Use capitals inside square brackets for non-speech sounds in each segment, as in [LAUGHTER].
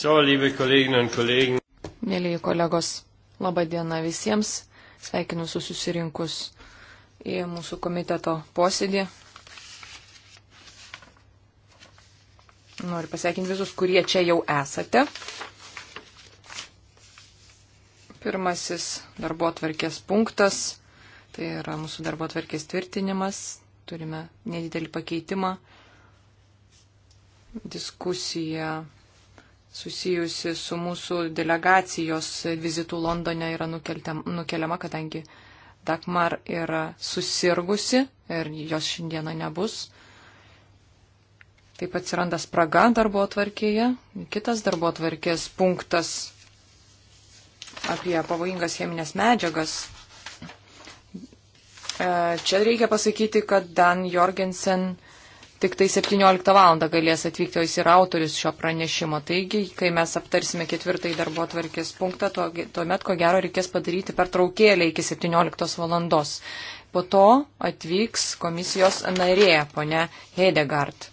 So, liebe Kolleginnen und Kollegen. Mėlyji kolegos, laba diena visiems. Sveikinu susirinkus į mūsų komiteto posėdį. Noriu pasveikinti visus, kurie čia jau esate. Pirmasis darbo atvarkės punktas, tai yra mūsų darbo atvarkės tvirtinimas. Turime nedidelį pakeitimą. Diskusija susijusi su mūsų delegacijos vizitu Londone yra nukeliama, kadangi Dagmar yra susirgusi ir jos šiandieną nebus. Taip atsiranda spraga darbo atvarkėje. Kitas darbo atvarkės punktas apie pavojingas cheminės medžiagas. E, čia reikia pasakyti, kad Dan Jorgensen tik tai 17 val. galės atvykti, o jis yra autorius šio pranešimo. Taigi, kai mes aptarsime ketvirtąjį darbo tvarkės punktą, tuomet, ko gero, reikės padaryti per traukėlę iki 17 val. Po to atvyks komisijos narė, ponia Hedegard.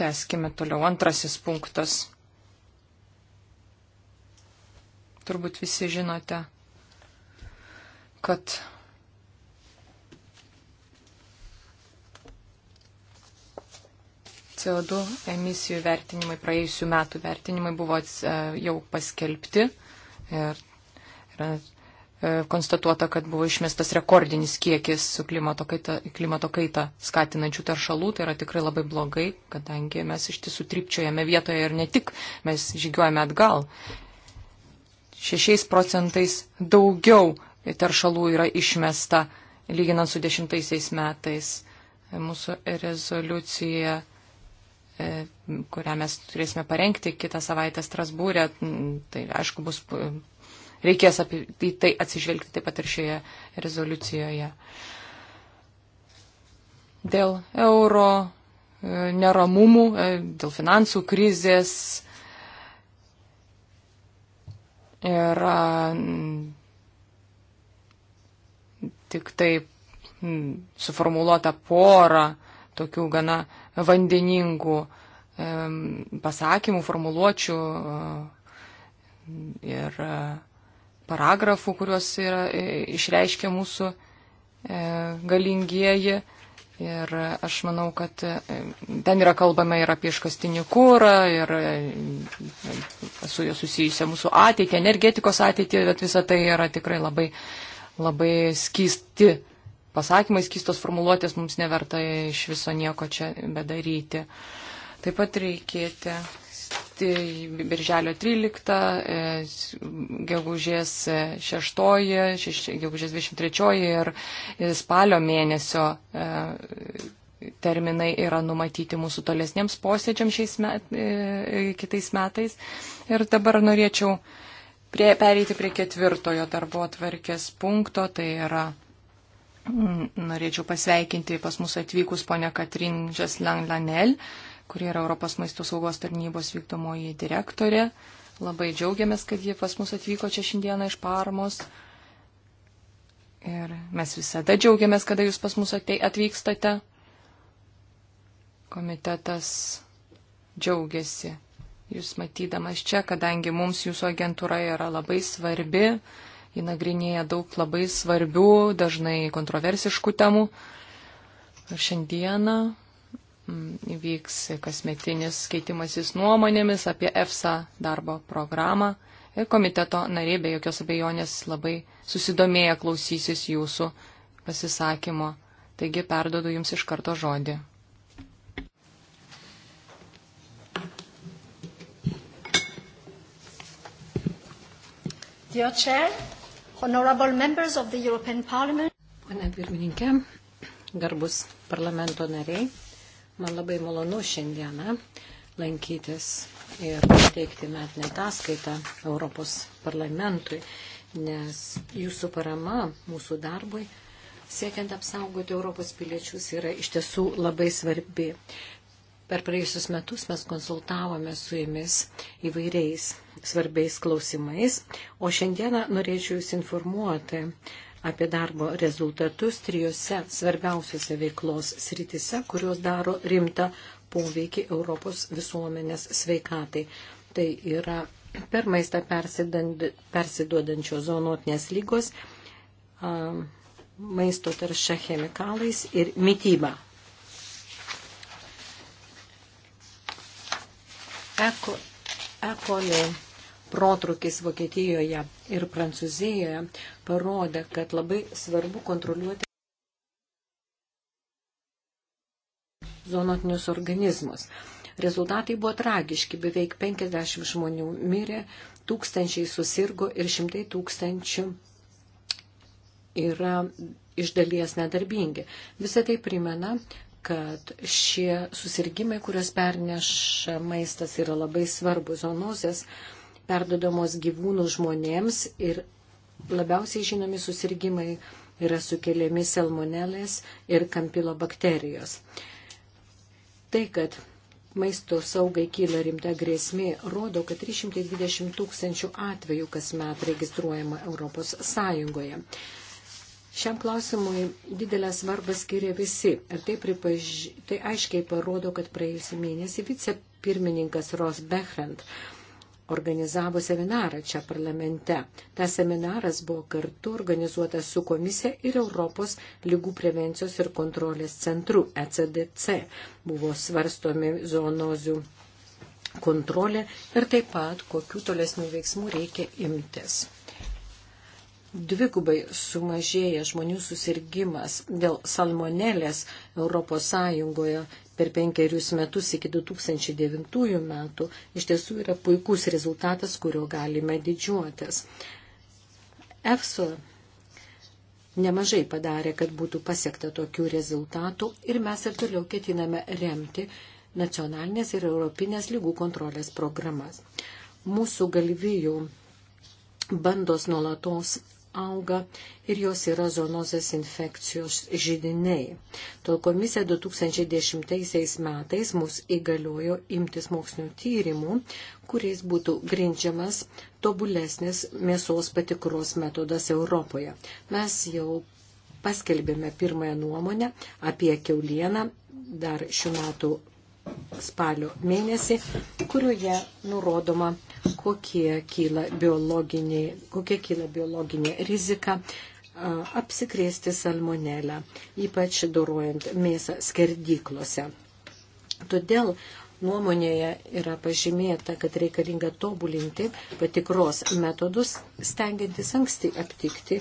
Teskime toliau. Antrasis punktas. Turbūt visi žinote, kad CO2 emisijų vertinimai, praėjusių metų vertinimai buvo e, jau paskelbti ir yra e, konstatuota, kad buvo išmestas rekordinis kiekis su klimato kaita, klimato kaita skatinančių taršalų. Tai yra tikrai labai blogai, kadangi mes iš tiesų tripčiojame vietoje ir ne tik mes žygiuojame atgal. 6 procentais daugiau taršalų yra išmesta lyginant su dešimtaisiais metais. Mūsų rezoliucija E, kurią mes turėsime parengti kitą savaitę Strasbūrę. Tai aišku, bus, e, reikės apie, į tai atsižvelgti taip pat ir šioje rezoliucijoje. Dėl euro e, neramumų, dėl finansų krizės ir tik taip suformuoluota pora tokių gana uh, vandeningų pasakymų, formuluočių e, ir e, paragrafų, kuriuos yra, e, išreiškia mūsų galingieji. Ir aš manau, kad ten yra kalbama ir apie iškastinį kūrą, ir su juo susijusią mūsų ateitį, energetikos ateitį, bet visa tai yra tikrai labai, labai skysti pasakymais, kistos formuluotės mums neverta iš viso nieko čia bedaryti. Taip pat reikėtų tai Birželio 13, e, gegužės 6, e, gegužės 23 ir e, spalio mėnesio terminai yra numatyti mūsų tolesniems posėdžiams šiais met, kitais metais. Ir dabar norėčiau prie, pereiti prie ketvirtojo darbo atvarkės punkto, tai yra Norėčiau pasveikinti pas mus atvykus ponę Katrin Žeslan-Lanel, kuri yra Europos maisto saugos tarnybos vykdomoji direktorė. Labai džiaugiamės, kad ji pas mus atvyko čia šiandieną iš Parmos. Ir mes visada džiaugiamės, kada jūs pas mus atvykstate. Komitetas džiaugiasi jūs matydamas čia, kadangi mums jūsų agentūra yra labai svarbi Ji nagrinėja daug labai svarbių, dažnai kontroversiškų temų. Ir šiandieną mm, įvyks kasmetinis keitimasis nuomonėmis apie EFSA darbo programą. Ir komiteto nariai be jokios abejonės labai susidomėję klausysis jūsų pasisakymo. Taigi perdodu jums iš karto žodį. Dear Chair, Honorable members of the European Parliament. Pane pirmininkė, garbus parlamento nariai, man labai malonu šiandieną lankytis ir pateikti metinę ataskaitą Europos parlamentui, nes jūsų parama mūsų darbui siekiant apsaugoti Europos piliečius yra iš tiesų labai svarbi. Per praėjusius metus mes konsultavome su jumis įvairiais svarbiais klausimais, o šiandieną norėčiau jūs informuoti apie darbo rezultatus trijose svarbiausiose veiklos sritise, kurios daro rimtą poveikį Europos visuomenės sveikatai. Tai yra per maistą persiduodančios zoonotinės lygos, maisto tarša chemikalais ir mytyba. Eko, ekonė protrukis Vokietijoje ir Prancūzijoje parodė, kad labai svarbu kontroliuoti zoonotinius organizmus. Rezultatai buvo tragiški, beveik 50 žmonių mirė, tūkstančiai susirgo ir šimtai tūkstančių yra iš dalies nedarbingi. Visą tai primena, kad šie susirgymai, kuriuos perneša maistas, yra labai svarbus. Zonozės perdodamos gyvūnų žmonėms ir labiausiai žinomi susirgymai yra sukeliami salmonelės ir kampilobakterijos. Tai, kad maisto saugai kyla rimta grėsmė, rodo, kad 320 tūkstančių atvejų kasmet registruojama Europos Sąjungoje. Šiam klausimui didelę svarbą skiria visi. Ir tai, pripaž... tai aiškiai parodo, kad praėjusį mėnesį vicepirmininkas Ros Behrend organizavo seminarą čia parlamente. Ta seminaras buvo kartu organizuotas su komisija ir Europos lygų prevencijos ir kontrolės centru ECDC. Buvo svarstomi zoonozių kontrolė ir taip pat kokių tolesnių veiksmų reikia imtis dvigubai sumažėja žmonių susirgymas dėl salmonelės ES per penkerius metus iki 2009 metų, iš tiesų yra puikus rezultatas, kurio galime didžiuotis. EFSO nemažai padarė, kad būtų pasiekta tokių rezultatų ir mes ir toliau ketiname remti nacionalinės ir europinės lygų kontrolės programas. Mūsų galvijų bandos nuolatos auga ir jos yra zonozės infekcijos žydiniai. Tol komisija 2010 metais mus įgaliojo imtis mokslinio tyrimų, kuriais būtų grindžiamas tobulesnis mėsos patikros metodas Europoje. Mes jau paskelbėme pirmąją nuomonę apie keulieną dar šių metų spalio mėnesį, kurioje nurodoma, kokie kyla biologinė, kokie kyla biologinė rizika apsikrėsti salmonelę, ypač dorojant mėsą skerdyklose. Todėl Nuomonėje yra pažymėta, kad reikalinga tobulinti patikros metodus, stengiantis anksti aptikti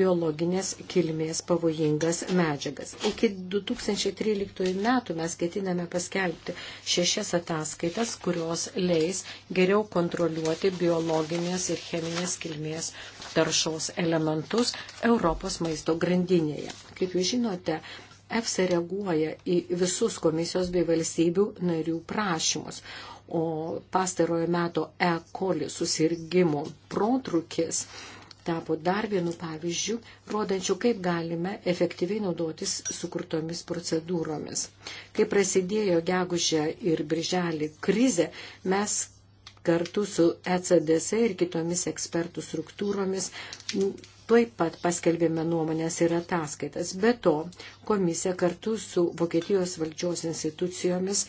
biologinės kilmės pavojingas medžiagas. Iki 2013 metų mes ketiname paskelbti šešias ataskaitas, kurios leis geriau kontroliuoti biologinės ir cheminės kilmės taršos elementus Europos maisto grandinėje. Kaip jūs žinote, EFSA reaguoja į visus komisijos bei valstybių narių prašymus. O pastarojo meto E. coli susirgymo protrukis tapo dar vienu pavyzdžiu, rodančiu, kaip galime efektyviai naudotis sukurtomis procedūromis. Kai prasidėjo gegužę ir birželį krizė, mes kartu su ECDC ir kitomis ekspertų struktūromis tuoj pat paskelbėme nuomonės ir ataskaitas. Be to, komisija kartu su Vokietijos valdžios institucijomis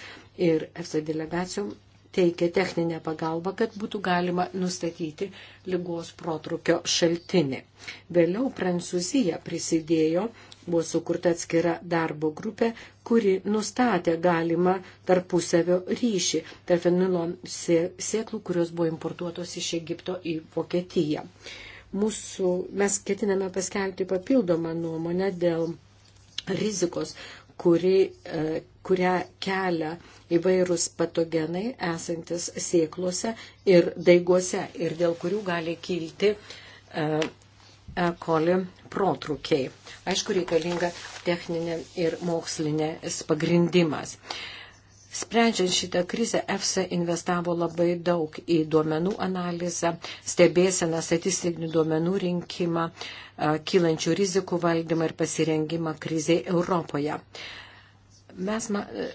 ir EFSA delegacijom teikia techninę pagalbą, kad būtų galima nustatyti lygos protrukio šaltinį. Vėliau Prancūzija prisidėjo, buvo sukurta atskira darbo grupė, kuri nustatė galimą tarpusavio ryšį tarp fenilo sėklų, kurios buvo importuotos iš Egipto į Vokietiją mūsų, mes ketiname paskelbti papildomą nuomonę dėl rizikos, kuri, e, kurią kelia įvairūs patogenai esantis sėklose ir daiguose ir dėl kurių gali kilti E. e. coli protrukiai. Aišku, reikalinga techninė ir mokslinės pagrindimas. Sprendžiant šitą krizę, EFSA investavo labai daug į duomenų analizą, stebėseną, statistinių duomenų rinkimą, kylančių rizikų valdymą ir pasirengimą kriziai Europoje. Mes ma e,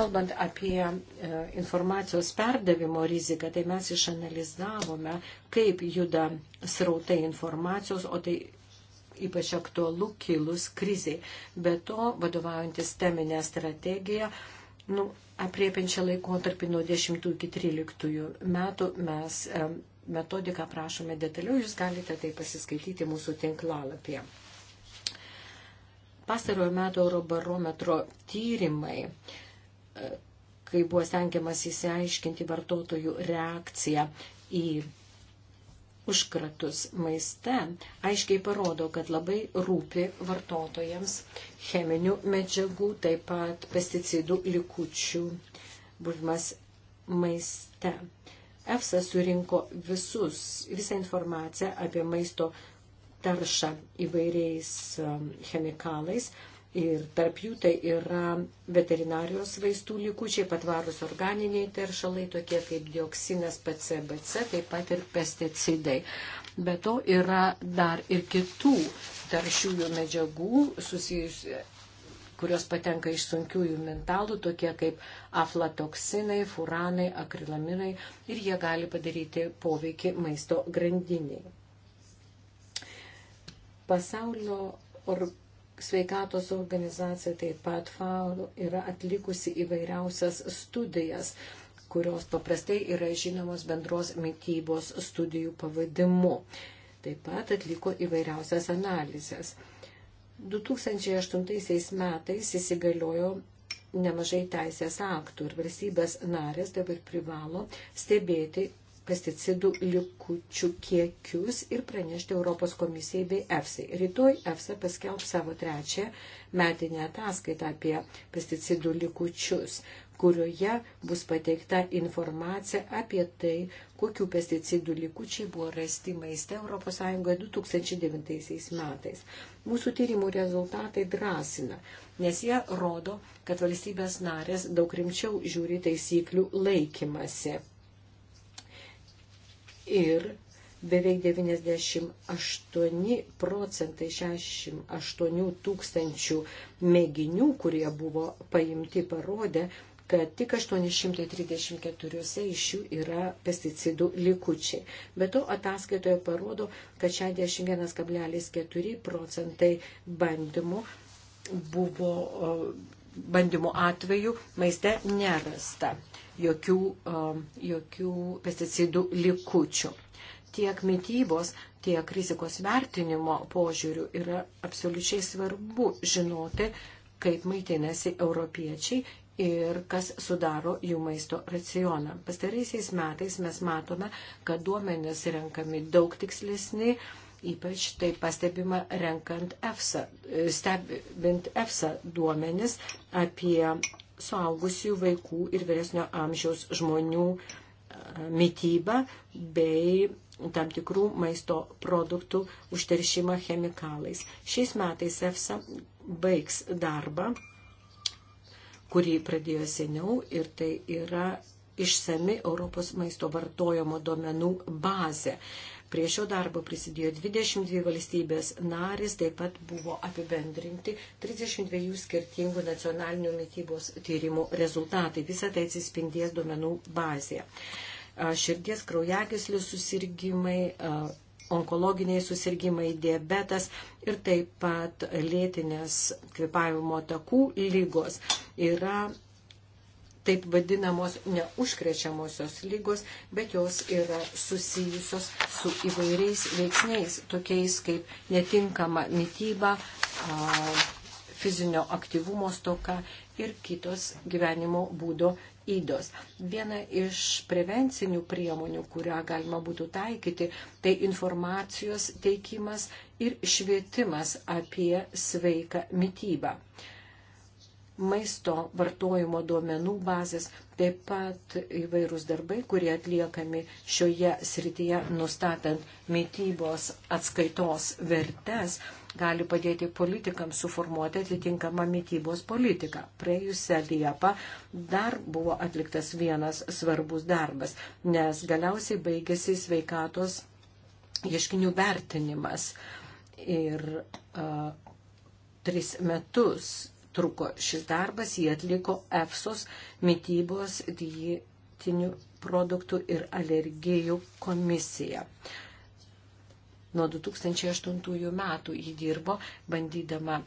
kalbant apie e, informacijos perdavimo riziką, tai mes išanalizavome, kaip juda srautai informacijos, o tai ypač aktualu kilus kriziai. Be to, vadovaujantis teminę strategiją, nu, apriepiančią laikotarpį nuo 10 iki 13 metų, mes metodiką prašome detaliau, jūs galite tai pasiskaityti mūsų tinklalapyje. Pastarojo metų Eurobarometro tyrimai e, kai buvo stengiamas įsiaiškinti vartotojų reakciją į užkratus maiste aiškiai parodo, kad labai rūpi vartotojams cheminių medžiagų, taip pat pesticidų likučių buvimas maiste. EFSA surinko visus, visą informaciją apie maisto taršą įvairiais um, chemikalais Ir tarp jų tai yra veterinarijos vaistų likučiai, patvarus organiniai teršalai, tokie kaip dioksinas, PCBC, taip pat ir pesticidai. Be to yra dar ir kitų taršiųjų medžiagų susijusių kurios patenka iš sunkiųjų mentalų, tokie kaip aflatoksinai, furanai, akrilaminai ir jie gali padaryti poveikį maisto grandiniai. Pasaulio or Sveikatos organizacija taip pat FAO yra atlikusi įvairiausias studijas, kurios paprastai yra žinomos bendros mytybos studijų pavadimu. Taip pat atliko įvairiausias analizės. 2008 metais įsigaliojo nemažai teisės aktų ir valstybės narės dabar privalo stebėti pesticidų likučių kiekius ir pranešti Europos komisijai bei EFSA. Rytoj EFSA paskelb savo trečią metinę ataskaitą apie pesticidų likučius, kurioje bus pateikta informacija apie tai, kokių pesticidų likučiai buvo rasti maiste ES 2009 metais. Mūsų tyrimų rezultatai drąsina, nes jie rodo, kad valstybės narės daug rimčiau žiūri taisyklių laikymasi ir beveik 98 procentai 68 tūkstančių mėginių, kurie buvo paimti, parodė, kad tik 834 iš jų yra pesticidų likučiai. Bet to ataskaitoje parodo, kad 61,4 procentai bandymų buvo bandymų atveju maiste nerasta jokių, um, jokių pesticidų likučių. Tiek mytybos, tiek rizikos vertinimo požiūrių yra absoliučiai svarbu žinoti, kaip maitinasi europiečiai ir kas sudaro jų maisto racioną. Pastaraisiais metais mes matome, kad duomenės renkami daug tikslesni, ypač tai pastebima renkant EFSA, stebint EFSA duomenis apie suaugusių vaikų ir vyresnio amžiaus žmonių e, mytybą bei tam tikrų maisto produktų užteršimą chemikalais. Šiais metais EFSA baigs darbą, kurį pradėjo seniau ir tai yra išsami Europos maisto vartojimo duomenų bazė. Prie šio darbo prisidėjo 22 valstybės narys, taip pat buvo apibendrinti 32 skirtingų nacionalinių mytybos tyrimų rezultatai. Visą tai atsispindės duomenų bazėje. Širdies kraujagislių susirgymai, onkologiniai susirgymai, diabetas ir taip pat lėtinės kvepavimo takų lygos yra taip vadinamos neužkrečiamosios lygos, bet jos yra susijusios su įvairiais veiksniais, tokiais kaip netinkama mytyba, fizinio aktyvumo stoka ir kitos gyvenimo būdo įdos. Viena iš prevencinių priemonių, kurią galima būtų taikyti, tai informacijos teikimas ir švietimas apie sveiką mytybą maisto vartojimo duomenų bazės, taip pat įvairūs darbai, kurie atliekami šioje srityje, nustatant mytybos atskaitos vertes, gali padėti politikams suformuoti atitinkamą mytybos politiką. Praėjusią Liepą dar buvo atliktas vienas svarbus darbas, nes galiausiai baigėsi sveikatos ieškinių vertinimas. Ir uh, tris metus truko šis darbas, jį atliko EFSOS mytybos dietinių produktų ir alergijų komisija. Nuo 2008 metų jį dirbo, bandydama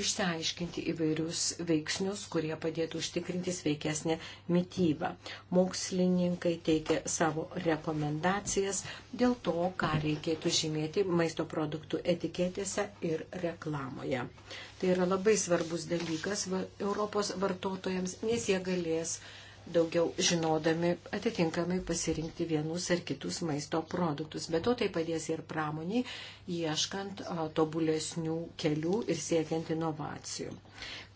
išsiaiškinti įvairius veiksnius, kurie padėtų užtikrinti sveikesnę mytybą. Mokslininkai teikia savo rekomendacijas dėl to, ką reikėtų žymėti maisto produktų etiketėse ir reklamoje. Tai yra labai svarbus dalykas Europos vartotojams, nes jie galės uh, daugiau žinodami atitinkamai pasirinkti vienus ar kitus maisto produktus. Bet to tai padės ir pramoniai, ieškant a, tobulesnių kelių ir siekiant inovacijų.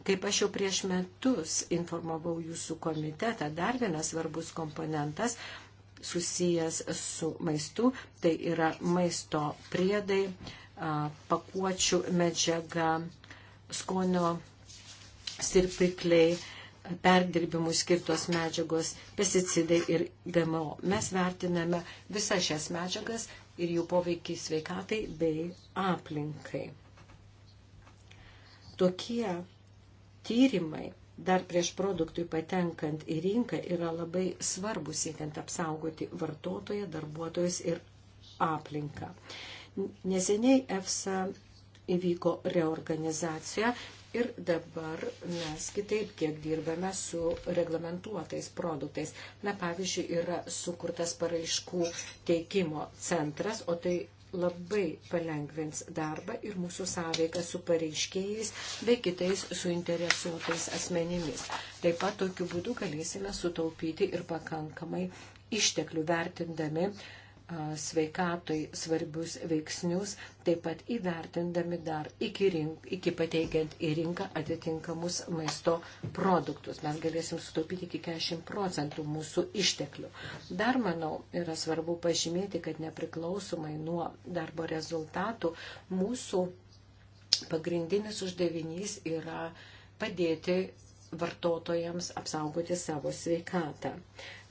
Kaip aš jau prieš metus informavau jūsų komitetą, dar vienas svarbus komponentas susijęs su maistu, tai yra maisto priedai, a, pakuočių medžiaga, skonio sirpikliai, perdirbimui skirtos medžiagos, pesticidai ir GMO. Mes vertiname visas šias medžiagas ir jų poveikį sveikatai bei aplinkai. Tokie tyrimai dar prieš produktui patenkant į rinką yra labai svarbu siekiant apsaugoti vartotoją, darbuotojus ir aplinką. Neseniai EFSA įvyko reorganizacija, Ir dabar mes kitaip, kiek dirbame su reglamentuotais produktais. Na, pavyzdžiui, yra sukurtas paraiškų teikimo centras, o tai labai palengvins darbą ir mūsų sąveiką su pareiškėjais bei kitais suinteresuotais asmenimis. Taip pat tokiu būdu galėsime sutaupyti ir pakankamai išteklių vertindami uh, sveikatoj svarbius veiksnius, taip pat įvertindami dar iki, rink, iki pateikiant į rinką atitinkamus maisto produktus. Mes galėsim sutaupyti iki 40 procentų mūsų išteklių. Dar, manau, yra svarbu pažymėti, kad nepriklausomai nuo darbo rezultatų mūsų pagrindinis uždavinys yra padėti vartotojams apsaugoti savo sveikatą.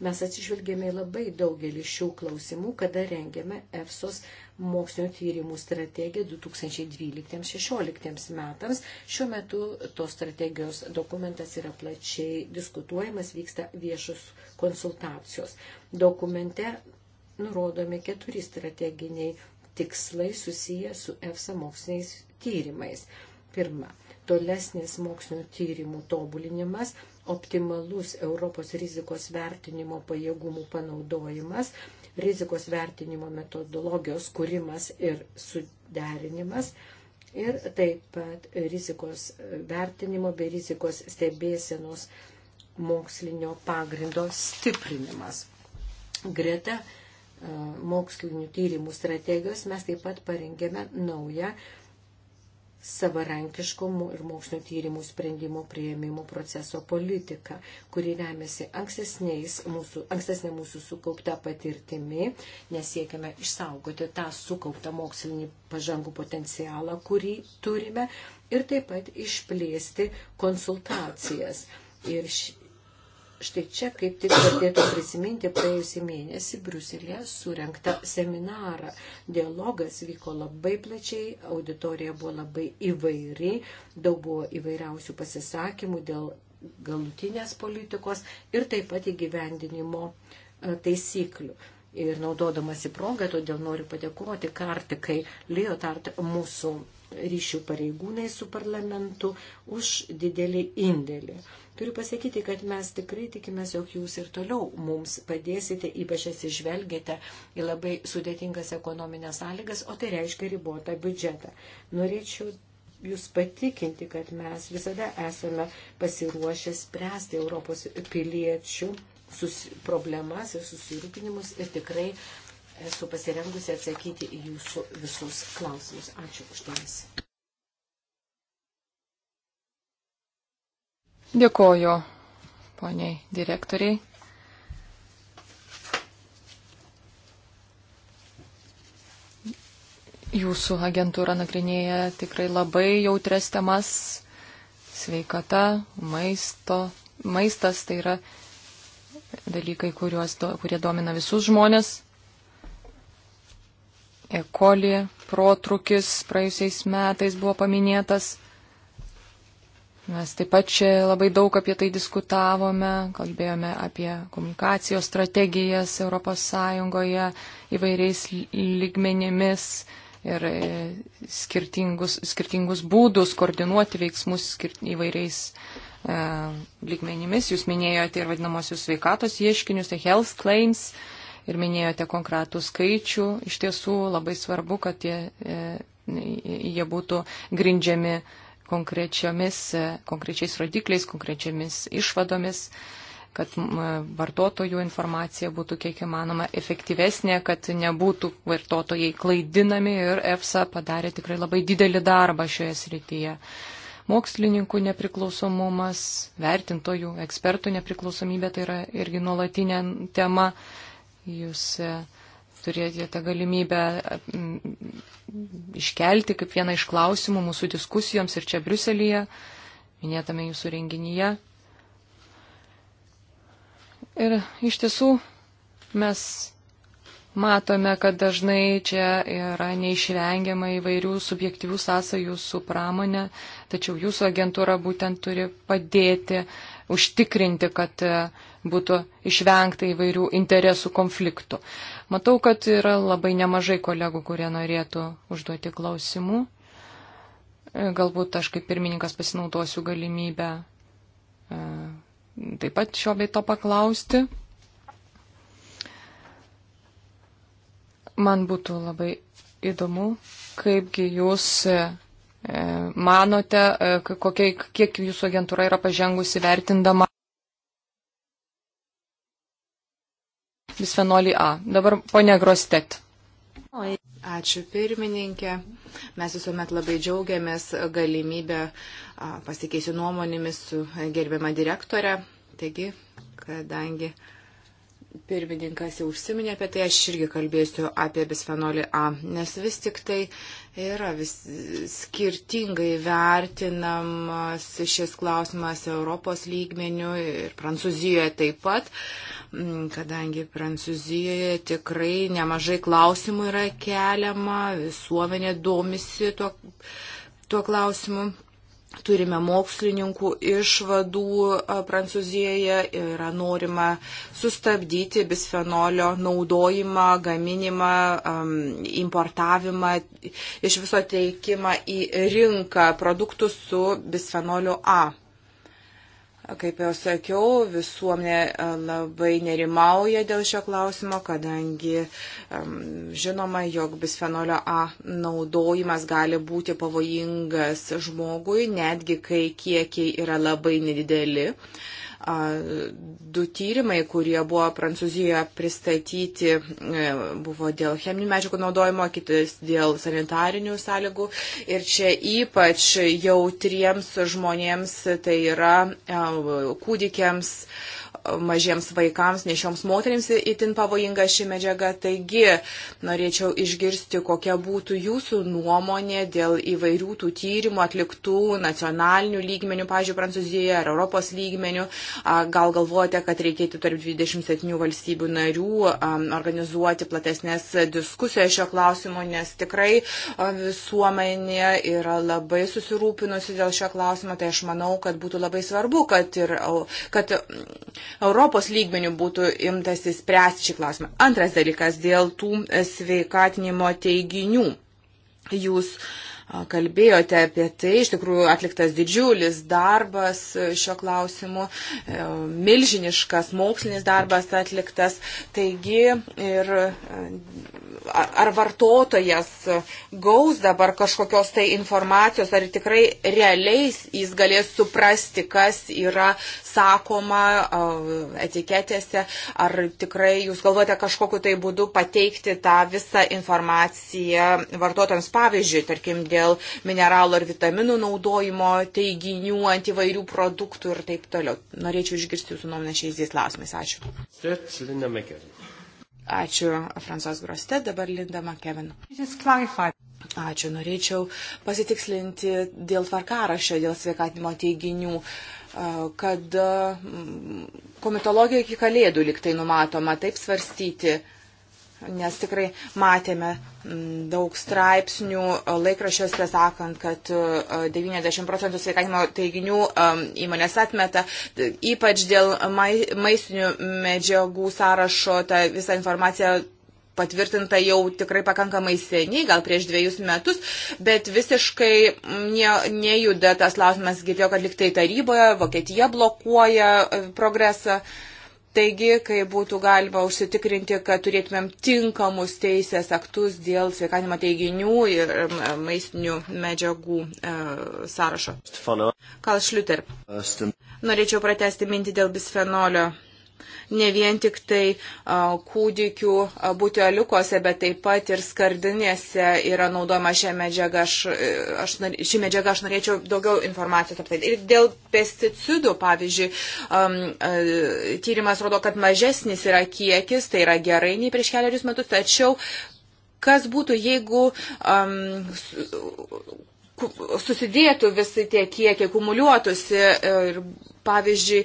Mes atsižvelgėme į labai daugelį šių klausimų, kada rengėme EFSOS mokslinio tyrimų strategiją 2012-2016 metams. Šiuo metu tos strategijos dokumentas yra plačiai diskutuojamas, vyksta viešus konsultacijos. Dokumente nurodomi keturi strateginiai tikslai susiję su EFSA moksliniais tyrimais. Pirma, tolesnis mokslinio tyrimų tobulinimas, optimalus Europos rizikos vertinimo pajėgumų panaudojimas, rizikos vertinimo metodologijos kūrimas ir suderinimas ir taip pat rizikos vertinimo bei rizikos stebėsenos mokslinio pagrindo stiprinimas. Greta e, mokslinių tyrimų strategijos mes taip pat parengėme naują savarankiško ir mokslinio tyrimų sprendimų prieimimo proceso politika, kuri remiasi mūsų, ankstesnė mūsų sukaupta patirtimi, nes siekime išsaugoti tą sukauptą mokslinį pažangų potencialą, kurį turime, ir taip pat išplėsti konsultacijas ir Štai čia kaip tik vertėtų prisiminti praėjusį mėnesį Bruselėje surenktą seminarą. Dialogas vyko labai plačiai, auditorija buvo labai įvairi, daug buvo įvairiausių pasisakymų dėl galutinės politikos ir taip pat įgyvendinimo e, taisyklių. Ir naudodamasi progą, todėl noriu padėkoti Kartikai Liotart mūsų ryšių pareigūnai su parlamentu už didelį indėlį. Turiu pasakyti, kad mes tikrai tikimės, jog jūs ir toliau mums padėsite, ypač atsižvelgėte į labai sudėtingas ekonominės sąlygas, o tai reiškia ribotą biudžetą. Norėčiau jūs patikinti, kad mes visada esame pasiruošę spręsti Europos piliečių problemas ir susirūpinimus ir tikrai esu pasirengusi atsakyti į jūsų visus klausimus. Ačiū už dėmesį. Dėkoju poniai direktoriai. Jūsų agentūra nagrinėja tikrai labai jautres temas - sveikata, maisto, maistas tai yra dalykai, kuriuos, do, kurie domina visus žmonės. Ekoli protrukis praėjusiais metais buvo paminėtas. Mes taip pat čia labai daug apie tai diskutavome, kalbėjome apie komunikacijos strategijas ES įvairiais lygmenimis ir e, skirtingus, skirtingus būdus koordinuoti veiksmus skirt, įvairiais e, lygmenimis. Jūs minėjote ir vadinamosius sveikatos ieškinius, tai health claims, ir minėjote konkretų skaičių. Iš tiesų labai svarbu, kad tie, e, jie būtų grindžiami e, konkrečiais rodikliais, konkrečiamis išvadomis, kad vartotojų informacija būtų kiek įmanoma efektyvesnė, kad nebūtų vartotojai klaidinami ir EFSA padarė tikrai labai didelį darbą šioje srityje. Mokslininkų nepriklausomumas, vertintojų, ekspertų nepriklausomybė tai yra irgi nuolatinė tema. Jūs uh, turėjote tą galimybę iškelti kaip vieną iš klausimų mūsų diskusijoms ir čia Briuselėje, minėtame jūsų renginyje. Ir iš tiesų mes matome, kad dažnai čia yra neišvengiama įvairių subjektyvių sąsajų su pramonė, tačiau jūsų agentūra būtent turi padėti užtikrinti, kad uh, būtų išvengta įvairių interesų konfliktų. Matau, kad yra labai nemažai kolegų, kurie norėtų užduoti klausimų. Galbūt aš kaip pirmininkas pasinaudosiu galimybę e, taip pat šio bei to paklausti. Man būtų labai įdomu, kaipgi jūs e, e, manote, kokie, kiek jūsų agentūra yra pažengusi vertindama bisfenolį A. Dabar ponia Grostet. Ačiū pirmininkė. Mes visuomet labai džiaugiamės galimybę pasikeisiu nuomonėmis su gerbiama direktorė. Taigi, kadangi pirmininkas jau užsiminė apie tai, aš irgi kalbėsiu apie bisfenolį A, nes vis tik tai yra vis skirtingai vertinamas šis klausimas Europos lygmenių ir Prancūzijoje taip pat, kadangi Prancūzijoje tikrai nemažai klausimų yra keliama, visuomenė domisi tuo, tuo klausimu. Turime mokslininkų išvadų Prancūzijoje, yra norima sustabdyti bisfenolio naudojimą, gaminimą, importavimą, iš viso teikimą į rinką produktų su bisfenoliu A. Kaip jau sakiau, visuomenė e, labai nerimauja dėl šio klausimo, kadangi um, žinoma, jog bisfenolio A naudojimas gali būti pavojingas žmogui, netgi kai kiekiai yra labai nedideli. Uh, Du tyrimai, kurie buvo Prancūzijoje pristatyti, e, buvo dėl cheminių medžiagų naudojimo, kitas dėl sanitarinių sąlygų. Ir čia ypač jautriems žmonėms, tai yra e, kūdikiams, mažiems vaikams, nešioms moteriams itin pavojinga ši medžiaga. Taigi norėčiau išgirsti, kokia būtų jūsų nuomonė dėl įvairių tų tyrimų atliktų nacionalinių lygmenių, pažiūrėjau, Prancūzijoje ar Europos lygmenių. Gal galvojate, kad reikėtų tarp 27 valstybių narių organizuoti platesnės diskusijas šio klausimo, nes tikrai visuomenė yra labai susirūpinusi dėl šio klausimo. Tai aš manau, kad būtų labai svarbu, kad, ir, kad Europos lygmenių būtų imtasi spręsti šį klausimą. Antras dalykas dėl tų sveikatinimo teiginių. Jūs kalbėjote apie tai, iš tikrųjų atliktas didžiulis darbas e, šio klausimu, e, milžiniškas mokslinis darbas atliktas. Taigi ir e, ar vartotojas gaus dabar kažkokios tai informacijos, ar tikrai realiais jis galės suprasti, kas yra sakoma etiketėse, ar tikrai jūs galvojate kažkokiu tai būdu pateikti tą visą informaciją vartotojams, pavyzdžiui, tarkim, dėl mineralų ar vitaminų naudojimo, teiginių ant įvairių produktų ir taip toliau. Norėčiau išgirsti jūsų nuomonę šiais klausimais. Ačiū. Ačiū, Fransos Groste, dabar Linda Makevin. Ačiū, norėčiau pasitikslinti dėl tvarkarašio, dėl sveikatinimo teiginių. Uh, kad komitologija iki kalėdų liktai numatoma taip svarstyti, nes tikrai matėme daug straipsnių laikrašiuose sakant, kad 90 procentų sveikatinimo teiginių įmonės atmeta, ypač dėl maistinių medžiagų sąrašo, ta visa informacija patvirtinta jau tikrai pakankamai seniai, gal prieš dviejus metus, bet visiškai ne, nejuda tas lausimas, girdėjau, kad liktai taryboje, Vokietija blokuoja e, progresą. Taigi, kai būtų galima užsitikrinti, kad turėtumėm tinkamus teisės aktus dėl sveikatinimo teiginių ir e, maistinių medžiagų e, sąrašo. Karl Šliuter. Norėčiau pratesti mintį dėl bisfenolio ne vien tik tai kūdikių būtioliukose, bet taip pat ir skardinėse yra naudojama šią medžiagą. Aš, e, aš, šį medžiagą aš norėčiau daugiau informacijos apie tai. Ir dėl pesticidų, pavyzdžiui, um, tyrimas rodo, kad mažesnis yra kiekis, tai yra gerai nei prieš keliarius metus, tačiau kas būtų, jeigu um, susidėtų visi tie kiekiai, kumuliuotųsi ir, pavyzdžiui,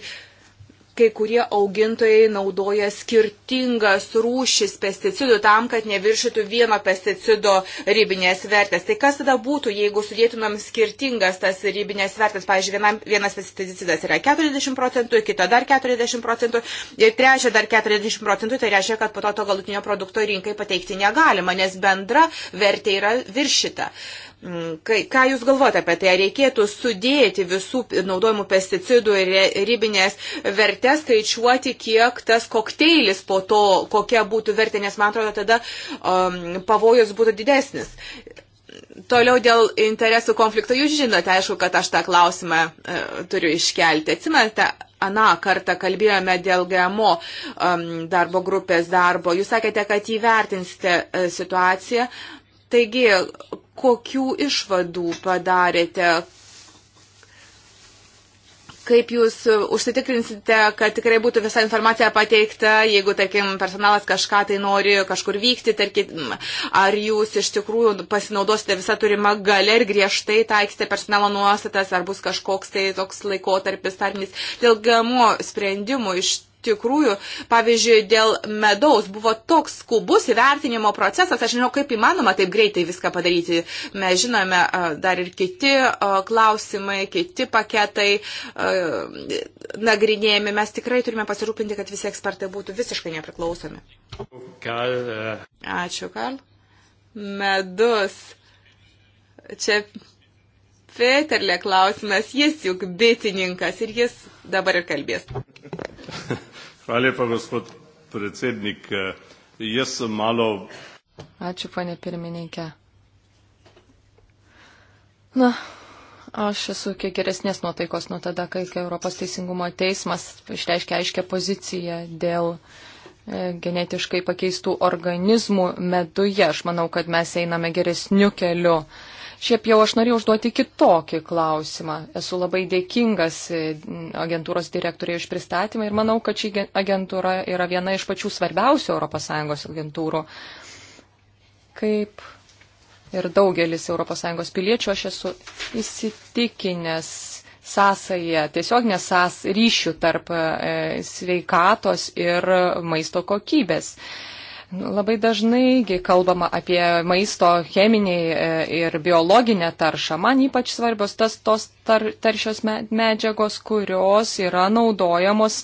kai kurie augintojai naudoja skirtingas rūšis pesticidų tam, kad neviršytų vieno pesticido ribinės vertės. Tai kas tada būtų, jeigu sudėtumėm skirtingas tas ribinės vertės? Pavyzdžiui, vienam, vienas pesticidas yra 40 procentų, kito dar 40 procentų ir trečia dar 40 procentų. Tai reiškia, kad po to to galutinio produkto rinkai pateikti negalima, nes bendra vertė yra viršita. Uh, Mm, kai, ką Jūs galvojate apie tai? Ar reikėtų sudėti visų naudojimų pesticidų ir ribinės vertės, skaičiuoti, kiek tas kokteilis po to, kokia būtų vertė, nes man atrodo, tada um, pavojus būtų didesnis. Toliau dėl interesų konflikto, jūs žinote, aišku, kad aš tą klausimą e, turiu iškelti. Atsimenate, aną kartą kalbėjome dėl GMO um, darbo grupės darbo. Jūs sakėte, kad įvertinsite e, situaciją. E, Taigi, kokių išvadų padarėte, kaip jūs užsitikrinsite, kad tikrai būtų visa informacija pateikta, jeigu, tarkim, personalas kažką tai nori kažkur vykti, tarkim, ar jūs iš tikrųjų pasinaudosite visą turimą galę ir griežtai taiksite personalo nuostatas, ar bus kažkoks tai toks laikotarpis tarnys. Dėl GMO sprendimų iš tikrųjų, pavyzdžiui, dėl medaus buvo toks skubus įvertinimo procesas, aš nežinau, kaip įmanoma taip greitai viską padaryti. Mes žinome dar ir kiti klausimai, kiti paketai nagrinėjami. Mes tikrai turime pasirūpinti, kad visi ekspertai būtų visiškai nepriklausomi. Karl, uh... Ačiū, Karl. Medus. Čia Peterlė klausimas, jis juk bitininkas ir jis dabar ir kalbės. [LAUGHS] Hvala lepa, gospod predsednik. E, jaz sem malo. Ačiū, ponė pirmininkė. Na, aš esu kiek geresnės nuotaikos nuo tada, kai Europos teisingumo teismas išreiškė aiškę poziciją dėl e, genetiškai pakeistų organizmų meduje. Aš manau, kad mes einame geresniu keliu. Šiaip jau aš norėjau užduoti kitokį klausimą. Esu labai dėkingas e, agentūros direktoriai už pristatymą ir manau, kad ši agentūra yra viena iš pačių svarbiausių ES agentūrų. Kaip ir daugelis ES piliečių, aš esu įsitikinęs sąsąją, tiesioginę sąs ryšių tarp e, sveikatos ir maisto kokybės. E, Labai dažnaigi kalbama apie maisto cheminį e, ir biologinę taršą. Man ypač svarbios tas tos tar, taršios medžiagos, kurios yra naudojamos,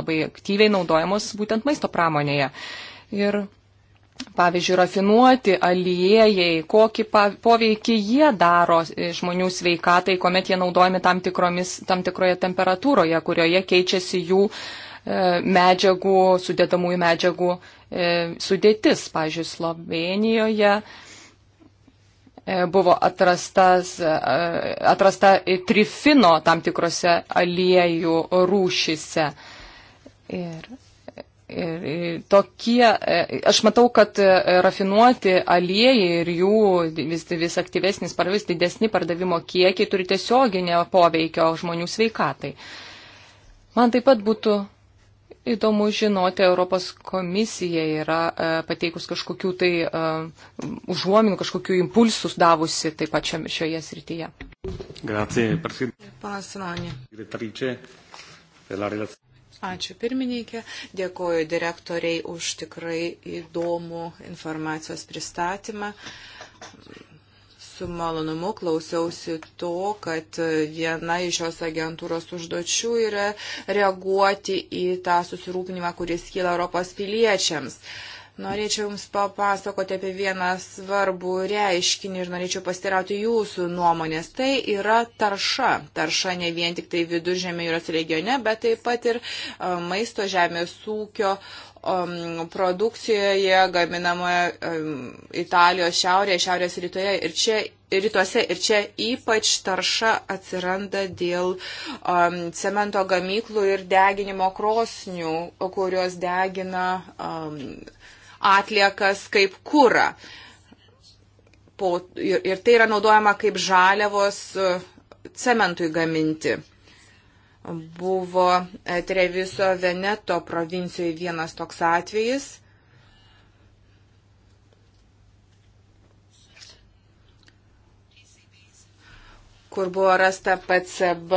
labai aktyviai naudojamos būtent maisto pramonėje. Ir pavyzdžiui, rafinuoti aliejai, kokį poveikį jie daro e, žmonių sveikatai, kuomet jie naudojami tam, tikromis, tam tikroje temperatūroje, kurioje keičiasi jų e, medžiagų, sudėdamųjų medžiagų E, sudėtis. Pavyzdžiui, Slovenijoje e, buvo atrastas, e, atrasta trifino tam tikrose aliejų rūšise. Ir, ir, ir tokie, aš matau, kad rafinuoti aliejai ir jų vis, vis aktyvesnis, par vis didesni pardavimo kiekiai turi tiesioginę poveikio žmonių sveikatai. Man taip pat būtų Įdomu žinoti, Europos komisija yra e, pateikus kažkokių tai e, užuominų, kažkokių impulsus davusi taip pat šioje srityje. Grazie, Panas Sinanė. Ačiū pirmininkė, dėkoju direktoriai už tikrai įdomų informacijos pristatymą su malonumu klausiausi to, kad viena iš šios agentūros užduočių yra reaguoti į tą susirūpinimą, kuris kyla Europos piliečiams. Norėčiau Jums papasakoti apie vieną svarbų reiškinį ir norėčiau pastirauti Jūsų nuomonės. Tai yra tarša. Tarša ne vien tik tai viduržėmė jūros regione, bet taip pat ir e, maisto žemės ūkio Um, produkcijoje gaminamoje um, Italijos šiaurėje, šiaurės rytoje ir čia. Rytuose ir čia ypač tarša atsiranda dėl um, cemento gamyklų ir deginimo krosnių, kurios degina um, atliekas kaip kūrą. Ir, ir tai yra naudojama kaip žaliavos uh, cementui gaminti. Buvo e, Treviso Veneto provincijoje vienas toks atvejis. kur buvo rasta PCB,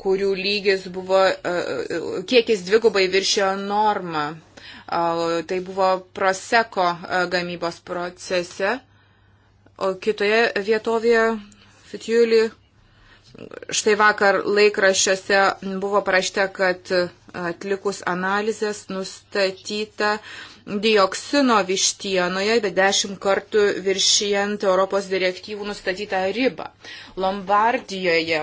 kurių lygis buvo, e, e, kiekis dvigubai viršėjo normą. Tai buvo proseko gamybos procese, o kitoje vietovėje Fitjuli Štai vakar laikraščiuose buvo parašta, kad atlikus analizės nustatyta dioksino vištienoje, bet dešimt kartų viršijant Europos direktyvų nustatytą ribą. Lombardijoje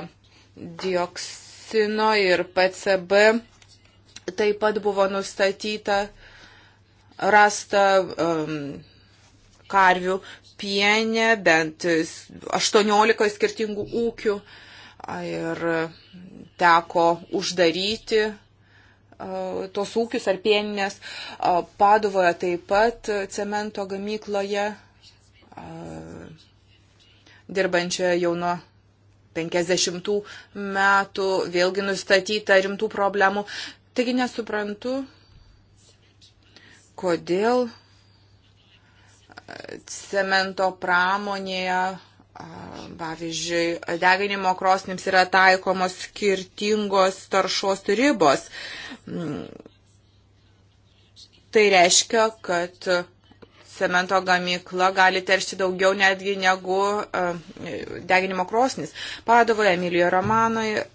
dioksino ir PCB taip pat buvo nustatyta rasta um, karvių pienė, bent 18 skirtingų ūkių. Uh, ir teko uždaryti tos ūkius ar pieninės. Padovoje taip pat cemento gamykloje dirbančioje jau nuo 50 metų vėlgi nustatyta rimtų problemų. Taigi nesuprantu, kodėl cemento pramonėje Pavyzdžiui, deginimo krosnims yra taikomos skirtingos taršos ribos. Mm. Tai reiškia, kad cemento gamykla gali teršti daugiau netgi negu e, deginimo krosnis. Padovoje, Emilijoje Romanoje.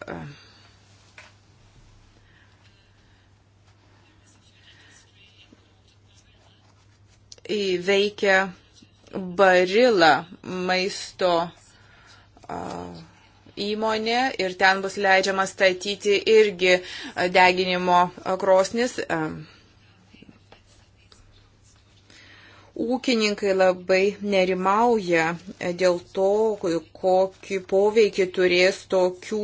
Įveikia barilą maisto įmonė ir ten bus leidžiama statyti irgi deginimo krosnis. Ūkininkai labai nerimauja dėl to, kokį poveikį turės tokių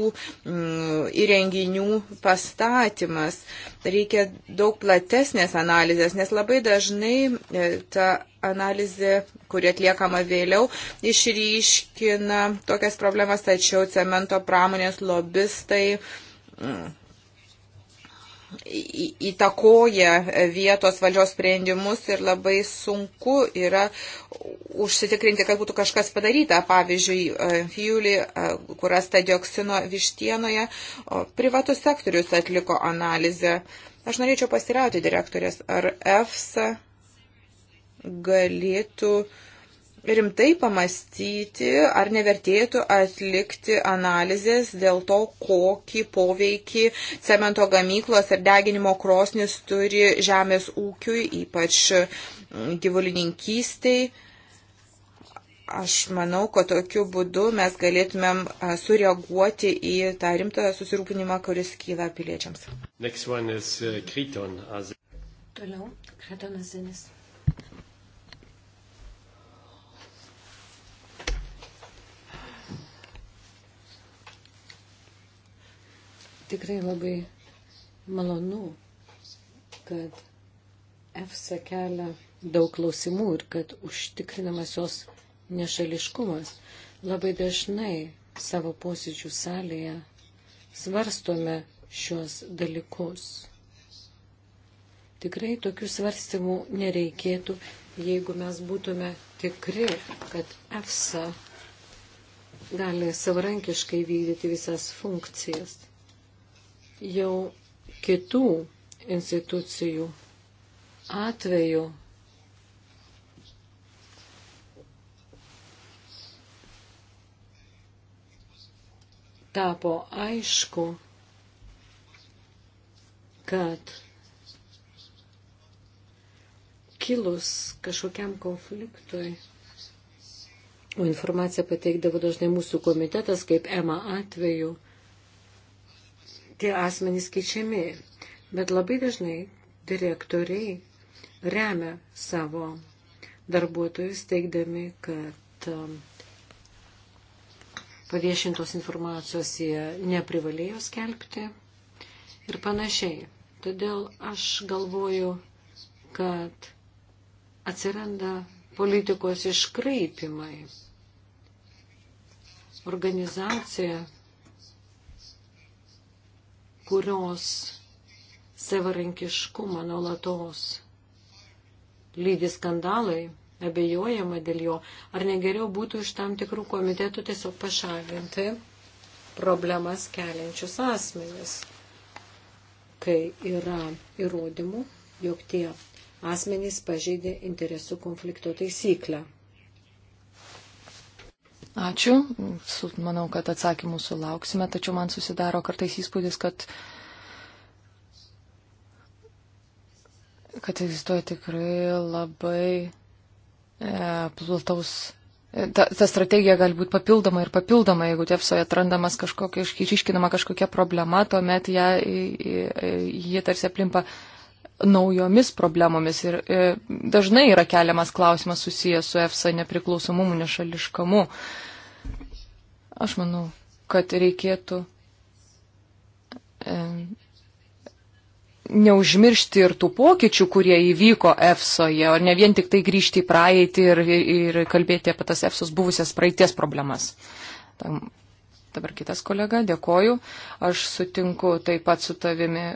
mm, įrenginių pastatymas. Reikia daug platesnės analizės, nes labai dažnai e, ta analizė, kuri atliekama vėliau, išryškina tokias problemas, tačiau cemento pramonės lobistai mm, įtakoja vietos valdžios sprendimus ir labai sunku yra užsitikrinti, kad būtų kažkas padaryta. Pavyzdžiui, Fiulį, e, e, kur rasta dioksino vištienoje, privatus sektorius atliko analizę. Aš norėčiau pasirauti direktorės, ar EFSA galėtų rimtai pamastyti, ar nevertėtų atlikti analizės dėl to, kokį poveikį cemento gamyklos ir deginimo krosnis turi žemės ūkiui, ypač gyvulininkystiai. Aš manau, kad tokiu būdu mes galėtumėm sureaguoti į tą rimtą susirūpinimą, kuris kyla piliečiams. Uh, Toliau, Kretonas Zinis. Tikrai labai malonu, kad EFSA kelia daug klausimų ir kad užtikrinamas jos nešališkumas. Labai dažnai savo posėdžių salėje svarstome šios dalykus. Tikrai tokių svarstymų nereikėtų, jeigu mes būtume tikri, kad EFSA gali savarankiškai vykdyti visas funkcijas jau kitų institucijų atveju tapo aišku, kad kilus kažkokiam konfliktui, o informaciją pateikdavo dažnai mūsų komitetas, kaip EMA atveju, tie asmenys keičiami, bet labai dažnai direktoriai remia savo darbuotojus, teikdami, kad um, paviešintos informacijos jie neprivalėjo skelbti ir panašiai. Todėl aš galvoju, kad atsiranda politikos iškraipimai. Organizacija kurios savarankiškumą nuolatos lydi skandalai, abejojama dėl jo, ar negeriau būtų iš tam tikrų komitetų tiesiog pašalinti problemas keliančius asmenis, kai yra įrodymų, jog tie asmenys pažeidė interesų konflikto taisyklę. Ačiū. Manau, kad atsakymų sulauksime, tačiau man susidaro kartais įspūdis, kad, kad egzistuoja tikrai labai e, plataus. E, ta, ta strategija gali būti papildoma ir papildoma, jeigu tepsoje atrandamas kažkokia, išryškinama kažkokia problema, tuomet ją, jie tarsi aplimpa naujomis problemomis. Ir e, dažnai yra keliamas klausimas susijęs su EFSA nepriklausomumu, nešališkamu. E, Aš manau, kad reikėtų e, neužmiršti ir tų pokyčių, kurie įvyko EFSOje, o ne vien tik tai grįžti į praeitį ir, ir, ir kalbėti apie tas EFSOS buvusias praeities problemas. Tam, dabar kitas kolega, dėkoju. Aš sutinku taip pat su tavimi,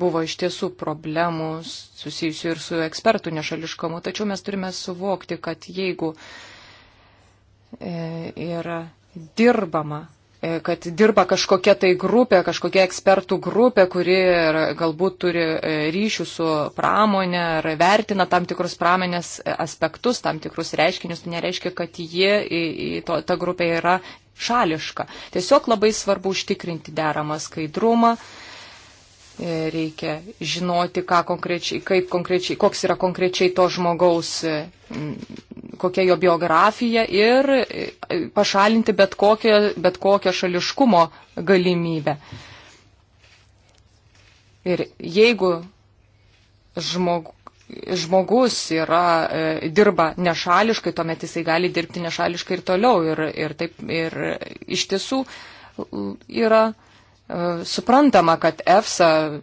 buvo iš tiesų problemų susijusių ir su ekspertų nešališkomu, tačiau mes turime suvokti, kad jeigu e, yra. E, dirbama e, kad dirba kažkokia tai grupė, kažkokia ekspertų grupė, kuri galbūt turi e, ryšių su pramonė ar vertina tam tikrus pramonės e, aspektus, tam tikrus reiškinius, tai nereiškia, kad jie, to, ta grupė yra šališka. Tiesiog labai svarbu užtikrinti deramą skaidrumą, E, reikia žinoti, konkrečiai, kaip konkrečiai, koks yra konkrečiai to žmogaus, e, kokia jo biografija ir e, pašalinti bet kokią, bet kokią šališkumo galimybę. Ir jeigu žmog, žmogus yra, dirba nešališkai, tuomet jisai gali dirbti nešališkai ir toliau. Ir, ir taip ir iš tiesų yra suprantama, kad EFSA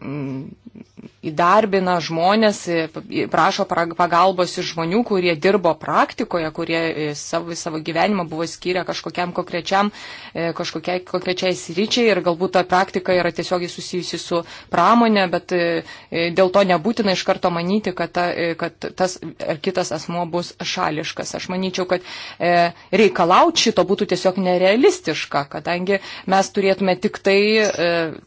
įdarbina žmonės, e, prašo pagalbos iš žmonių, kurie dirbo praktikoje, kurie e, savo, savo gyvenimą buvo skyrę kažkokiam konkrečiam, e, kažkokiai konkrečiai sričiai ir galbūt ta praktika yra tiesiogiai susijusi su pramonė, bet dėl to nebūtina iš karto manyti, kad, ta, kad tas ar kitas asmo bus šališkas. Aš manyčiau, kad reikalauti šito būtų tiesiog nerealistiška, kadangi mes turėtume tik tai,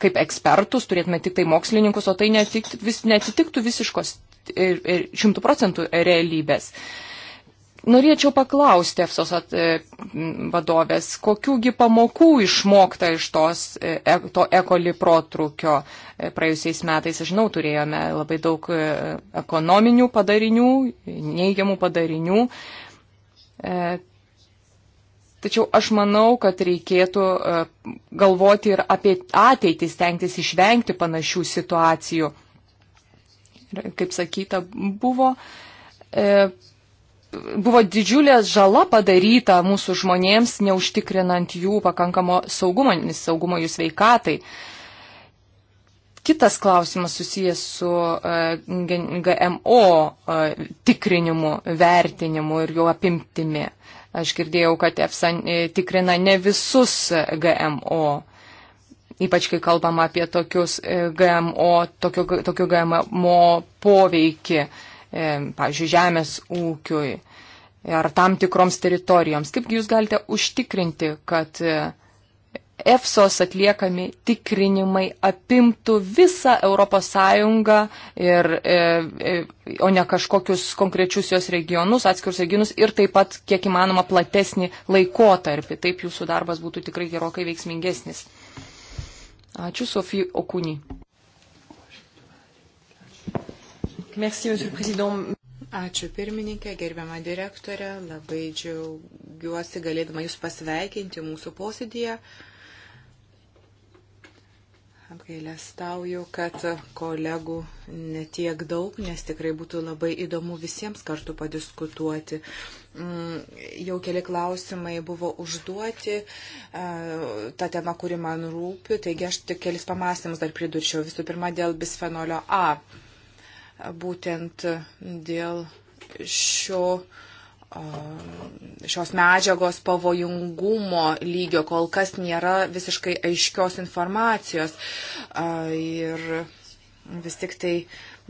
kaip ekspertus, turėtume tik tai mokslininkus, o tai netikti vis, netitiktų visiškos ir šimtų procentų realybės. Norėčiau paklausti EFSOS at, e, vadovės, kokiųgi pamokų išmokta iš tos, e, e, to ekoli protrukio praėjusiais metais. Aš žinau, turėjome labai daug ekonominių padarinių, neigiamų padarinių. Tačiau aš manau, kad reikėtų galvoti ir apie ateitį, stengtis išvengti panašių situacijų. Ir, kaip sakyta, buvo, e, buvo didžiulė žala padaryta mūsų žmonėms, neužtikrinant jų pakankamo saugumo, saugumo jų sveikatai. Kitas klausimas susijęs su e, GMO e, tikrinimu, vertinimu ir jo apimtimi. Aš girdėjau, kad EFSA e, tikrina ne visus GMO ypač kai kalbam apie tokius e, GMO, tokio, tokio GMO poveikį, e, pavyzdžiui, žemės ūkiui ar tam tikroms teritorijoms. Kaip jūs galite užtikrinti, kad e, EFSOS atliekami tikrinimai apimtų visą ES ir, o ne kažkokius konkrečius jos regionus, atskirus regionus ir taip pat, kiek įmanoma, platesnį laikotarpį. Taip jūsų darbas būtų tikrai gerokai veiksmingesnis. Ačiū, Sofija Okūny. Ačiū pirmininkė, gerbiama direktorė, labai džiaugiuosi galėdama Jūs pasveikinti mūsų posėdėje. Uh, Apgailestauju, kad kolegų netiek daug, nes tikrai būtų labai įdomu visiems kartu padiskutuoti. Mm, jau keli klausimai buvo užduoti, e, ta tema, kuri man rūpi, taigi aš tik kelis pamastymus dar pridurčiau. Visų pirma, dėl bisfenolio A. Būtent dėl šio šios medžiagos pavojingumo lygio kol kas nėra visiškai aiškios informacijos. Ir vis tik tai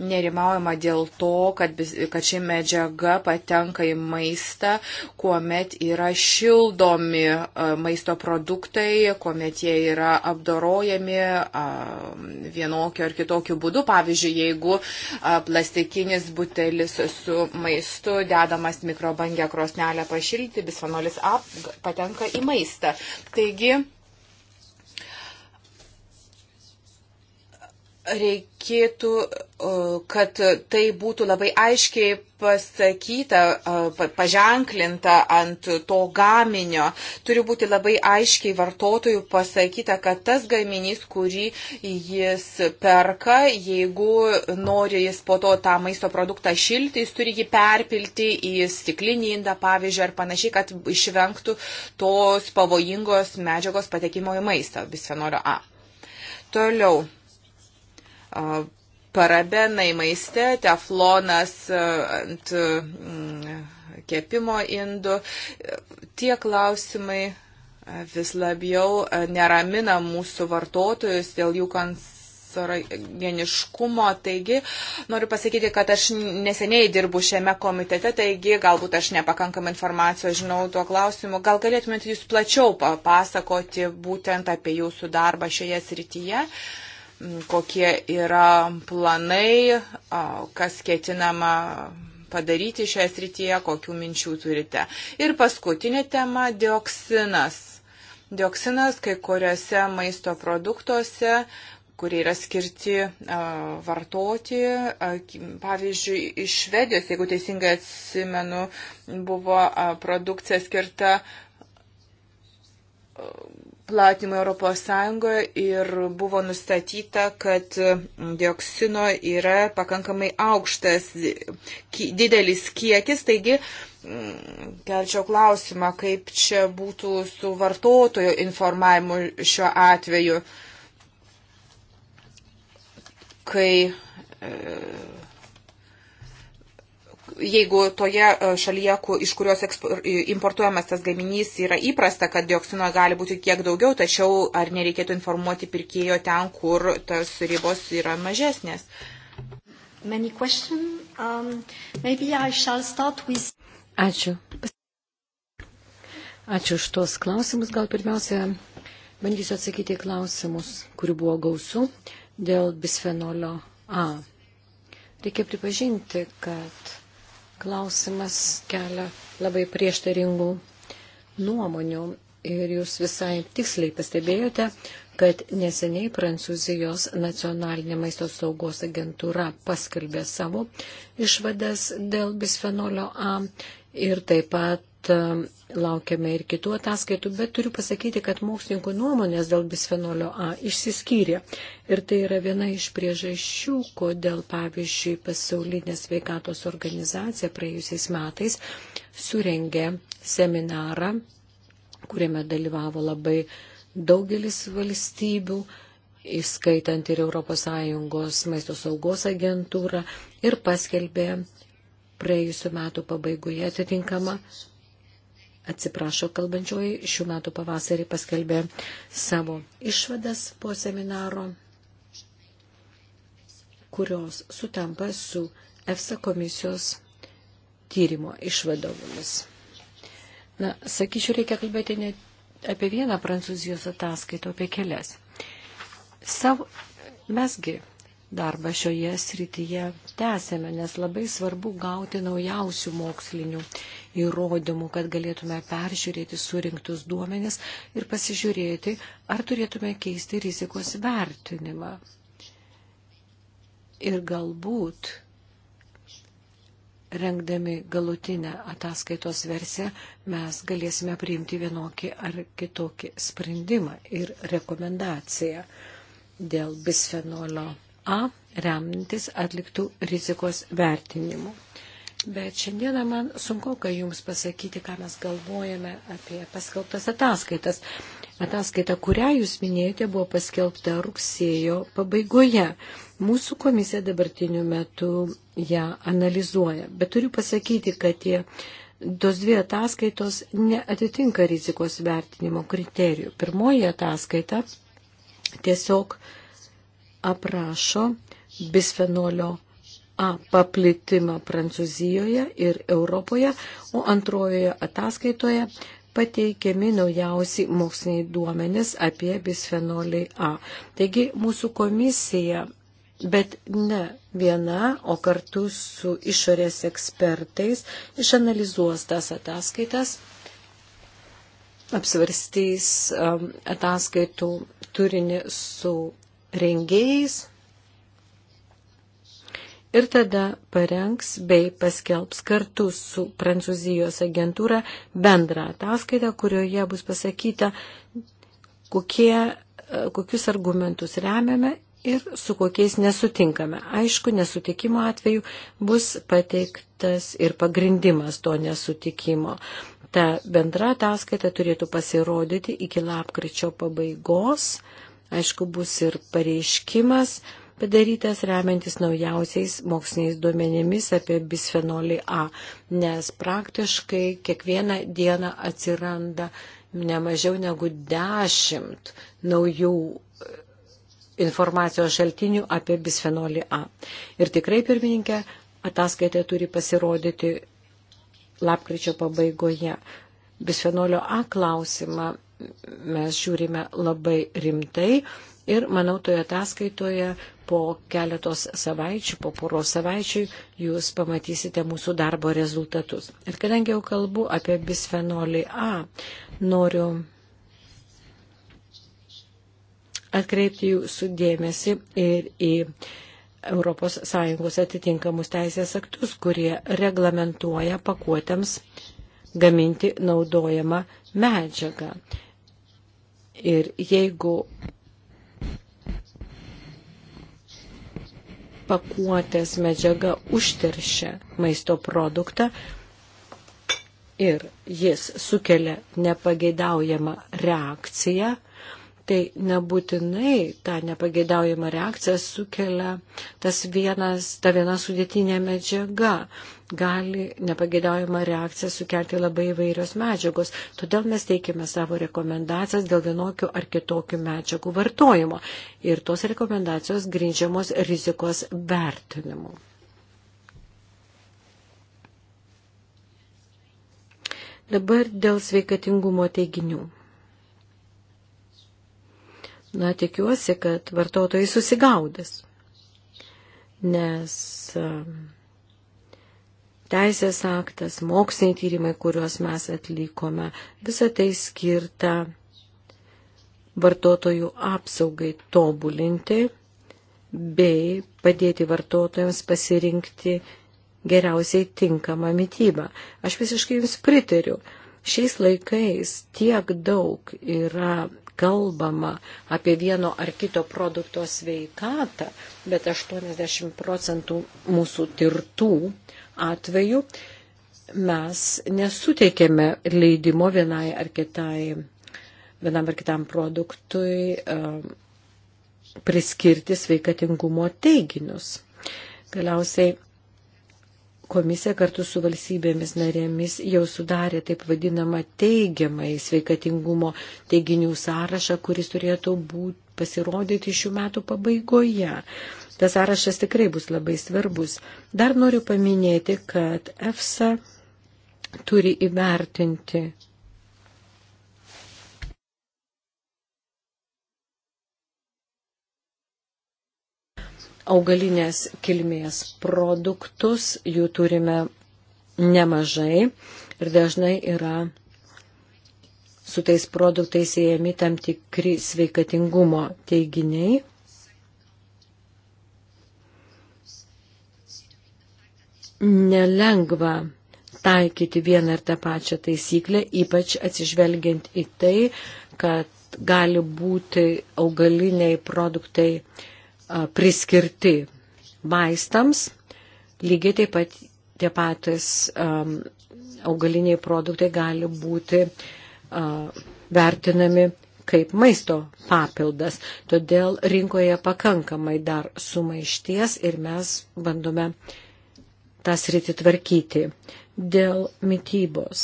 nerimaujama dėl to, kad, kad ši medžiaga patenka į maistą, kuomet yra šildomi e, maisto produktai, kuomet jie yra apdorojami vienokiu ar kitokiu būdu. Pavyzdžiui, jeigu plastikinis butelis su maistu dedamas mikrobangę krosnelę pašildyti, bisfenolis A patenka į maistą. Taigi, reikėtų, kad tai būtų labai aiškiai pasakyta, paženklinta ant to gaminio. Turi būti labai aiškiai vartotojų pasakyta, kad tas gaminys, kurį jis perka, jeigu nori jis po to tą maisto produktą šilti, jis turi jį perpilti į stiklinį indą, pavyzdžiui, ar panašiai, kad išvengtų tos pavojingos medžiagos patekimo į maistą, bisfenolio A. Toliau parabenai maiste, teflonas ant mm, kepimo indų. Tie klausimai vis labiau neramina mūsų vartotojus dėl jų kancerogeniškumo. Taigi, noriu pasakyti, kad aš neseniai dirbu šiame komitete, taigi galbūt aš nepakankamai informacijos žinau tuo klausimu. Gal galėtumėte jūs plačiau papasakoti būtent apie jūsų darbą šioje srityje? Uh, kokie yra planai, kas ketinama padaryti šioje srityje, kokių minčių turite. Ir paskutinė tema - dioksinas. Dioksinas kai kuriuose maisto produktuose, kurie yra skirti vartoti. Pavyzdžiui, iš Švedijos, jeigu teisingai atsimenu, buvo produkcija skirta platimui ES ir buvo nustatyta, kad dioksino yra pakankamai aukštas, didelis kiekis, taigi mm, kelčiau klausimą, kaip čia būtų su vartotojo informavimu šiuo atveju, kai e, jeigu toje e, šalyje, iš kurios importuojamas tas gaminys yra įprasta, kad dioksino gali būti kiek daugiau, tačiau ar nereikėtų informuoti pirkėjo ten, kur tas ribos yra mažesnės? Um, with... Ačiū. Ačiū už tuos klausimus. Gal pirmiausia, bandysiu atsakyti į klausimus, kurių buvo gausu dėl bisfenolio A. Reikia pripažinti, kad klausimas kelia labai prieštaringų nuomonių. Ir jūs visai tiksliai pastebėjote, kad neseniai Prancūzijos nacionalinė maisto saugos agentūra paskelbė savo išvadas dėl bisfenolio A ir taip pat E, laukiame ir kitų ataskaitų, bet turiu pasakyti, kad mokslininkų nuomonės dėl bisfenolio A išsiskyrė. Ir tai yra viena iš priežasčių, kodėl, pavyzdžiui, pasaulinė sveikatos organizacija praėjusiais metais surengė seminarą, kuriame dalyvavo labai daugelis valstybių įskaitant ir ES maisto saugos agentūrą, ir paskelbė praėjusiu metu pabaigoje atitinkamą atsiprašo kalbančioji, šių metų pavasarį paskelbė savo išvadas po seminaro, kurios sutampa su EFSA komisijos tyrimo išvadovomis. Na, sakyčiau, reikia kalbėti ne apie vieną Prancūzijos ataskaitą, apie kelias. Savo, mesgi darbą šioje srityje tęsėme, nes labai svarbu gauti naujausių mokslinių įrodymų, kad galėtume peržiūrėti surinktus duomenis ir pasižiūrėti, ar turėtume keisti rizikos vertinimą. Ir galbūt, rengdami galutinę ataskaitos versiją, mes galėsime priimti vienokį ar kitokį sprendimą ir rekomendaciją dėl bisfenolio A remintis atliktų rizikos vertinimu. Bet šiandieną man sunku, kai jums pasakyti, ką mes galvojame apie paskelbtas ataskaitas. Ataskaita, kurią jūs minėjote, buvo paskelbta rugsėjo pabaigoje. Mūsų komisija dabartiniu metu ją analizuoja. Bet turiu pasakyti, kad tie, tos dvi ataskaitos neatitinka rizikos vertinimo kriterijų. Pirmoji ataskaita tiesiog uh, aprašo bisfenolio A paplitimą Prancūzijoje ir Europoje, o antrojoje ataskaitoje pateikiami naujausi moksliniai duomenis apie bisfenolį A. Taigi mūsų komisija, bet ne viena, o kartu su išorės ekspertais išanalizuos tas ataskaitas, apsvarstys um, ataskaitų turinį su rengėjais ir tada parengs bei paskelbs kartu su Prancūzijos agentūra bendrą ataskaitą, kurioje bus pasakyta, kokie, e, kokius argumentus remiame ir su kokiais nesutinkame. Aišku, nesutikimo atveju bus pateiktas ir pagrindimas to nesutikimo. Ta bendra ataskaita turėtų pasirodyti iki lapkričio pabaigos Aišku, bus ir pareiškimas padarytas remiantis naujausiais moksliniais duomenimis apie bisfenolį A, nes praktiškai kiekvieną dieną atsiranda nemažiau negu dešimt naujų e, informacijos šaltinių apie bisfenolį A. Ir tikrai, pirmininkė, ataskaitė turi pasirodyti lapkričio pabaigoje. Bisfenolio A klausimą mes žiūrime labai rimtai ir, manau, toje ataskaitoje po keletos savaičių, po poros savaičių jūs pamatysite mūsų darbo rezultatus. Ir kadangi jau kalbu apie bisfenolį A, noriu atkreipti jūsų dėmesį ir į ES atitinkamus teisės aktus, kurie reglamentuoja pakuotėms gaminti naudojamą medžiagą. Ir jeigu pakuotės medžiaga užteršia maisto produktą ir jis sukelia nepageidaujamą reakciją, tai nebūtinai tą nepageidaujamą reakciją sukelia tas vienas, ta viena sudėtinė medžiaga gali nepagėdaujamą reakciją sukelti labai įvairios medžiagos. Todėl mes teikime savo rekomendacijas dėl vienokių ar kitokių medžiagų vartojimo. Ir tos rekomendacijos grindžiamos rizikos vertinimu. Dabar dėl sveikatingumo teiginių. Na, tikiuosi, kad vartotojai susigaudės, nes. Uh, teisės aktas, moksliniai tyrimai, kuriuos mes atlikome, visą tai skirta vartotojų apsaugai tobulinti bei padėti vartotojams pasirinkti geriausiai tinkamą mytybą. Aš visiškai jums pritariu. Šiais laikais tiek daug yra kalbama apie vieno ar kito produkto sveikatą, bet 80 procentų mūsų tirtų atveju mes nesuteikėme leidimo vienai ar kitai, vienam ar kitam produktui um, priskirti sveikatingumo teiginius. Galiausiai komisija kartu su valstybėmis narėmis jau sudarė taip vadinamą teigiamai sveikatingumo teiginių sąrašą, kuris turėtų būti pasirodyti šių metų pabaigoje tas sąrašas tikrai bus labai svarbus. Dar noriu paminėti, kad EFSA turi įvertinti augalinės kilmės produktus, jų turime nemažai ir dažnai yra su tais produktais įėjami tam tikri sveikatingumo teiginiai. nelengva taikyti vieną ir tą pačią taisyklę, ypač atsižvelgiant į tai, kad gali būti augaliniai produktai priskirti vaistams, lygiai taip pat tie patys um, augaliniai produktai gali būti uh, vertinami kaip maisto papildas. Todėl rinkoje pakankamai dar sumaišties ir mes bandome uh, tas rytį tvarkyti. Dėl mytybos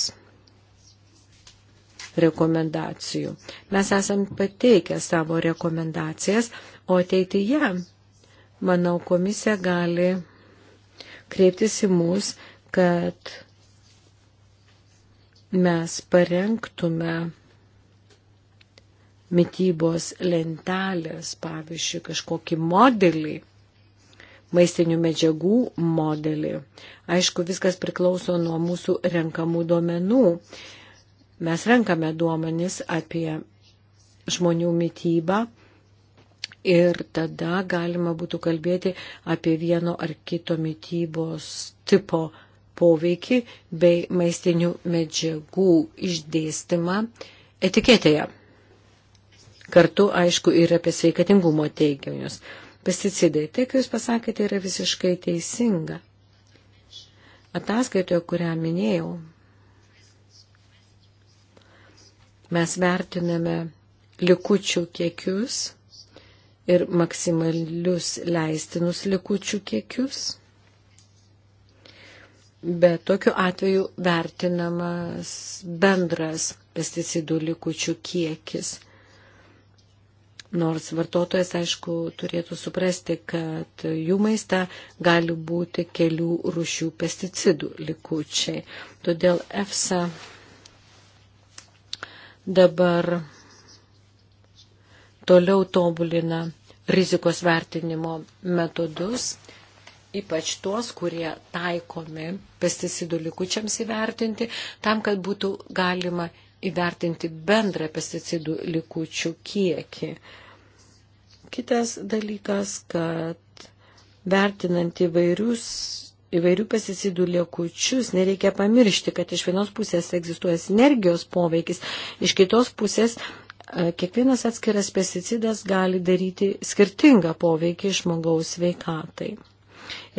rekomendacijų. Mes esam pateikę savo rekomendacijas, o ateityje, manau, komisija gali kreiptis į mus, kad mes parengtume mytybos lentelės, pavyzdžiui, kažkokį modelį, maistinių medžiagų modelį. Aišku, viskas priklauso nuo mūsų renkamų duomenų. Mes renkame duomenis apie žmonių mytybą ir tada galima būtų kalbėti apie vieno ar kito mytybos tipo poveikį bei maistinių medžiagų išdėstimą etiketėje. Kartu, aišku, ir apie sveikatingumo teiginius pesticidai. Tai, ką Jūs pasakėte, yra visiškai teisinga. Ataskaitoje, kurią minėjau, mes vertiname likučių kiekius ir maksimalius leistinus likučių kiekius. Bet tokiu atveju vertinamas bendras pesticidų likučių kiekis. Nors vartotojas, aišku, turėtų suprasti, kad jų maiste gali būti kelių rušių pesticidų likučiai. Todėl EFSA dabar toliau tobulina rizikos vertinimo metodus, ypač tuos, kurie taikomi pesticidų likučiams įvertinti, tam, kad būtų galima įvertinti bendrą pesticidų likučių kiekį. Kitas dalykas, kad vertinant įvairius įvairių pesticidų liekučius, nereikia pamiršti, kad iš vienos pusės egzistuoja sinergijos poveikis, iš kitos pusės e, kiekvienas atskiras pesticidas gali daryti skirtingą poveikį žmogaus veikatai.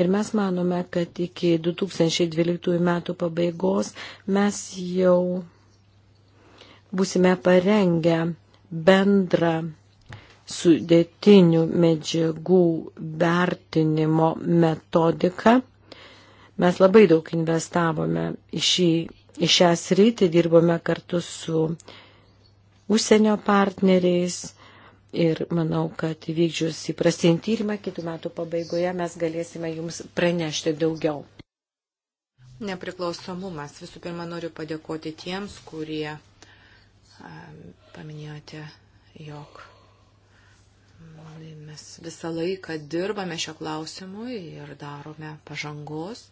Ir mes manome, kad iki 2012 metų pabaigos mes jau būsime parengę bendrą sudėtinių medžiagų vertinimo metodiką. Mes labai daug investavome į, šį, į šią sritį, dirbome kartu su užsienio partneriais ir manau, kad įvykdžius įprastinį tyrimą kitų metų pabaigoje mes galėsime jums pranešti daugiau. Nepriklausomumas. Visų pirma, noriu padėkoti tiems, kurie paminėjote, jog mes visą laiką dirbame šio klausimu ir darome pažangos.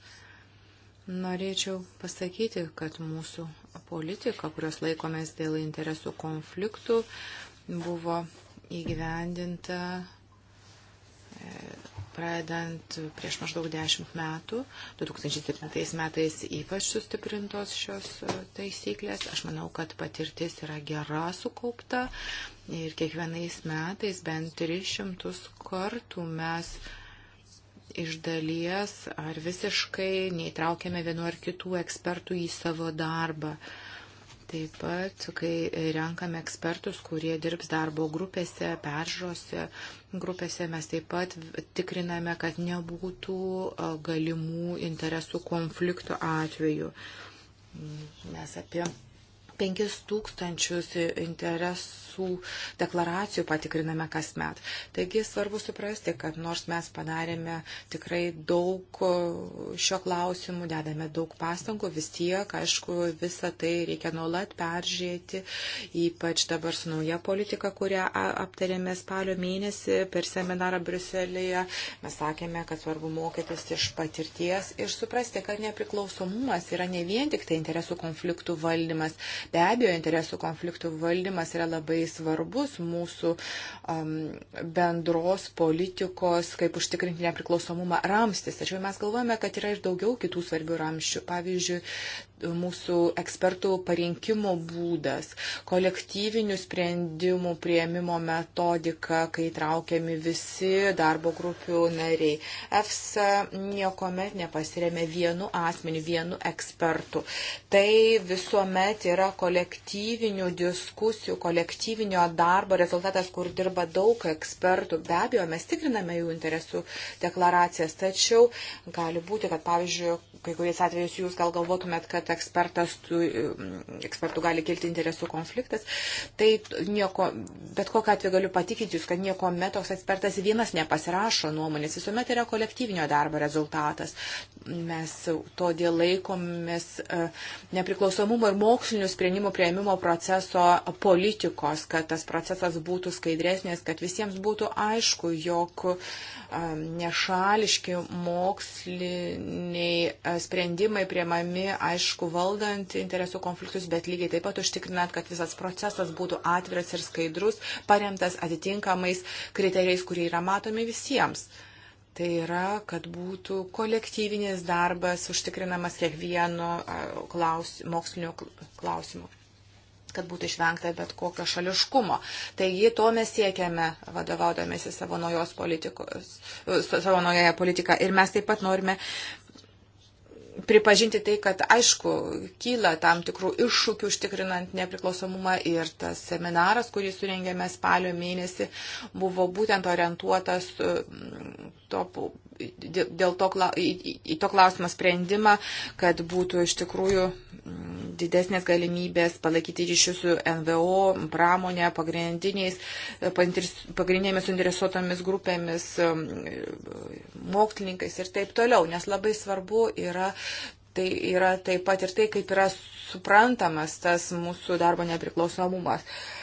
Norėčiau pasakyti, kad mūsų politika, kurios laikomės dėl interesų konfliktų, buvo įgyvendinta e, pradant prieš maždaug 10 metų, 2007 metais ypač sustiprintos šios e, taisyklės. Aš manau, kad patirtis yra gera sukaupta ir kiekvienais metais bent 300 kartų mes iš dalies ar visiškai neįtraukėme vienu ar kitų ekspertų į savo darbą. Uh, Taip pat, kai renkame ekspertus, kurie dirbs darbo grupėse, peržose grupėse, mes taip pat tikriname, kad nebūtų galimų interesų konfliktų atveju. Mes apie 5000 interesų deklaracijų patikriname kasmet. Taigi svarbu suprasti, kad nors mes padarėme tikrai daug e, šio klausimų, dedame daug pastangų, vis tiek, aišku, visą tai reikia nuolat peržiūrėti, ypač dabar su nauja politika, kurią aptarėme spalio mėnesį per seminarą Bruselėje. Mes sakėme, kad svarbu mokytis iš patirties ir suprasti, kad nepriklausomumas yra ne vien tik tai interesų konfliktų valdymas, Be abejo, interesų konfliktų valdymas yra labai svarbus mūsų um, bendros politikos, kaip užtikrinti nepriklausomumą ramstis. Tačiau mes galvojame, kad yra ir daugiau kitų svarbių ramščių. Pavyzdžiui, mūsų ekspertų parinkimo būdas, kolektyvinių sprendimų prieimimo metodika, kai traukiami visi darbo grupių nariai. EFSA niekuomet nepasiremė vienu asmeniu, vienu ekspertu. Tai visuomet yra kolektyvinių diskusijų, kolektyvinio darbo rezultatas, kur dirba daug ekspertų. Be abejo, mes tikriname jų interesų deklaracijas, tačiau gali būti, kad, pavyzdžiui, kai kuriais atvejais jūs gal galvotumėt, kad kad tu, mm, ekspertų gali kilti interesų konfliktas, tai nieko, bet kokią atveju galiu patikinti jūs, kad nieko metoks ekspertas vienas nepasirašo nuomonės, visuomet yra kolektyvinio darbo rezultatas. Mes todėl laikomės e, nepriklausomumo ir mokslinių sprendimų prieimimo proceso politikos, kad tas procesas būtų skaidresnės, kad visiems būtų aišku, jog e, nešališki moksliniai e, sprendimai priemami, aišku, aišku, valdant interesų konfliktus, bet lygiai taip pat užtikrinant, kad visas procesas būtų atviras ir skaidrus, paremtas atitinkamais kriterijais, kurie yra matomi visiems. Tai yra, kad būtų kolektyvinis darbas užtikrinamas kiekvieno klaus, mokslinio klausimo kad būtų išvengta bet kokio šališkumo. Taigi to mes siekiame vadovaudomėsi savo naujos politikos, savo naujoje politiką. Ir mes taip pat norime pripažinti tai, kad aišku, kyla tam tikrų iššūkių užtikrinant nepriklausomumą ir tas seminaras, kurį surengėme spalio mėnesį, buvo būtent orientuotas e, to, dėl to, į, į to klausimą sprendimą, kad būtų iš tikrųjų didesnės galimybės palaikyti ryšius su NVO, pramonė, pagrindiniais, pagrindinėmis suinteresuotomis grupėmis, um, mokslininkais ir taip toliau, nes labai svarbu yra tai yra taip pat ir tai, kaip yra suprantamas tas mūsų darbo nepriklausomumas. Uh,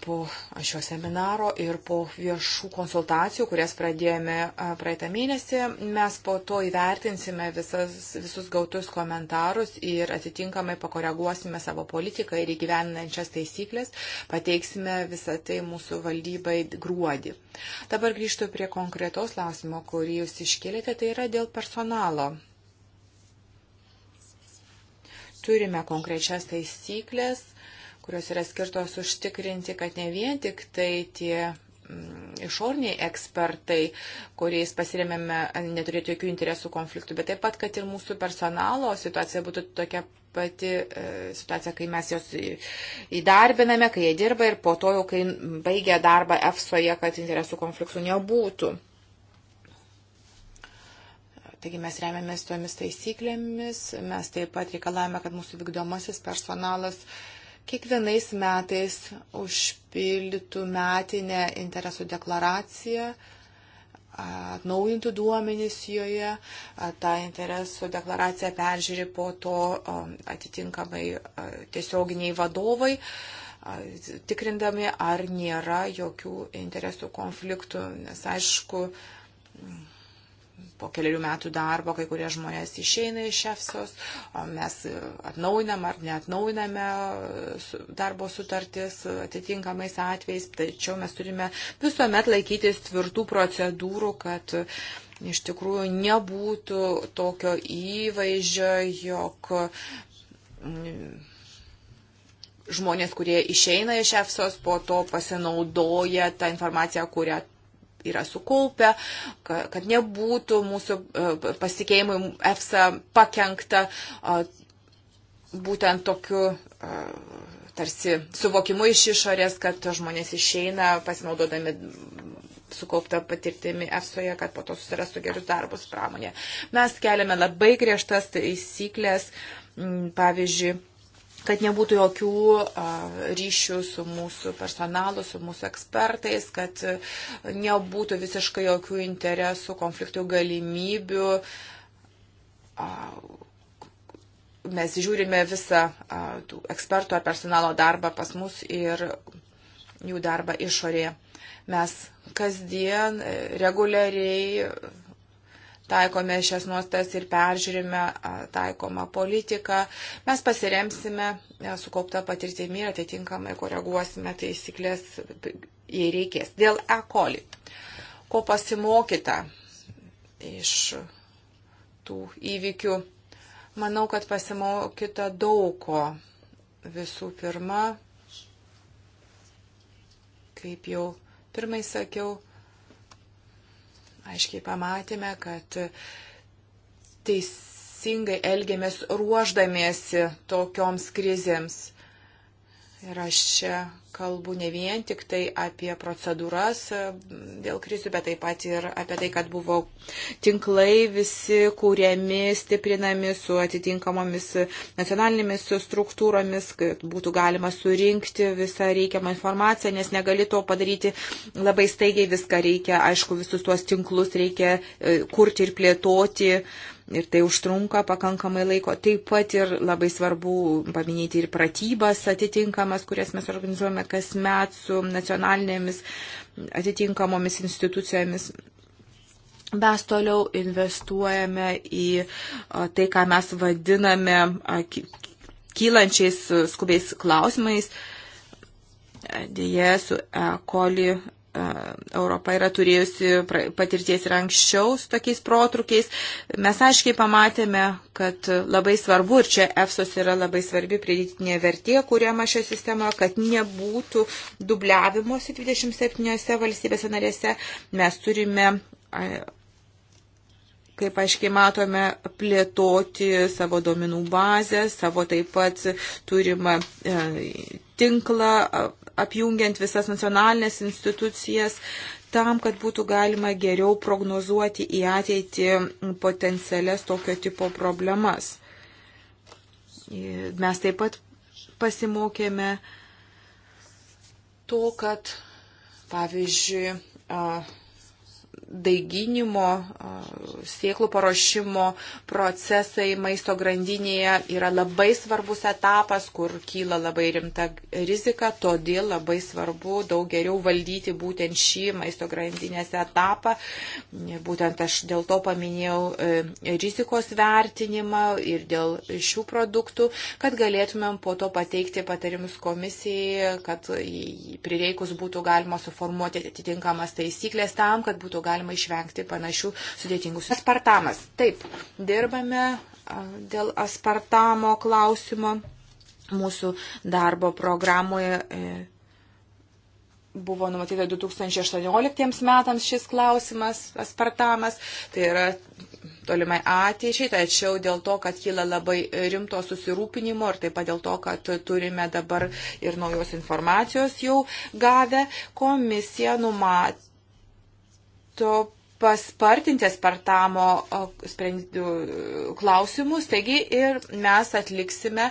po šio seminaro ir po viešų konsultacijų, kurias pradėjome praeitą mėnesį, mes po to įvertinsime visas, visus gautus komentarus ir atitinkamai pakoreguosime savo politiką ir įgyveninančias taisyklės, pateiksime visą tai mūsų valdybai gruodį. Dabar grįžtu prie konkretos klausimo, kurį jūs iškėlėte, tai yra dėl personalo. Turime konkrečias taisyklės kurios yra skirtos užtikrinti, kad ne vien tik tai tie mm, išorniai ekspertai, kuriais pasiremėme, neturėtų jokių interesų konfliktų, bet taip pat, kad ir mūsų personalo situacija būtų tokia pati e, situacija, kai mes jos įdarbiname, kai jie dirba ir po to jau, kai baigia darbą EFSOje, kad interesų konfliktų nebūtų. Taigi mes remiamės tomis taisyklėmis, mes taip pat reikalavome, kad mūsų vykdomasis personalas uh, kiekvienais metais užpildytų metinę interesų deklaraciją, atnaujintų duomenys joje, tą interesų deklaraciją peržiūri po to atitinkamai tiesioginiai vadovai, tikrindami, ar nėra jokių interesų konfliktų, nes aišku, po keliarių metų darbo kai kurie žmonės išeina iš EFSOS, o mes atnaujinam ar neatnaujiname e, darbo sutartis atitinkamais atvejais, tačiau mes turime visuomet laikytis tvirtų procedūrų, kad iš tikrųjų nebūtų tokio įvaizdžio, jog mm, žmonės, kurie išeina iš EFSOS, po to pasinaudoja tą informaciją, kurią yra sukaupę, kad nebūtų mūsų e, pasikeimui EFSA pakengta būtent tokiu tarsi suvokimu iš išorės, kad žmonės išeina pasinaudodami sukaupta patirtimi EFSOje, kad po to susirastų gerus darbus pramonė. Mes keliame labai griežtas taisyklės, pavyzdžiui, kad nebūtų jokių ryšių su mūsų personalu, su mūsų ekspertais, kad e, nebūtų visiškai jokių interesų, konfliktų galimybių. Mes žiūrime visą tų ekspertų ar personalo darbą pas mus ir jų darbą išorėje. Mes kasdien e, reguliariai taikome šias nuostas ir peržiūrime taikomą politiką. Mes pasiremsime sukauptą patirtimį ir atitinkamai koreguosime taisyklės, jei reikės. Dėl E. coli. Ko pasimokyta iš tų įvykių? Manau, kad pasimokyta daug ko. Visų pirma, kaip jau pirmai sakiau, aiškiai pamatėme, kad teisingai elgėmės ruoždamiesi tokioms krizėms. Ir aš čia kalbu ne vien tik tai apie procedūras e, dėl krizių, bet taip pat ir apie tai, kad buvo tinklai visi kūriami, stiprinami su atitinkamomis nacionalinėmis struktūromis, kad būtų galima surinkti visą reikiamą informaciją, nes negali to padaryti labai staigiai viską reikia, aišku, visus tuos tinklus reikia e, kurti ir plėtoti ir tai užtrunka pakankamai laiko. Taip pat ir labai svarbu paminėti ir pratybas atitinkamas, kurias mes organizuojame kasmet su nacionalinėmis atitinkamomis institucijomis. Mes toliau investuojame į tai, ką mes vadiname kylančiais skubiais klausimais. Dėje su E. coli E, Europa yra turėjusi patirties ir anksčiau su tokiais protrukiais. Mes aiškiai pamatėme, kad labai svarbu, ir čia EFSOS yra labai svarbi pridėtinė vertė, kuriama šioje sistemoje, kad nebūtų dubliavimuose 27 valstybėse narėse. Mes turime kaip aiškiai matome, plėtoti savo domenų bazę, savo taip pat turimą e, tinklą, apjungiant visas nacionalinės institucijas, tam, kad būtų galima geriau prognozuoti į ateitį potencialias tokio tipo problemas. Mes taip pat pasimokėme to, kad, pavyzdžiui, daiginimo, sieklų paruošimo procesai maisto grandinėje yra labai svarbus etapas, kur kyla labai rimta rizika, todėl labai svarbu daug geriau valdyti būtent šį maisto grandinės etapą. Būtent aš dėl to paminėjau e, rizikos vertinimą ir dėl šių produktų, kad galėtumėm po to pateikti patarimus komisijai, kad prireikus būtų galima suformuoti atitinkamas taisyklės tam, kad būtų galima galima išvengti panašių sudėtingų. Aspartamas. Taip, dirbame dėl aspartamo klausimo mūsų darbo programoje. E, buvo numatyta 2018 metams šis klausimas, aspartamas, tai yra tolimai ateičiai, tačiau dėl to, kad kyla labai rimto susirūpinimo ir taip pat dėl to, kad turime dabar ir naujos informacijos jau gavę, komisija numat, to paspartinti aspartamo e, klausimus, taigi ir mes atliksime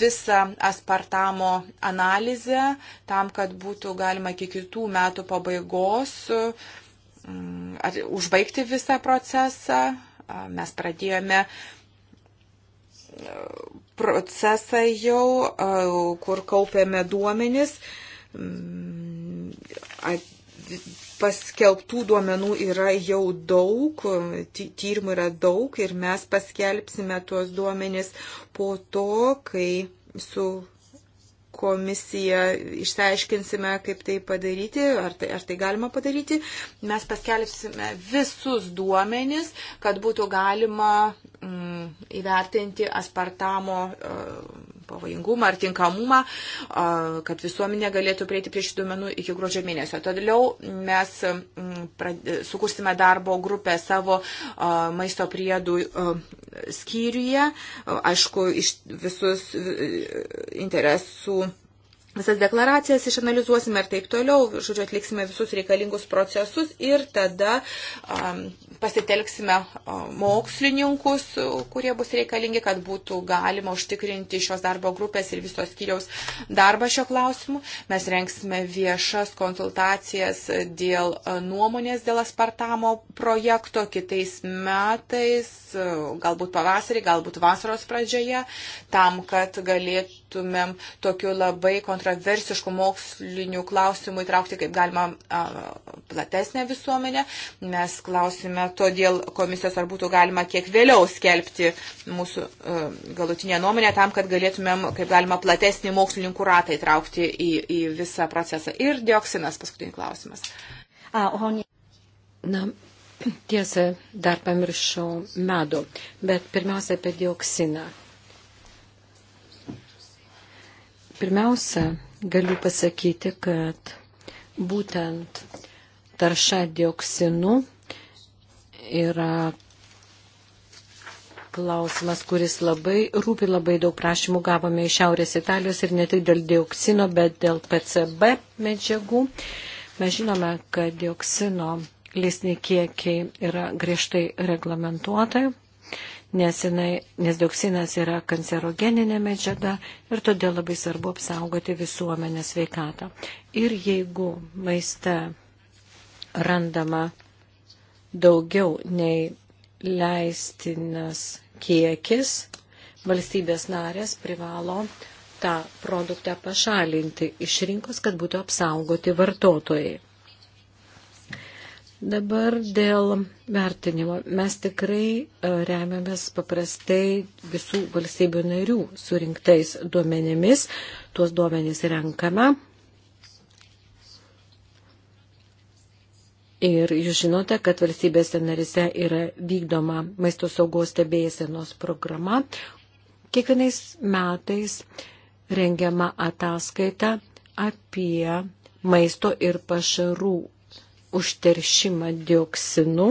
visą aspartamo analizę tam, kad būtų galima iki kitų metų pabaigos e, užbaigti visą procesą. Mes pradėjome e, procesą jau, kur kaupėme duomenis mm, paskelbtų duomenų yra jau daug, tyrimų yra daug ir mes paskelbsime tuos duomenis po to, kai su komisija išsiaiškinsime, kaip tai padaryti, ar tai, ar tai galima padaryti. Mes paskelbsime visus duomenis, kad būtų galima mm, įvertinti aspartamo. Uh, pavojingumą ar tinkamumą, kad visuomenė galėtų prieiti prie šių duomenų iki gruodžio mėnesio. Toliau mes sukursime darbo grupę savo maisto priedų skyriuje. Aišku, iš visus interesų visas deklaracijas išanalizuosime ir taip toliau, žodžiu, atliksime visus reikalingus procesus ir tada um, pasitelksime mokslininkus, kurie bus reikalingi, kad būtų galima užtikrinti šios darbo grupės ir visos skyriaus darbą šio klausimu. Mes renksime viešas konsultacijas dėl nuomonės dėl aspartamo projekto kitais metais, galbūt pavasarį, galbūt vasaros pradžioje, tam, kad galėtų galėtumėm tokiu labai kontroversišku moksliniu klausimu įtraukti kaip galima platesnę visuomenę. Mes klausime todėl komisijos, ar būtų galima kiek vėliau skelbti mūsų galutinę nuomonę tam, kad galėtumėm kaip galima platesnį mokslininkų ratą įtraukti į, į visą procesą. Ir dioksinas paskutinis klausimas. Na, tiesa, dar pamiršau medų, bet pirmiausia apie dioksiną. Pirmiausia, galiu pasakyti, kad būtent tarša dioksinų yra klausimas, kuris labai rūpi, labai daug prašymų gavome iš Šiaurės Italijos ir ne tik dėl dioksino, bet dėl PCB medžiagų. Mes žinome, kad dioksino leisni kiekiai yra griežtai reglamentuotojai nes, jinai, nes dioksinas yra kancerogeninė medžiaga ir todėl labai svarbu apsaugoti visuomenę sveikatą. Ir jeigu maiste randama daugiau nei leistinas kiekis, valstybės narės privalo tą produktą pašalinti iš rinkos, kad būtų apsaugoti vartotojai. Dabar dėl vertinimo. Mes tikrai e, remiamės paprastai visų valstybių narių surinktais duomenimis. Tuos duomenys renkame. Ir jūs žinote, kad valstybėse narise yra vykdoma maisto saugos stebėjsenos programa. Kiekvienais metais rengiama ataskaita apie maisto ir pašarų užteršimą dioksinu.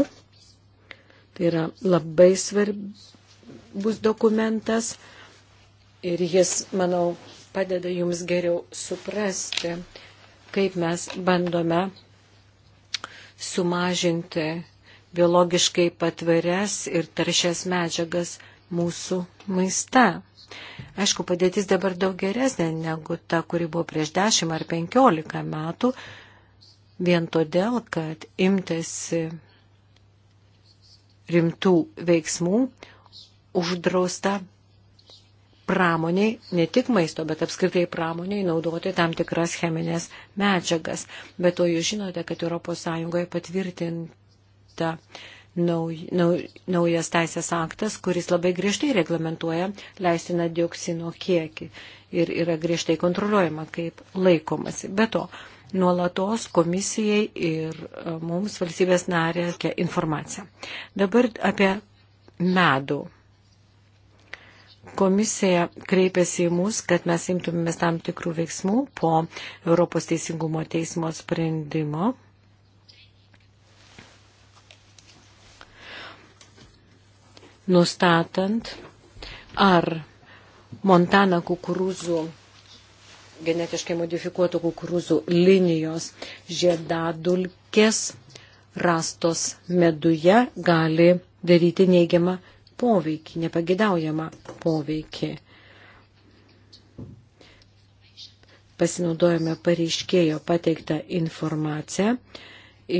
Tai yra labai svarbus dokumentas ir jis, manau, padeda jums geriau suprasti, kaip mes bandome sumažinti biologiškai patvarias ir taršias medžiagas mūsų maiste. Aišku, padėtis dabar daug geresnė negu ta, kuri buvo prieš 10 ar 15 metų, vien todėl, kad imtasi rimtų veiksmų uždrausta pramoniai, ne tik maisto, bet apskritai pramoniai naudoti tam tikras cheminės medžiagas. Bet to jūs žinote, kad ES patvirtinta nauj, nauj, naujas teisės aktas, kuris labai griežtai reglamentuoja leistiną dioksino kiekį ir yra griežtai kontroliuojama, kaip laikomasi. Be to, nuolatos komisijai ir e, mums valstybės narės informaciją. Dabar apie medų. Komisija kreipėsi į mus, kad mes imtumėmės tam tikrų veiksmų po Europos Teisingumo teismo sprendimo. Nustatant, ar Montana kukurūzų genetiškai modifikuotų kukurūzų linijos žiedadulkės rastos meduje gali daryti neigiamą poveikį, nepagidaujamą poveikį. Pasinaudojame pareiškėjo pateiktą informaciją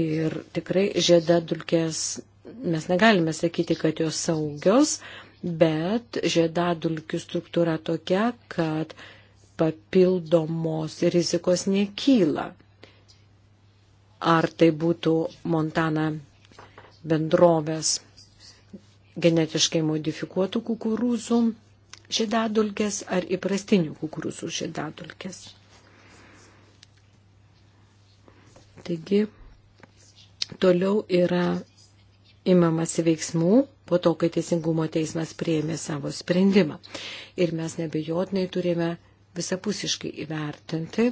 ir tikrai žiedadulkės mes negalime sakyti, kad jos saugios, bet žiedadulkių struktūra tokia, kad papildomos rizikos nekyla. Ar tai būtų Montana bendrovės genetiškai modifikuotų kukurūzų žiedadulkės ar įprastinių kukurūzų žiedadulkės. Taigi, toliau yra imamasi veiksmų po to, kai Teisingumo teismas prieėmė savo sprendimą. Ir mes nebejotinai turime visapusiškai įvertinti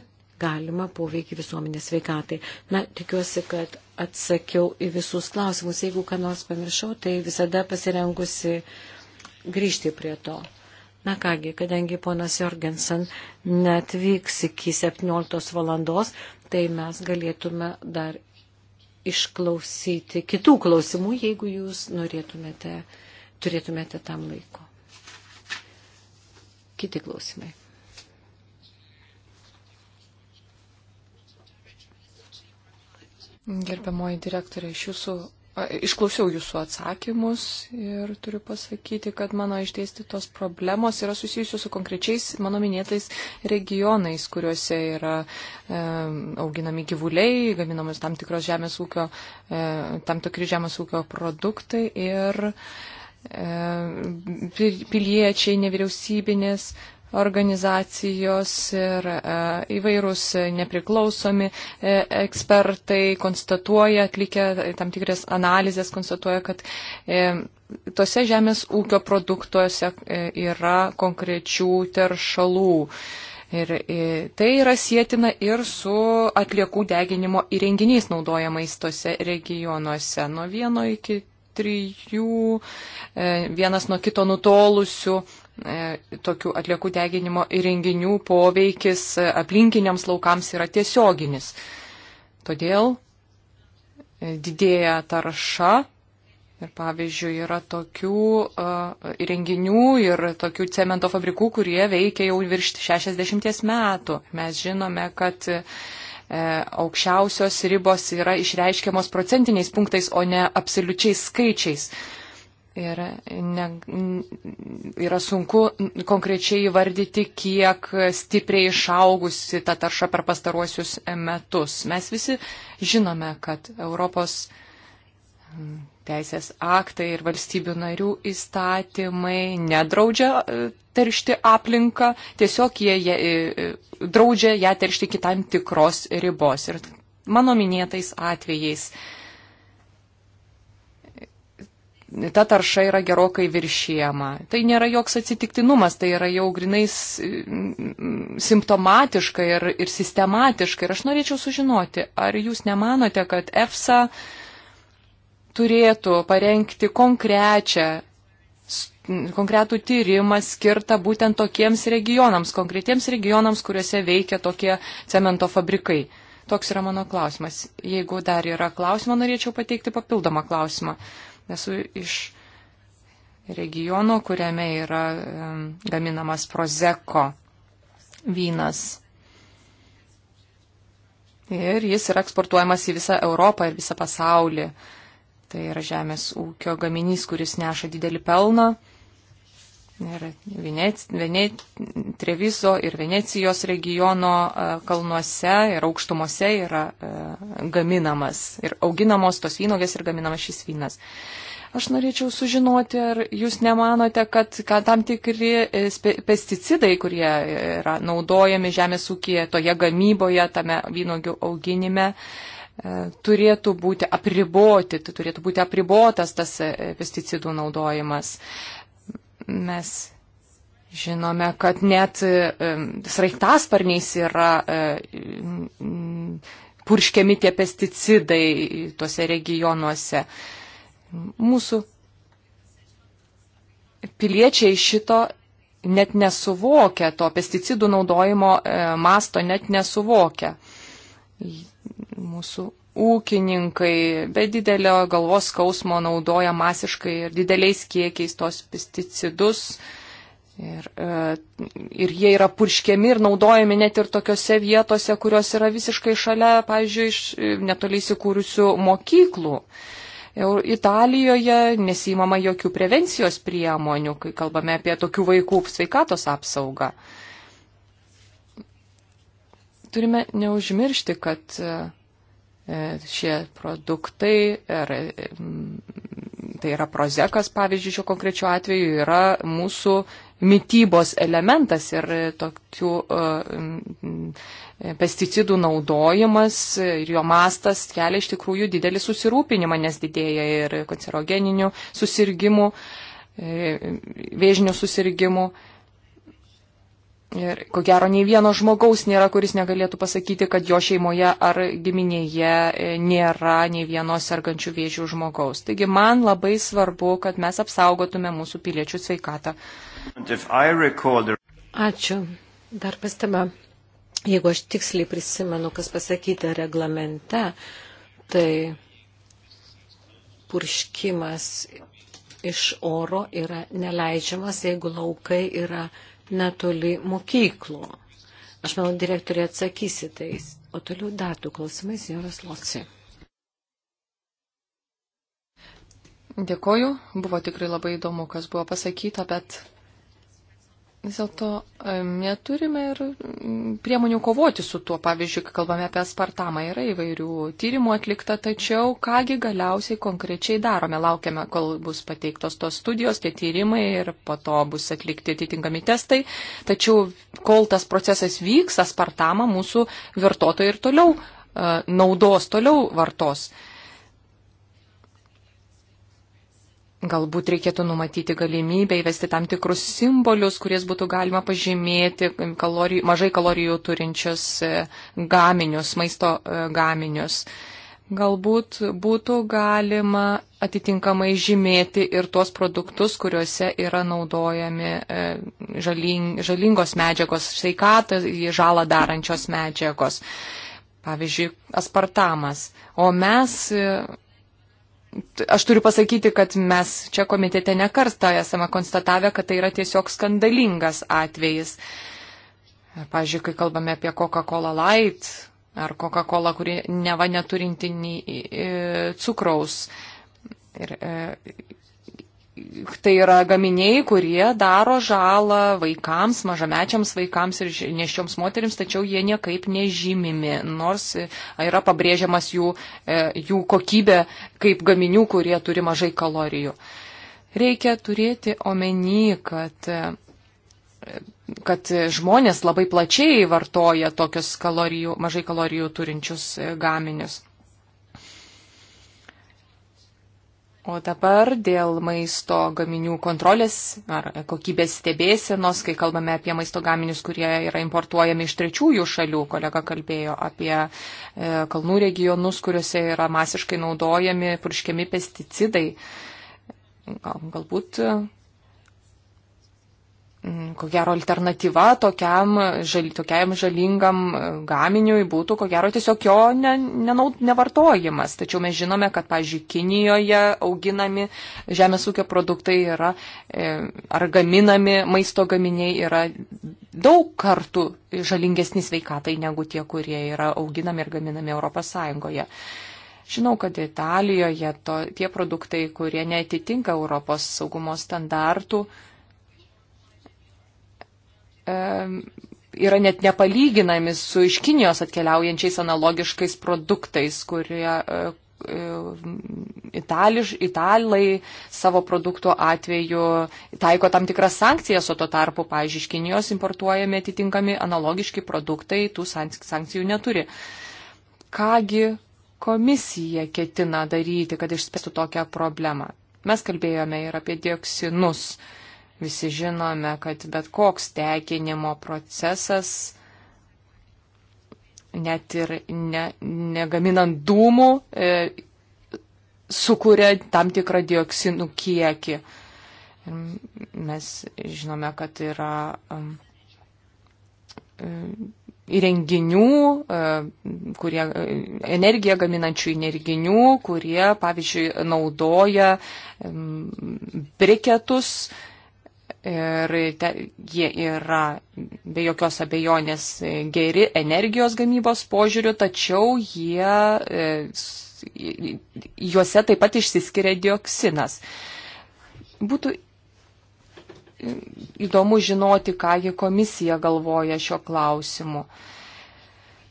galima poveikį visuomenės veikatai. Na, tikiuosi, kad atsakiau į visus klausimus. Jeigu ką nors pamiršau, tai visada pasirengusi grįžti prie to. Na kągi, kadangi ponas Jorgensen netvyks iki 17 valandos, tai mes galėtume dar išklausyti kitų klausimų, jeigu jūs norėtumėte, turėtumėte tam laiko. Kiti klausimai. Gerbiamoji direktorė, iš jūsų, a, išklausiau jūsų atsakymus ir turiu pasakyti, kad mano išdėstytos problemos yra susijusios su konkrečiais mano minėtais regionais, kuriuose yra e, auginami gyvuliai, gaminamos tam tikros žemės ūkio, e, tam tikri žemės ūkio produktai ir e, piliečiai, nevyriausybinės organizacijos ir e, įvairūs nepriklausomi e, ekspertai konstatuoja, atlikę tam tikras analizės, konstatuoja, kad e, tose žemės ūkio produktuose yra konkrečių teršalų. Ir tai yra sėtina ir su atliekų deginimo įrenginiais naudojamais tose regionuose. Nuo vieno iki trijų, vienas nuo kito nutolusių E, tokių atliekų deginimo įrenginių poveikis e, aplinkiniams laukams yra tiesioginis. Todėl e, didėja tarša ir pavyzdžiui yra tokių įrenginių ir tokių cemento fabrikų, kurie veikia jau virš 60 metų. Mes žinome, kad aukščiausios ribos yra išreiškiamos procentiniais punktais, o ne absoliučiais skaičiais. Ir ne, yra sunku konkrečiai įvardyti, kiek stipriai išaugusi ta tarša per pastaruosius metus. Mes visi žinome, kad Europos teisės aktai ir valstybių narių įstatymai nedraudžia e, teršti aplinką, tiesiog jie, jie e, draudžia ją teršti iki tam tikros ribos. Ir mano minėtais atvejais ta tarša yra gerokai viršiema. Tai nėra joks atsitiktinumas, tai yra jau grinais mm, simptomatiška ir, ir sistematiška. Ir aš norėčiau sužinoti, ar jūs nemanote, kad EFSA turėtų parengti konkrečią konkretų tyrimą skirtą būtent tokiems regionams, konkretiems regionams, kuriuose veikia tokie cemento fabrikai. Toks yra mano klausimas. Jeigu dar yra klausimą, norėčiau pateikti papildomą klausimą. Uh, Esu iš regiono, kuriame yra gaminamas prozeko vynas. Ir jis yra eksportuojamas į visą Europą ir visą pasaulį. Tai yra žemės ūkio gaminys, kuris neša didelį pelną. Ir Venec, Venec, Treviso ir Venecijos regiono e, kalnuose ir aukštumose yra e, gaminamas ir auginamos tos vynogės ir gaminamas šis vynas. Aš norėčiau sužinoti, ar jūs nemanote, kad, kad tam tikri e, pesticidai, kurie yra naudojami žemės ūkėje, toje gamyboje, tame vynogių auginime, turėtų būti apriboti, turėtų būti apribotas tas pesticidų naudojimas. Mes žinome, kad net sraigtasparniais yra purškiami tie pesticidai tuose regionuose. Mūsų piliečiai šito net nesuvokia, to pesticidų naudojimo masto net nesuvokia. Mūsų ūkininkai be didelio galvos skausmo naudoja masiškai ir dideliais kiekiais tos pesticidus. Ir, e, ir jie yra purškiami ir naudojami net ir tokiose vietose, kurios yra visiškai šalia, pavyzdžiui, iš e, netoli įsikūrusių mokyklų. Italijoje nesimama jokių prevencijos priemonių, kai kalbame apie tokių vaikų sveikatos apsaugą. Turime neužmiršti, kad e, E, šie produktai, ir, er, e, tai yra prozekas, pavyzdžiui, šiuo konkrečiu atveju, yra mūsų mytybos elementas ir tokių e, pesticidų naudojimas ir jo mastas kelia iš tikrųjų didelį susirūpinimą, nes didėja ir kancerogeninių susirgymų, vėžinių susirgymų. Ir ko gero, nei vieno žmogaus nėra, kuris negalėtų pasakyti, kad jo šeimoje ar giminėje e, nėra nei vieno sergančių vėžių žmogaus. Taigi man labai svarbu, kad mes apsaugotume mūsų piliečių sveikatą. Ačiū. Dar pastaba. Jeigu aš tiksliai prisimenu, kas pasakyta reglamente, tai purškimas iš oro yra neleidžiamas, jeigu laukai yra netoli mokyklų. Aš manau, direktorė atsakysi tais. O toliau datų klausimai, senjoras Loci. Dėkoju, buvo tikrai labai įdomu, kas buvo pasakyta, bet Vis dėlto e, neturime ir priemonių kovoti su tuo. Pavyzdžiui, kai kalbame apie aspartamą, yra įvairių tyrimų atlikta, tačiau kągi galiausiai konkrečiai darome. Laukiame, kol bus pateiktos tos studijos, tie tyrimai ir po to bus atlikti atitinkami testai. Tačiau kol tas procesas vyks, aspartamą mūsų vartotojai ir toliau e, naudos, toliau vartos. Uh, Galbūt reikėtų numatyti galimybę įvesti tam tikrus simbolius, kuriais būtų galima pažymėti kalorijų, mažai kalorijų turinčius e, gaminius, maisto e, gaminius. Galbūt būtų galima atitinkamai žymėti ir tuos produktus, kuriuose yra naudojami e, žalingos medžiagos, sveikatą žalą darančios medžiagos pavyzdžiui, aspartamas. O mes aš turiu pasakyti, kad mes čia komitete nekartą esame konstatavę, kad tai yra tiesiog skandalingas atvejis. Pavyzdžiui, kai kalbame apie Coca-Cola Light ar Coca-Cola, kuri neva neturinti nei e, cukraus. Ir, e, tai yra gaminiai, kurie daro žalą vaikams, mažamečiams vaikams ir neščioms moteriams, tačiau jie niekaip nežymimi, nors e, yra pabrėžiamas jų, e, jų kokybė kaip gaminių, kurie turi mažai kalorijų. Reikia turėti omeny, kad e, kad žmonės labai plačiai vartoja tokius kalorijų, mažai kalorijų turinčius gaminius. O dabar dėl maisto gaminių kontrolės ar kokybės stebėsenos, kai kalbame apie maisto gaminius, kurie yra importuojami iš trečiųjų šalių, kolega kalbėjo apie e, kalnų regionus, kuriuose yra masiškai naudojami purškiami pesticidai. Gal, galbūt Mm, ko gero alternatyva tokiam, žal, tokiam žalingam e, gaminiui būtų, ko gero, tiesiog jo ne, nenaud, nevartojimas. Tačiau mes žinome, kad, pažiūrėjau, Kinijoje auginami žemės ūkio produktai yra, e, ar gaminami maisto gaminiai yra daug kartų žalingesni sveikatai negu tie, kurie yra auginami ir gaminami ES. Žinau, kad Italijoje to, tie produktai, kurie netitinka Europos saugumo standartų, yra net nepalyginami su iš Kinijos atkeliaujančiais analogiškais produktais, kurie e, e, itališ, italai savo produktų atveju taiko tam tikras sankcijas, o tuo tarpu, pavyzdžiui, iš Kinijos importuojami atitinkami analogiški produktai, tų sankcijų neturi. Kągi komisija ketina daryti, kad išspręstų tokią problemą? Mes kalbėjome ir apie dioksinus. Uh, Visi žinome, kad bet koks tekinimo procesas, net ir ne, negaminant dūmų, e, sukuria tam tikrą dioksinų kiekį. Ir mes žinome, kad yra um, e, įrenginių, e, kurie, energiją gaminančių įrenginių, kurie, pavyzdžiui, naudoja briketus, ir te, jie yra be jokios abejonės geri energijos gamybos požiūriu, tačiau jie, e, juose taip pat išsiskiria dioksinas. Būtų įdomu žinoti, kągi komisija galvoja šio klausimu.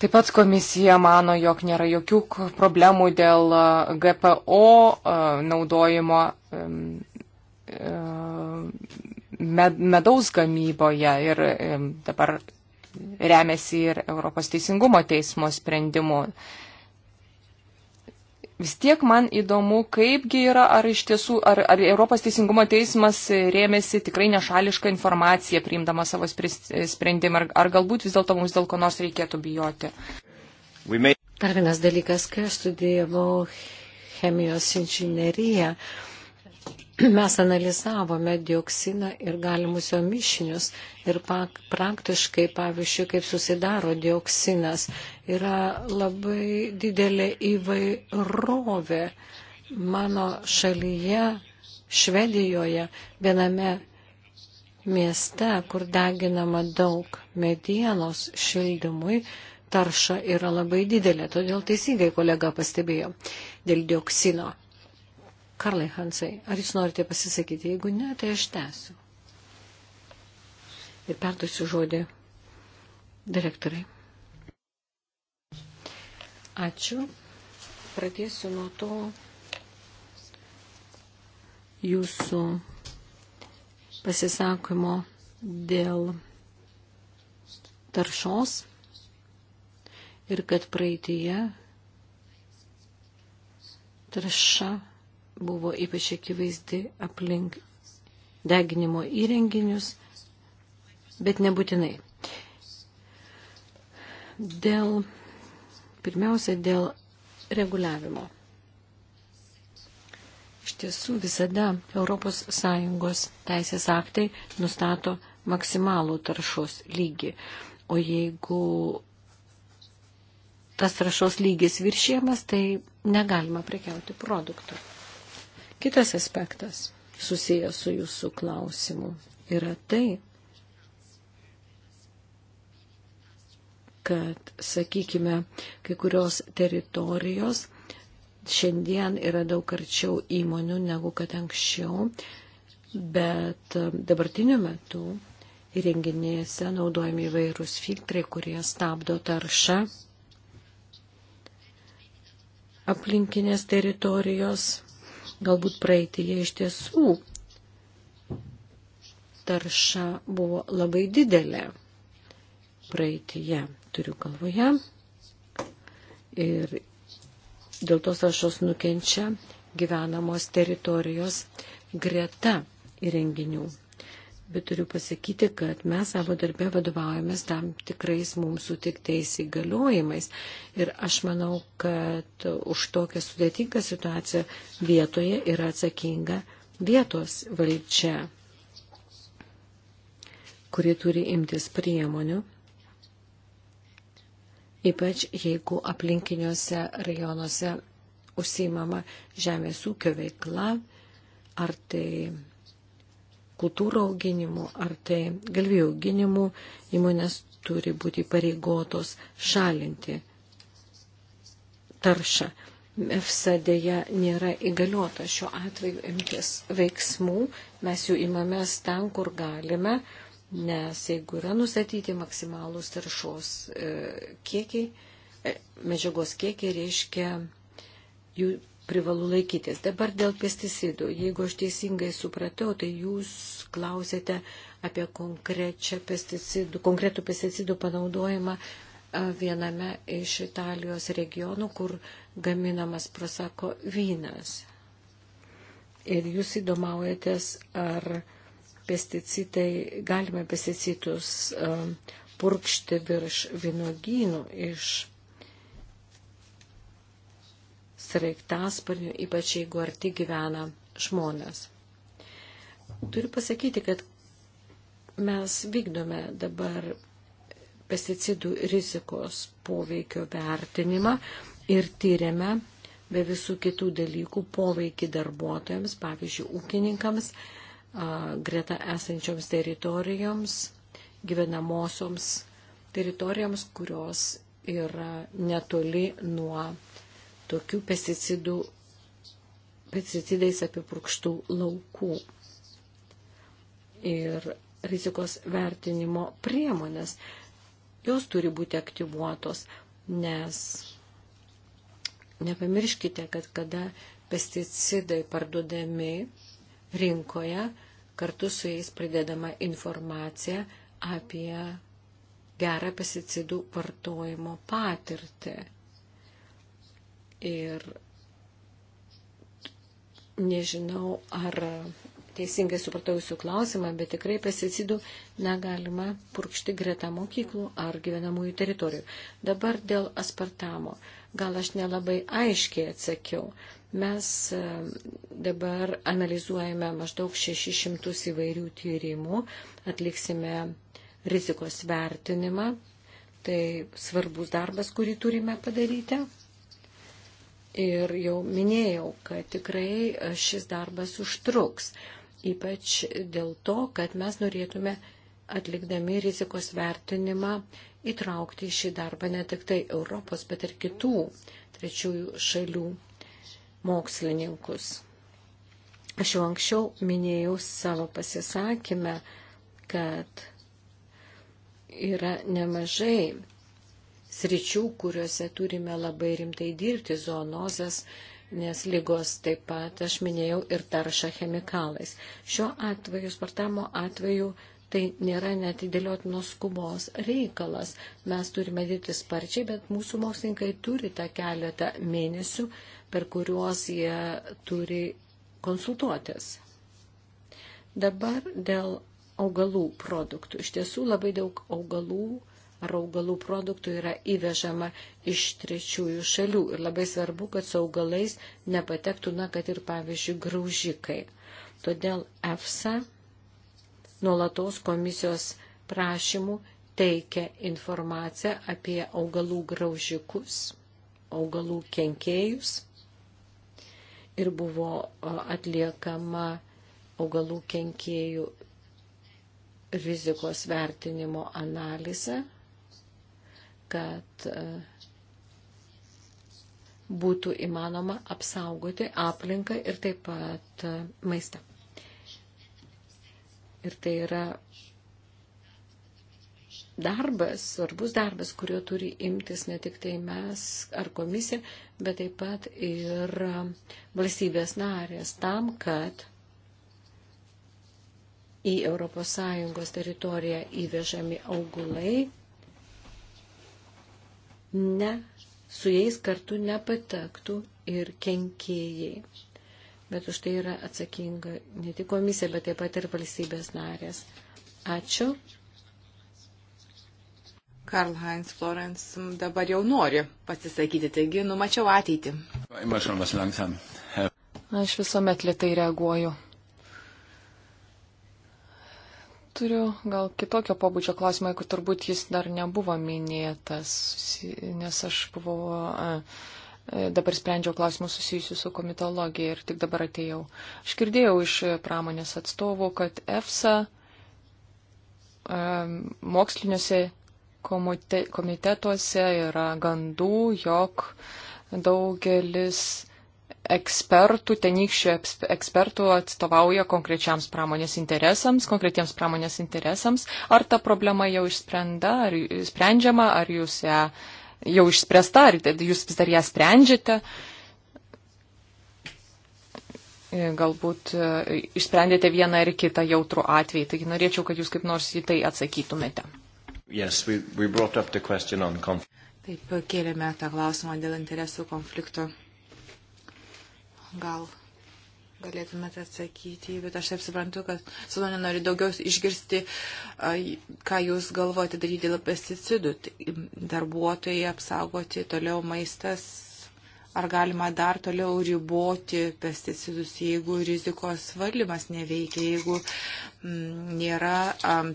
Taip pat komisija mano, jog nėra jokių problemų dėl e, GPO e, naudojimo medaus gamyboje ir dabar remiasi ir Europos teisingumo teismo sprendimu. Vis tiek man įdomu, kaipgi yra, ar iš tiesų, ar, ar Europos teisingumo teismas rėmėsi tikrai nešališką informaciją, priimdama savo sprendimą, ar, ar galbūt vis dėlto mums dėl ko nors reikėtų bijoti. Dar vienas dalykas, kai aš studijavau chemijos inžineriją, uh, [CLEARS THROAT] mes analizavome dioksiną ir galimus jo mišinius ir praktiškai, pavyzdžiui, kaip susidaro dioksinas, yra labai didelė įvairovė. Mano šalyje, Švedijoje, viename mieste, kur deginama daug medienos šildymui, tarša yra labai didelė, todėl teisingai kolega pastebėjo dėl dioksino. Karlai Hansai, ar jūs norite pasisakyti? Jeigu ne, tai aš tęsiu. Ir perduosiu žodį direktorai. Ačiū. Pradėsiu nuo to jūsų pasisakymo dėl taršos ir kad praeitėje tarša buvo ypač akivaizdi aplink deginimo įrenginius, bet nebūtinai. Dėl, pirmiausia, dėl reguliavimo. Iš tiesų visada ES teisės aktai nustato maksimalų taršos lygį. O jeigu tas taršos lygis viršėmas, tai negalima prekiauti produktų. Kitas aspektas susijęs su jūsų klausimu yra tai, kad, sakykime, kai kurios teritorijos šiandien yra daug arčiau įmonių negu kad anksčiau, bet e, dabartiniu metu įrenginėse naudojami įvairūs filtrai, kurie stabdo taršą aplinkinės teritorijos Galbūt praeitėje iš tiesų tarša buvo labai didelė praeitėje, turiu galvoje. Ir dėl tos taršos nukenčia gyvenamos teritorijos greta įrenginių bet turiu pasakyti, kad mes savo darbę vadovaujamės tam tikrais mums sutiktais įgaliojimais. Ir aš manau, kad už tokią sudėtingą situaciją vietoje yra atsakinga vietos valdžia, kuri turi imtis priemonių. Ypač jeigu aplinkiniuose rajonuose užsimama žemės ūkio veikla, ar tai kultūrų auginimu, ar tai galvijų auginimu, įmonės turi būti pareigotos šalinti taršą. EFSA dėja nėra įgaliota šiuo atveju imtis veiksmų, mes jų imamės ten, kur galime, nes jeigu yra nustatyti maksimalūs taršos e, kiekiai, e, medžiagos kiekiai reiškia jų privalu laikytis. Dabar dėl pesticidų. Jeigu aš teisingai supratau, tai jūs klausėte apie pesticidų, konkretų pesticidų panaudojimą e, viename iš Italijos regionų, kur gaminamas prosako vynas. Ir jūs įdomaujatės, ar pesticidai, galime pesticidus e, purkšti virš vinogynų iš sraigtasparnių, ypač jeigu arti gyvena žmonės. Turiu pasakyti, kad mes vykdome dabar pesticidų rizikos poveikio vertinimą ir tyriame be visų kitų dalykų poveikį darbuotojams, pavyzdžiui, ūkininkams, greta esančioms teritorijoms, gyvenamosioms teritorijoms, kurios yra netoli nuo tokių pesticidų, pesticidais apipurkštų laukų. Ir rizikos vertinimo priemonės, jos turi būti aktyvuotos, nes nepamirškite, kad kada pesticidai parduodami rinkoje, kartu su jais pridedama informacija apie gerą pesticidų vartojimo patirtį. Ir nežinau, ar teisingai supratau jūsų klausimą, bet tikrai pesticidų negalima purkšti greta mokyklų ar gyvenamųjų teritorijų. Dabar dėl aspartamo. Gal aš nelabai aiškiai atsakiau. Mes e, dabar analizuojame maždaug 600 įvairių tyrimų, atliksime rizikos vertinimą. Tai svarbus darbas, kurį turime padaryti. Ir jau minėjau, kad tikrai šis darbas užtruks, ypač dėl to, kad mes norėtume atlikdami rizikos vertinimą įtraukti į šį darbą ne tik tai Europos, bet ir kitų trečiųjų šalių mokslininkus. Aš jau anksčiau minėjau savo pasisakymę, kad yra nemažai sričių, kuriuose turime labai rimtai dirbti - zoonozės, nes lygos taip pat, aš minėjau, ir tarša chemikalais. Šiuo atveju, Spartamo atveju, tai nėra netidėliotinos skubos reikalas. Mes turime dirbti sparčiai, bet mūsų mokslininkai turi tą keletą mėnesių, per kuriuos jie turi konsultuotis. Dabar dėl augalų produktų. Iš tiesų labai daug augalų ar augalų produktų yra įvežama iš trečiųjų šalių. Ir labai svarbu, kad su augalais nepatektų, na, kad ir, pavyzdžiui, graužikai. Todėl EFSA nuolatos komisijos prašymų teikia informaciją apie augalų graužikus, augalų kenkėjus ir buvo atliekama augalų kenkėjų rizikos vertinimo analizė kad e, būtų įmanoma apsaugoti aplinką ir taip pat e, maistą. Ir tai yra darbas, svarbus darbas, kurio turi imtis ne tik tai mes ar komisija, bet taip pat ir e, valstybės narės tam, kad į ES teritoriją įvežami augulai ne, su jais kartu nepatektų ir kenkėjai. Bet už tai yra atsakinga ne tik komisija, bet taip pat ir valstybės narės. Ačiū. Karl Heinz Florence dabar jau nori pasisakyti, taigi numačiau ateitį. Aš visuomet lietai reaguoju. Turiu gal kitokio pobūdžio klausimą, jeigu turbūt jis dar nebuvo minėtas, nes aš buvau, dabar sprendžiau klausimus susijusius su komitologija ir tik dabar atėjau. Aš girdėjau iš pramonės atstovų, kad EFSA moksliniuose komitetuose yra gandų, jog daugelis ekspertų, tenykščių ekspertų atstovauja konkrečiams pramonės interesams, konkretiems pramonės interesams. Ar ta problema jau išsprenda, ar sprendžiama, ar jūs ją jau išspręsta, ar jūs vis dar ją sprendžiate? E, galbūt e, išsprendėte vieną ar kitą jautrų atvejį, taigi norėčiau, kad jūs kaip nors į tai atsakytumėte. Yes, we, we Taip, kėlėme tą klausimą dėl interesų konflikto gal galėtumėte atsakyti, bet aš taip suprantu, kad Sonė nori daugiau išgirsti, ką jūs galvojate daryti dėl pesticidų, tai, darbuotojai apsaugoti, toliau maistas, ar galima dar toliau riboti pesticidus, jeigu rizikos valdymas neveikia, jeigu nėra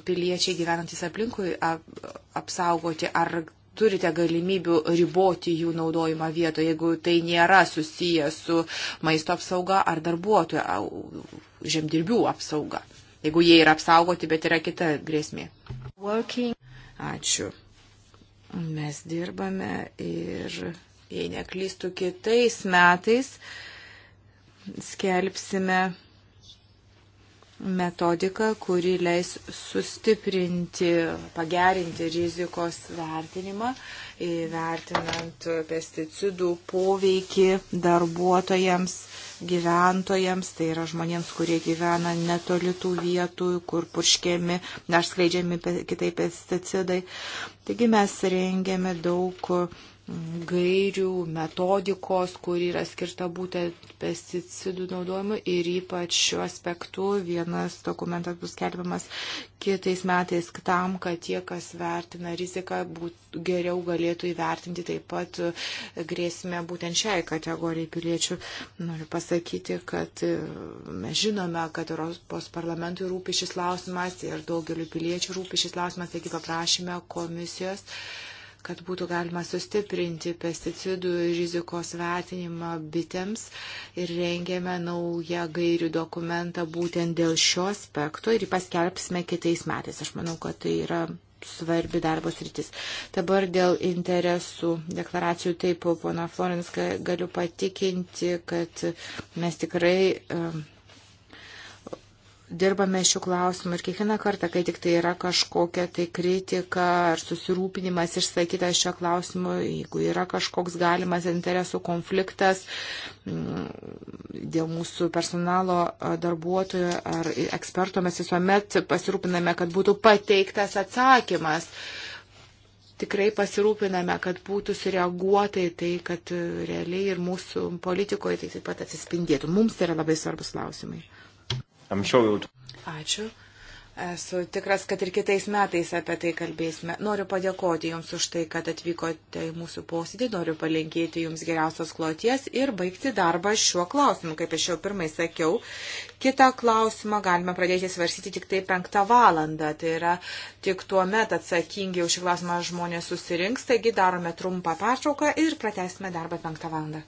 piliečiai gyvenantis aplinkui apsaugoti, ar turite galimybių riboti jų naudojimą vietoje, jeigu tai nėra susiję su maisto apsauga ar darbuotojų žemdirbių apsauga, jeigu jie yra apsaugoti, bet yra kita grėsmė. Working. Ačiū. Mes dirbame ir, jei neklystų, kitais metais skelbsime metodiką, kuri leis sustiprinti, pagerinti rizikos vertinimą, įvertinant pesticidų poveikį darbuotojams, gyventojams, tai yra žmonėms, kurie gyvena netoli tų vietų, kur purškiami ar skleidžiami kitai pesticidai. Taigi mes rengėme daug gairių, metodikos, kur yra skirta būtent pesticidų naudojimui ir ypač šiuo aspektu vienas dokumentas bus skelbiamas kitais metais tam, kad tie, kas vertina riziką, būt, geriau galėtų įvertinti taip pat grėsime būtent šiai kategorijai piliečių. Noriu pasakyti, kad e, mes žinome, kad Europos parlamentui rūpi šis klausimas ir daugeliu piliečių rūpi šis klausimas, taigi paprašyme komisijos. Uh, kad būtų galima sustiprinti pesticidų rizikos vertinimą bitėms ir rengėme naują gairių dokumentą būtent dėl šio aspekto ir jį paskelbsime kitais metais. Aš manau, kad tai yra svarbi darbo sritis. Dabar dėl interesų deklaracijų taip, pana Florins, galiu patikinti, kad mes tikrai. Uh, dirbame šių klausimų ir kiekvieną kartą, kai tik tai yra kažkokia tai kritika ar susirūpinimas išsakytas šio klausimu, jeigu yra kažkoks galimas interesų konfliktas mm, dėl mūsų personalo darbuotojų ar eksperto, mes visuomet pasirūpiname, kad būtų pateiktas atsakymas. Tikrai pasirūpiname, kad būtų sureaguota į tai, kad realiai ir mūsų politikoje tai taip pat atsispindėtų. Mums tai yra labai svarbus klausimai. Sure Ačiū. Esu tikras, kad ir kitais metais apie tai kalbėsime. Noriu padėkoti Jums už tai, kad atvykote į mūsų posėdį, noriu palinkėti Jums geriausios kloties ir baigti darbą šiuo klausimu. Kaip aš jau pirmai sakiau, kitą klausimą galime pradėti svarstyti tik tai penktą valandą. Tai yra tik tuo met atsakingi už šį klausimą žmonės susirinks, taigi darome trumpą pertrauką ir pratesime darbą penktą valandą.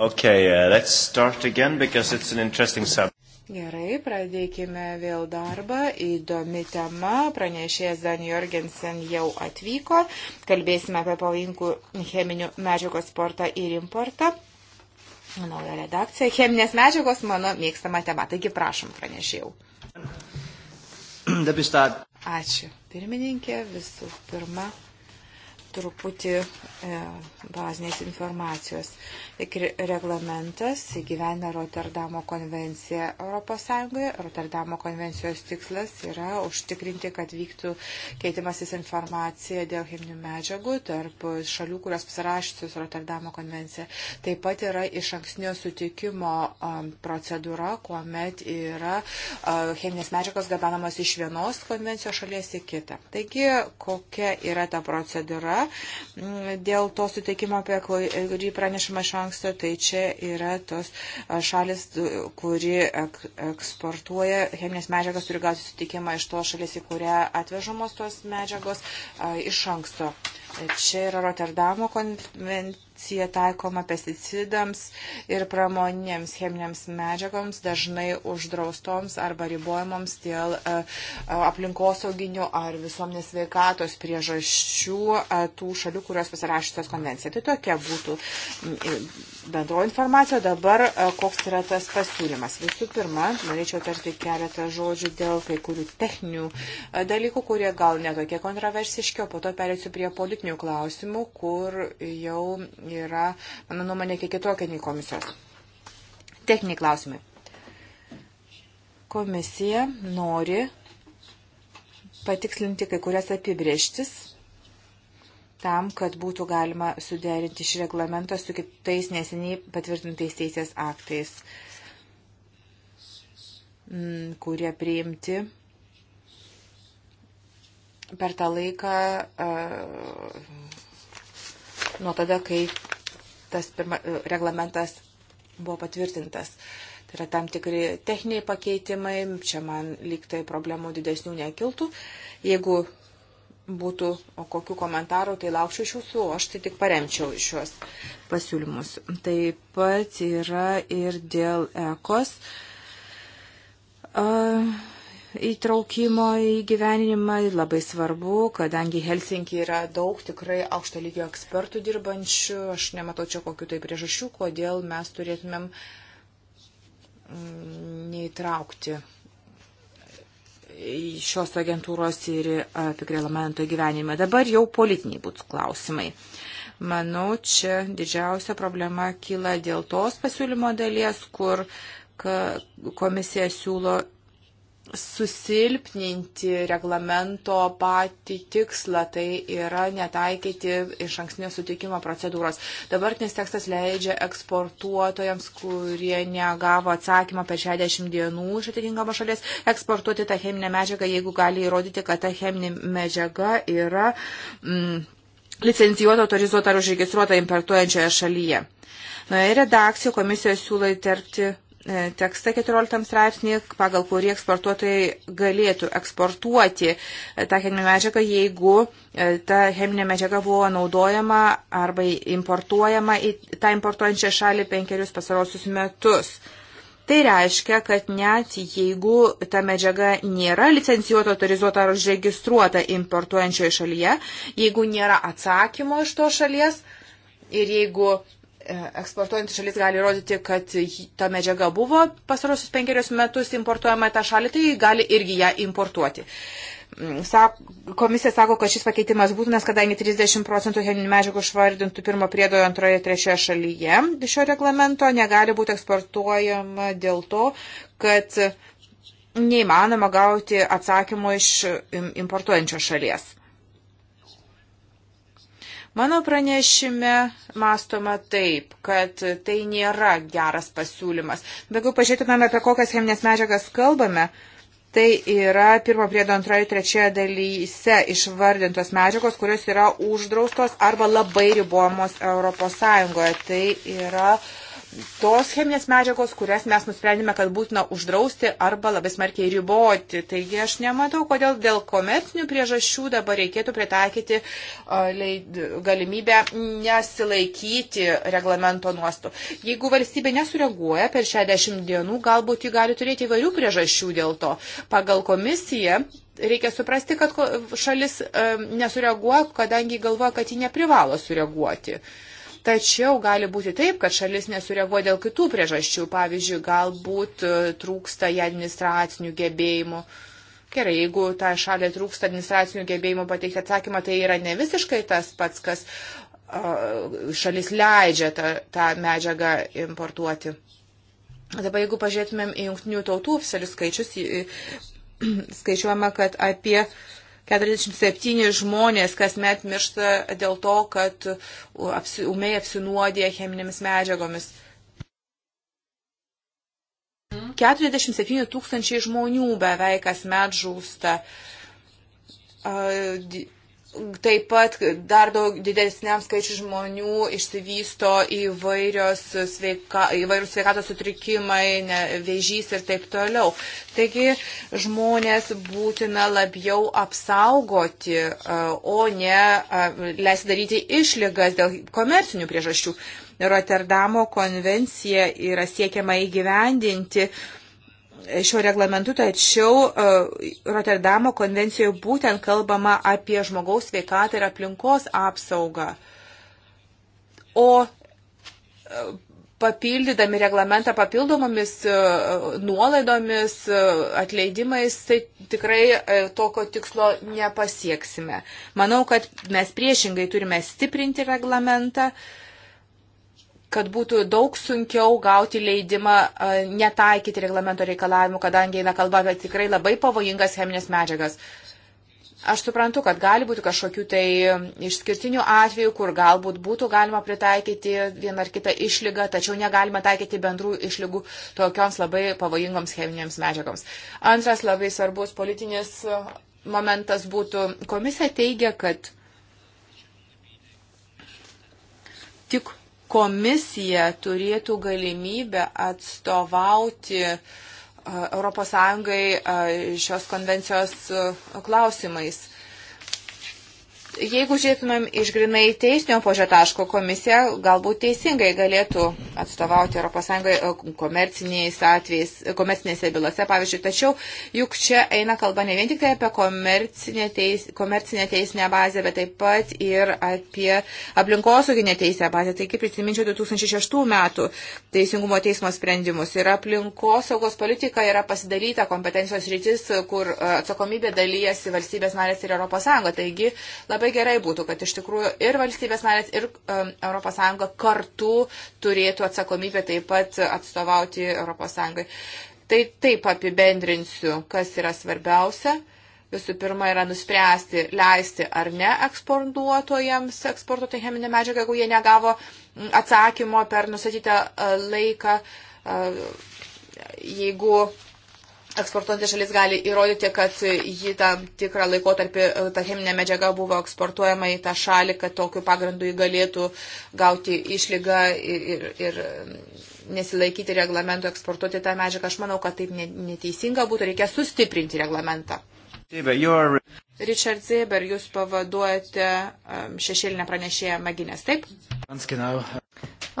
Okay, uh, let's start again because it's an interesting subject. Gerai, pradėkime vėl darbą. Įdomi tema. Pranešėjas Dan Jorgensen jau atvyko. Kalbėsime apie pavojingų cheminių medžiagų sportą ir importą. Nauja redakcija. Cheminės medžiagos mano mėgstama tema. Taigi prašom, pranešėjau. Ačiū. Pirmininkė, visų pirma, truputį e, bazinės informacijos. Iki reglamentas įgyvena Rotterdamo konvenciją ES. Rotterdamo konvencijos tikslas yra užtikrinti, kad vyktų keitimasis informacija dėl cheminių medžiagų tarp šalių, kurios pasirašysius Rotterdamo konvenciją. Taip pat yra iš anksnio sutikimo procedūra, kuomet yra cheminės medžiagos gabenamas iš vienos konvencijos šalies į kitą. Taigi, kokia yra ta procedūra? yra dėl to suteikimo, apie kurį pranešama iš anksto, tai čia yra tos šalis, kuri eksportuoja cheminės medžiagas, turi gauti sutikimą iš tos šalies, į kurią atvežamos tos medžiagos iš anksto. Čia yra Rotterdamo konvencija reakcija taikoma pesticidams ir pramoninėms cheminėms medžiagoms, dažnai uždraustoms arba ribojamoms dėl e, e, aplinkosauginių ar visuomenės veikatos priežasčių e, tų šalių, kurios pasirašytos konvenciją. Tai tokia būtų bendro informacijo, dabar e, koks yra tas pasiūlymas. Visų pirma, norėčiau tarti keletą žodžių dėl kai kurių techninių e, dalykų, kurie gal netokie kontroversiški, o po to perėsiu prie politinių klausimų, kur jau yra, mano nuomonė, kiek kitokia nei komisijos. Techniniai klausimai. Komisija nori patikslinti kai kurias apibrieštis tam, kad būtų galima suderinti šį reglamentą su kitais neseniai patvirtintais teisės aktais, mm, kurie priimti per tą laiką e, nuo tada, kai tas pirma, e, reglamentas buvo patvirtintas. Tai yra tam tikri techniniai pakeitimai, čia man lyg tai problemų didesnių nekiltų. Jeigu būtų kokių komentarų, tai laukčiau iš jūsų, aš tai tik paremčiau šios pasiūlymus. Taip pat yra ir dėl ekos įtraukimo į gyvenimą labai svarbu, kadangi Helsinki yra daug tikrai aukšto lygio ekspertų dirbančių, aš nematau čia kokiu tai priežasčių, kodėl mes turėtumėm mm, neįtraukti šios agentūros ir apie reglamento gyvenimą. Dabar jau politiniai būtų klausimai. Manau, čia didžiausia problema kyla dėl tos pasiūlymo dalies, kur komisija siūlo susilpninti reglamento patį tikslą, tai yra netaikyti iš anksnio sutikimo procedūros. Dabartinis tekstas leidžia eksportuotojams, kurie negavo atsakymą per 60 dienų iš atitinkamos šalies, eksportuoti tą cheminę medžiagą, jeigu gali įrodyti, kad ta cheminė medžiaga yra mm, licencijuota, autorizuota ar užregistruota importuojančioje šalyje. Na ir redakcijų komisijos siūlo įterpti E, tekstą 14 straipsnį, pagal kurį eksportuotojai galėtų eksportuoti e, tą cheminę medžiagą, jeigu e, ta cheminė medžiaga buvo naudojama arba importuojama į tą importuojančią šalį penkerius pasarosius metus. Tai reiškia, kad net jeigu ta medžiaga nėra licencijuota, autorizuota ar užregistruota importuojančioje šalyje, jeigu nėra atsakymo iš to šalies ir jeigu E, eksportuojantys šalis gali įrodyti, kad ta medžiaga buvo pasarosius penkerius metus importuojama į tą šalį, tai gali irgi ją importuoti. Mm, sak, komisija sako, kad šis pakeitimas būtinas, kadangi 30 procentų cheminių medžiagų švardintų pirmo priedo antroje ir trečioje šalyje šio reglamento negali būti eksportuojama dėl to, kad neįmanoma gauti atsakymų iš importuojančios šalies. Mano pranešime mastoma taip, kad tai nėra geras pasiūlymas. Bet jeigu pažiūrėtumėme, apie kokias cheminės medžiagas kalbame, tai yra pirmo priedo antroje ir trečioje dalyse išvardintos medžiagos, kurios yra uždraustos arba labai ribojamos ES. Tai yra uh, tos cheminės medžiagos, kurias mes nusprendėme, kad būtina uždrausti arba labai smarkiai riboti. Taigi aš nematau, kodėl dėl komercinių priežasčių dabar reikėtų pritaikyti galimybę nesilaikyti reglamento nuostų. Jeigu valstybė nesureaguoja per 60 dienų, galbūt ji gali turėti įvairių priežasčių dėl to. Pagal komisiją reikia suprasti, kad šalis nesureaguoja, kadangi galvoja, kad ji neprivalo sureaguoti. Uh, Tačiau gali būti taip, kad šalis nesureaguoja dėl kitų priežasčių. Pavyzdžiui, galbūt e, trūksta į administracinių gebėjimų. Gerai, jeigu tą tai šalį trūksta administracinių gebėjimų pateikti atsakymą, tai yra ne visiškai tas pats, kas e, šalis leidžia tą, tą medžiagą importuoti. Dabar jeigu pažiūrėtumėm į jungtinių tautų oficialius skaičius, [CLEARS THROAT] skaičiuojama, kad apie uh, 47 žmonės kasmet miršta dėl to, kad apsi, umiai apsinuodė cheminėmis medžiagomis. 47 tūkstančiai žmonių beveik kasmet žūsta. Uh, Taip pat dar daug didesniam skaičiu žmonių išsivysto įvairios sveika, įvairius sveikatos sutrikimai, ne, vėžys ir taip toliau. Taigi žmonės būtina labiau apsaugoti, o ne leisti daryti išlygas dėl komercinių priežasčių. Rotterdamo konvencija yra siekiama įgyvendinti šiuo reglamentu, tačiau e, Rotterdamo konvencijoje būtent kalbama apie žmogaus sveikatą ir aplinkos apsaugą. O e, papildydami reglamentą papildomomis e, nuolaidomis, atleidimais, tai tikrai tokio tikslo nepasieksime. Manau, kad mes priešingai turime stiprinti reglamentą kad būtų daug sunkiau gauti leidimą netaikyti reglamento reikalavimų, kadangi eina kalba apie tikrai labai pavojingas cheminės medžiagas. Aš suprantu, kad gali būti kažkokių tai išskirtinių atvejų, kur galbūt būtų galima pritaikyti vieną ar kitą išlygą, tačiau negalima taikyti bendrų išlygų tokioms labai pavojingoms cheminėms medžiagoms. Antras labai svarbus politinis momentas būtų, komisija teigia, kad tik komisija turėtų galimybę atstovauti ES e, šios konvencijos e, klausimais. Jeigu žiūrėtumėm iš grinai teisinio požio taško, komisija galbūt teisingai galėtų atstovauti ES e, komerciniais atvejais, e, komercinėse bylose, pavyzdžiui, tačiau juk čia eina kalba ne vien tik tai apie komercinę, teis, komercinę teisinę bazę, bet taip pat ir apie aplinkosauginę teisinę bazę. Taigi prisiminčiau 2006 metų teisingumo teismo sprendimus. Ir aplinkosaugos politika yra pasidalyta kompetencijos rytis, kur e, atsakomybė dalyjasi valstybės narės ir ES. Taigi, labai gerai būtų, kad iš tikrųjų ir valstybės narės, ir um, ES kartu turėtų atsakomybę taip pat atstovauti ES. Tai taip apibendrinsiu, kas yra svarbiausia. Visų pirma, yra nuspręsti, leisti ar ne eksportuotojams eksportuoti cheminę medžiagą, jeigu jie negavo mm, atsakymo per nusatytą uh, laiką. Uh, jeigu eksportuojanti šalis gali įrodyti, kad ji tam tikrą laikotarpį, e, ta cheminė medžiaga buvo eksportuojama į tą šalį, kad tokiu pagrindu ji galėtų gauti išlygą ir, ir nesilaikyti reglamento eksportuoti tą medžiagą. Aš manau, kad taip neteisinga būtų, reikia sustiprinti reglamentą. Richard Zeber, jūs pavaduojate um, šešėlinę pranešėją Maginės, taip?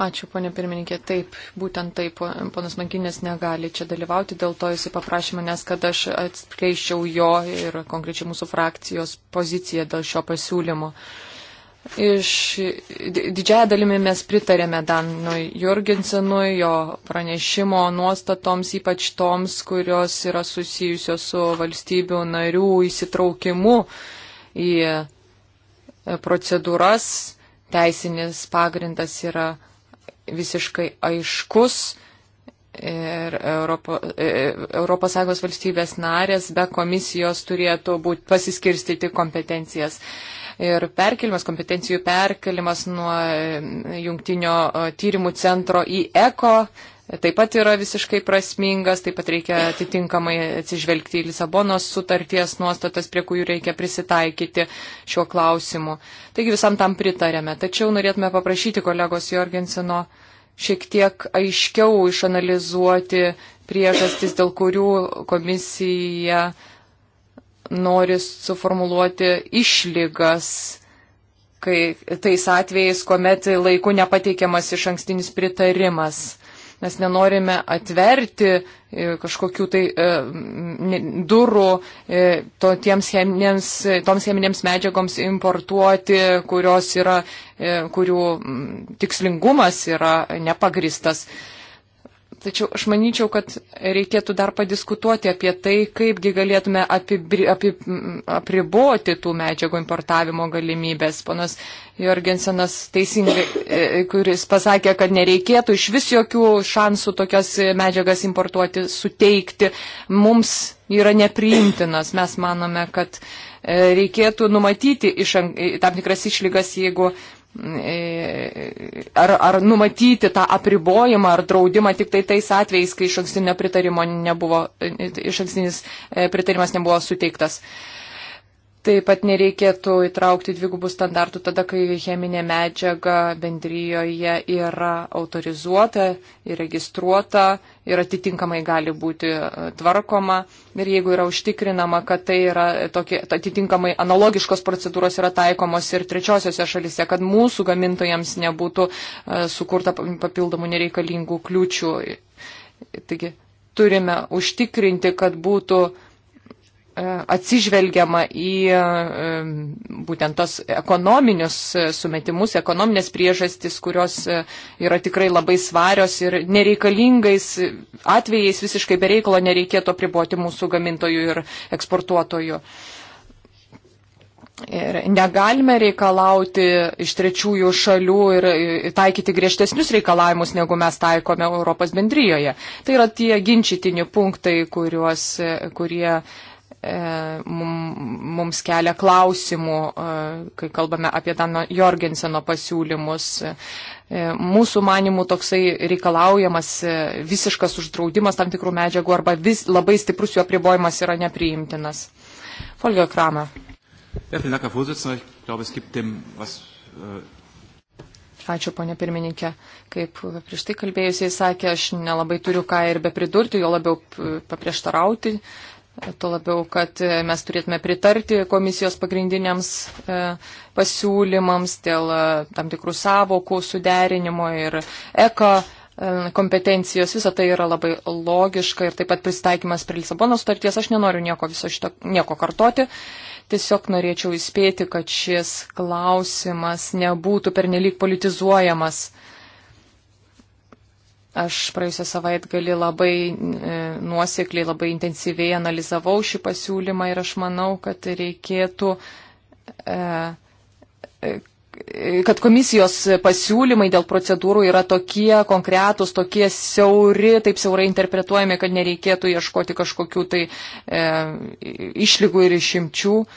Ačiū, ponė pirmininkė. Taip, būtent taip, ponas Maginės negali čia dalyvauti, dėl to jisai paprašė manęs, kad aš atskleiščiau jo ir konkrečiai mūsų frakcijos poziciją dėl šio pasiūlymo. Uh, Iš didžiąją dalimi mes pritarėme Danui Jurgensenui, jo pranešimo nuostatoms, ypač toms, kurios yra susijusios su valstybių narių įsitraukimu į e, procedūras. Teisinis pagrindas yra visiškai aiškus ir Europo, e, Europos Sąjungos valstybės narės be komisijos turėtų būti pasiskirstyti kompetencijas ir perkelimas, kompetencijų perkelimas nuo e, jungtinio e, tyrimų centro į ECO taip pat yra visiškai prasmingas, taip pat reikia atitinkamai atsižvelgti į Lisabonos sutarties nuostatas, prie kurių reikia prisitaikyti šiuo klausimu. Taigi visam tam pritarėme. Tačiau norėtume paprašyti kolegos Jorgensino šiek tiek aiškiau išanalizuoti priežastis, dėl kurių komisija nori suformuluoti išlygas, kai tais atvejais, kuomet laiku nepateikiamas iš ankstinis pritarimas. Mes nenorime atverti e, kažkokių tai e, durų e, to, cheminėms, toms cheminėms medžiagoms importuoti, kurios yra, e, kurių tikslingumas yra nepagristas. E, Tačiau aš manyčiau, kad reikėtų dar padiskutuoti apie tai, kaipgi galėtume apibri, apib, apriboti tų medžiagų importavimo galimybės. Ponas Jorgensenas teisingai, e, kuris pasakė, kad nereikėtų iš vis jokių šansų tokias medžiagas importuoti, suteikti, mums yra nepriimtinas. Mes manome, kad e, reikėtų numatyti iš, tam tikras išlygas, jeigu E, ar, ar numatyti tą apribojimą ar draudimą tik tai tais atvejais, kai iš ankstinio pritarimo nebuvo, e, iš ankstinis e, pritarimas nebuvo suteiktas. Uh, Taip pat nereikėtų įtraukti dvigubų standartų tada, kai cheminė medžiaga bendryjoje yra autorizuota ir registruota ir atitinkamai gali būti e, tvarkoma. Ir jeigu yra užtikrinama, kad tai yra tokie, atitinkamai analogiškos procedūros yra taikomos ir trečiosiose šalise, kad mūsų gamintojams nebūtų e, sukurta papildomų nereikalingų kliūčių. Taigi turime užtikrinti, kad būtų E, atsižvelgiama į e, būtent tos ekonominius e, sumetimus, ekonominės priežastis, kurios yra tikrai labai svarios ir nereikalingais atvejais visiškai bereikalo nereikėtų apriboti mūsų gamintojų ir eksportuotojų. Ir negalime reikalauti iš trečiųjų šalių ir taikyti griežtesnius reikalavimus, negu mes taikome Europos bendryjoje. Tai yra tie ginčytini punktai, kuriuos, kurie E, mums kelia klausimų, e, kai kalbame apie Dano Jorgenseno pasiūlymus. E, mūsų manimų toksai reikalaujamas visiškas uždraudimas tam tikrų medžiagų arba vis, labai stiprus jų apribojimas yra nepriimtinas. Folgio Krama. Äh, Ačiū, ponė pirmininkė. Kaip prieš tai kalbėjusiai sakė, aš nelabai turiu ką ir be pridurti, jo labiau paprieštarauti. Uh, Tuo labiau, kad e, mes turėtume pritarti komisijos pagrindiniams e, pasiūlymams dėl e, tam tikrų savokų suderinimo ir eko kompetencijos. Visa tai yra labai logiška ir taip pat pristaikymas prie Lisabono sutarties. Aš nenoriu nieko viso šito nieko kartoti. Tiesiog norėčiau įspėti, kad šis klausimas nebūtų pernelik politizuojamas. Aš praėjusią savaitgalį labai e, nuosekliai, labai intensyviai analizavau šį pasiūlymą ir aš manau, kad reikėtų, e, e, kad komisijos pasiūlymai dėl procedūrų yra tokie konkretūs, tokie siauri, taip siaurai interpretuojami, kad nereikėtų ieškoti kažkokių tai išlygų ir išimčių. Iš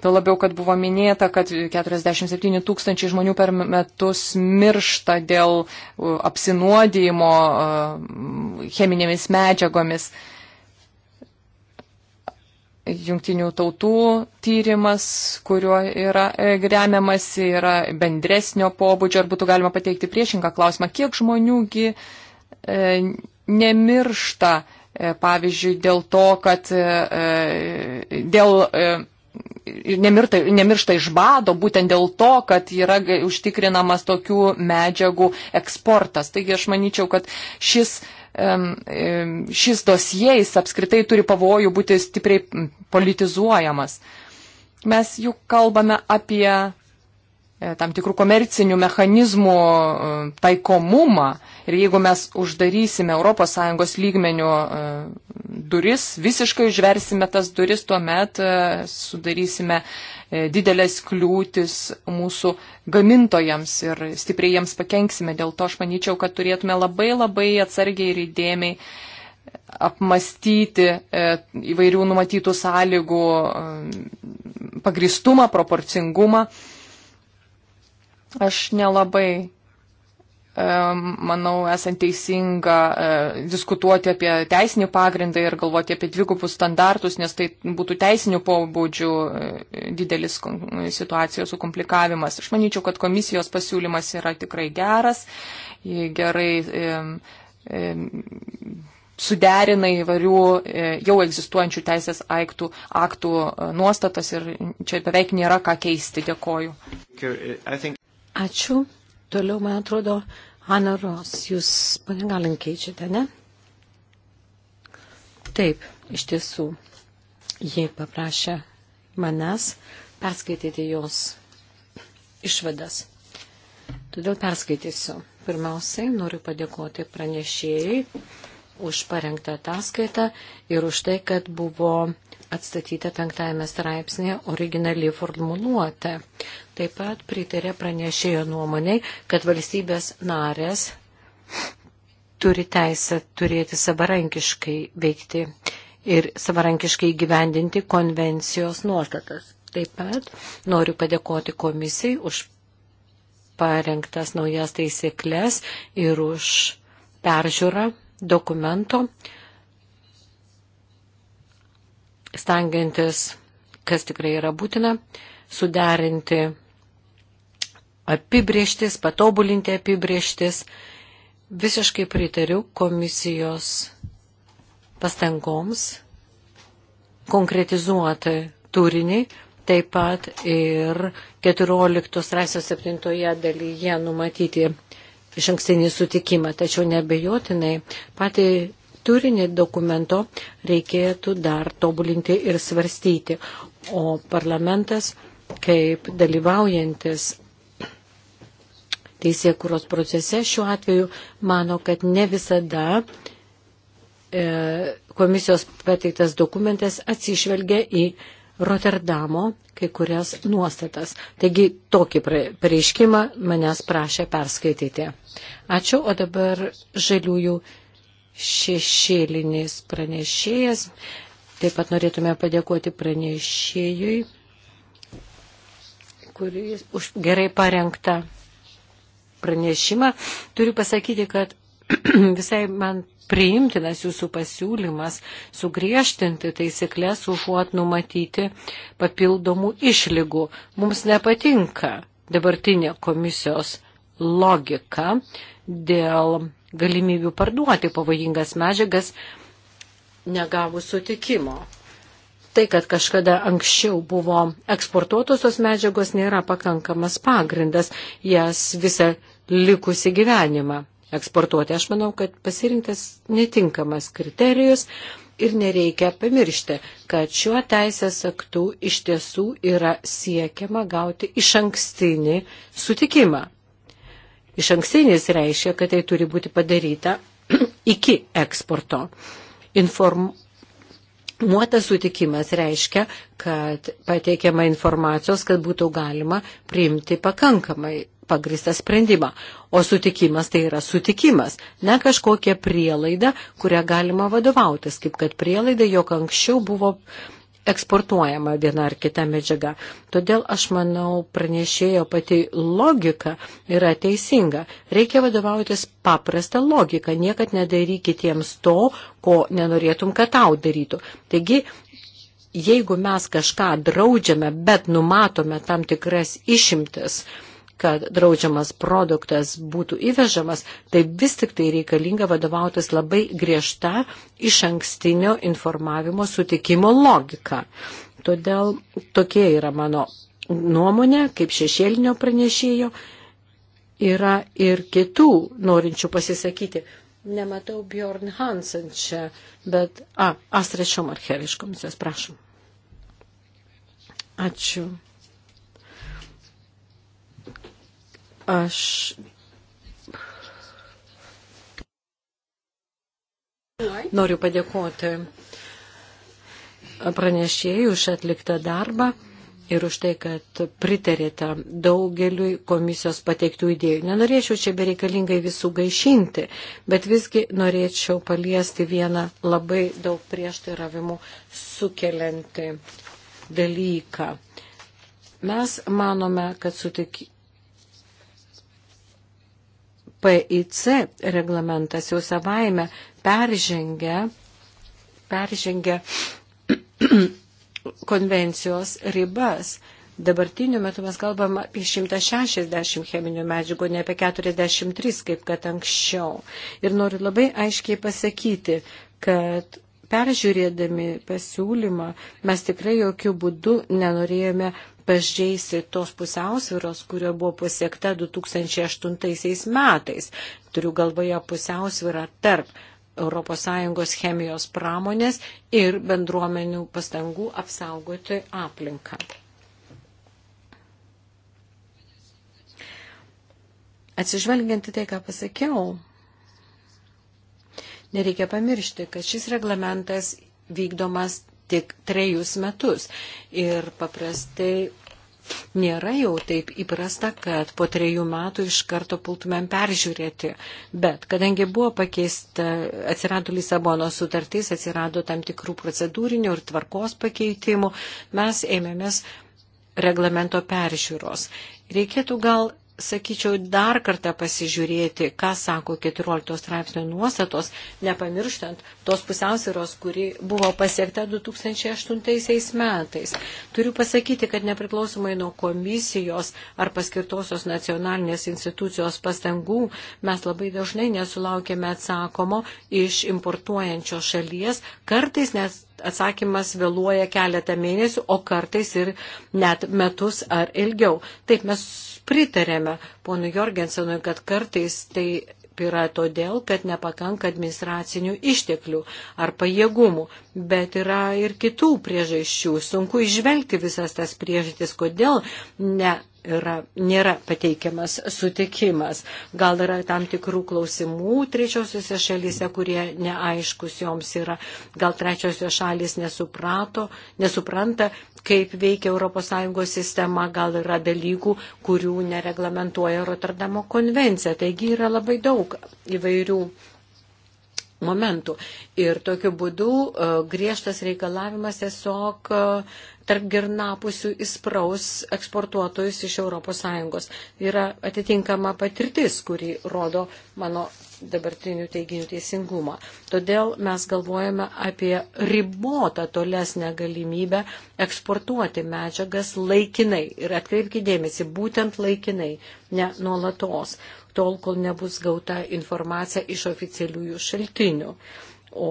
Tuo labiau, kad buvo minėta, kad 47 tūkstančiai žmonių per metus miršta dėl uh, apsinuodėjimo uh, cheminėmis medžiagomis. Jungtinių tautų tyrimas, kuriuo yra e, remiamas, yra bendresnio pobūdžio, ar būtų galima pateikti priešingą klausimą, kiek žmoniųgi e, nemiršta, e, pavyzdžiui, dėl to, kad dėl nemirta, nemiršta iš bado būtent dėl to, kad yra užtikrinamas tokių medžiagų eksportas. Taigi aš manyčiau, kad šis, šis dosijais apskritai turi pavojų būti stipriai politizuojamas. Mes juk kalbame apie E, tam tikrų komercinių mechanizmų e, taikomumą. Ir jeigu mes uždarysime ES lygmenių e, duris, visiškai užversime tas duris, tuomet sudarysime didelės kliūtis mūsų gamintojams ir stipriai jiems pakenksime. Dėl to aš manyčiau, kad turėtume labai labai atsargiai ir įdėmiai apmastyti įvairių numatytų sąlygų pagristumą, proporcingumą Aš nelabai e, manau, esant teisinga e, diskutuoti apie teisinį pagrindą ir galvoti apie dvigubus standartus, nes tai būtų teisinių pobūdžių e, didelis situacijos sukomplikavimas. Aš manyčiau, kad komisijos pasiūlymas yra tikrai geras, gerai suderina įvarių jau egzistuojančių teisės aktų, aktų nuostatas ir čia beveik nėra ką keisti. Dėkoju. Ačiū. Toliau, man atrodo, Ana Ros, jūs mane galim keičiate, ne? Taip, iš tiesų, ji paprašė manęs perskaityti jos išvadas. Todėl perskaitysiu. Pirmiausiai noriu padėkoti pranešėjai už parengtą ataskaitą ir už tai, kad buvo atstatyta penktajame straipsnėje originali formuluotė. Taip pat pritarė pranešėjo nuomoniai, kad valstybės narės turi teisę turėti savarankiškai veikti ir savarankiškai gyvendinti konvencijos nuostatas. Taip pat noriu padėkoti komisijai už parengtas naujas taisyklės ir už peržiūrą dokumento, stengiantis, kas tikrai yra būtina, suderinti apibrieštis, patobulinti apibrieštis. Visiškai pritariu komisijos pastangoms konkretizuoti turinį, taip pat ir 14 straipsnio 7 dalyje numatyti iš ankstinį sutikimą. Tačiau nebejotinai patį turinį dokumento reikėtų dar tobulinti ir svarstyti. O parlamentas, kaip dalyvaujantis teisėkuros procese, šiuo atveju mano, kad ne visada e, komisijos pateiktas dokumentas atsižvelgia į Rotterdamo kai kurias nuostatas. Taigi tokį pareiškimą manęs prašė perskaityti. Ačiū, o dabar žaliųjų šešėlinis pranešėjas. Taip pat norėtume padėkoti pranešėjui, kuris už gerai parengtą pranešimą. Turiu pasakyti, kad [CLEARS THROAT] visai man priimtinas jūsų pasiūlymas sugriežtinti taisyklės, užuot numatyti papildomų išlygų. Mums nepatinka dabartinė komisijos logika dėl galimybių parduoti pavojingas medžiagas negavus sutikimo. Tai, kad kažkada anksčiau buvo eksportuotosios medžiagos, nėra pakankamas pagrindas jas visą likusi gyvenimą eksportuoti. Aš manau, kad pasirinktas netinkamas kriterijus ir nereikia pamiršti, kad šiuo teisės aktu iš tiesų yra siekiama gauti iš ankstinį sutikimą iš ankstinis reiškia, kad tai turi būti padaryta [CLEARS THROAT] iki eksporto. Inform, Muotas sutikimas reiškia, kad pateikiama informacijos, kad būtų galima priimti pakankamai pagristą sprendimą. O sutikimas tai yra sutikimas, ne kažkokia prielaida, kurią galima vadovautis, kaip kad prielaida, jog anksčiau buvo uh, eksportuojama viena ar kita medžiaga. Todėl aš manau, pranešėjo pati logika yra teisinga. Reikia vadovautis paprastą logiką. Niekad nedarykitiems to, ko nenorėtum, kad tau darytų. Taigi, jeigu mes kažką draudžiame, bet numatome tam tikras išimtis, uh, kad draudžiamas produktas būtų įvežamas, tai vis tik tai reikalinga vadovautis labai griežta iš ankstinio informavimo sutikimo logika. Todėl tokie yra mano nuomonė, kaip šešėlinio pranešėjo, yra ir kitų norinčių pasisakyti. Nematau Bjorn Hansen čia, bet, a, Astra Šomarcher iš komisijos, prašom. Ačiū. Aš noriu padėkoti pranešėjų už atliktą darbą ir už tai, kad pritarėte daugeliui komisijos pateiktų idėjų. Nenorėčiau čia bereikalingai visų gaišinti, bet visgi norėčiau paliesti vieną labai daug prieštaravimų sukeliantį dalyką. Mes manome, kad sutik, PIC reglamentas jau savaime peržengia, peržengia [CLEARS THROAT] konvencijos ribas. Dabartiniu metu mes kalbam apie 160 cheminių medžiagų, ne apie 43, kaip kad anksčiau. Ir noriu labai aiškiai pasakyti, kad peržiūrėdami pasiūlymą mes tikrai jokių būdų nenorėjome pažeisi tos pusiausviros, kurio buvo pasiekta 2008 metais. Turiu galvoje pusiausvirą tarp ES chemijos pramonės ir bendruomenių pastangų apsaugoti aplinką. Atsižvelgiant į tai, ką pasakiau, nereikia pamiršti, kad šis reglamentas vykdomas tik trejus metus. Ir paprastai nėra jau taip įprasta, kad po trejų metų iš karto pultumėm peržiūrėti. Bet kadangi buvo pakeista, atsirado Lisabono sutartys, atsirado tam tikrų procedūrinių ir tvarkos pakeitimų, mes ėmėmės reglamento peržiūros. Reikėtų gal sakyčiau, dar kartą pasižiūrėti, ką sako 14 straipsnio nuostatos, nepamirštant tos pusiausvėros, kuri buvo pasiekta 2008 metais. Turiu pasakyti, kad nepriklausomai nuo komisijos ar paskirtosios nacionalinės institucijos pastangų, mes labai dažnai nesulaukėme atsakomo iš importuojančios šalies, kartais nes atsakymas vėluoja keletą mėnesių, o kartais ir net metus ar ilgiau. Taip mes pritarėme ponui Jorgensenui, kad kartais tai yra todėl, kad nepakanka administracinių išteklių ar pajėgumų, bet yra ir kitų priežasčių. Sunku išvelgti visas tas priežastis, kodėl ne. Yra, nėra pateikiamas sutikimas. Gal yra tam tikrų klausimų trečiosiuose šalyse, kurie neaiškus joms yra. Gal trečiosios šalis nesuprato, nesupranta kaip veikia ES sistema, gal yra dalykų, kurių nereglamentuoja Rotterdamo konvencija. Taigi yra labai daug įvairių momentų. Ir tokiu būdu e, griežtas reikalavimas tiesiog e, tarp girnapusių įspraus eksportuotojus iš ES. Yra atitinkama patirtis, kuri rodo mano dabartinių teiginių teisingumą. Todėl mes galvojame apie ribotą tolesnę galimybę eksportuoti medžiagas laikinai. Ir atkreipkite dėmesį, būtent laikinai, ne nuolatos tol, kol nebus gauta informacija iš oficialiųjų šaltinių. O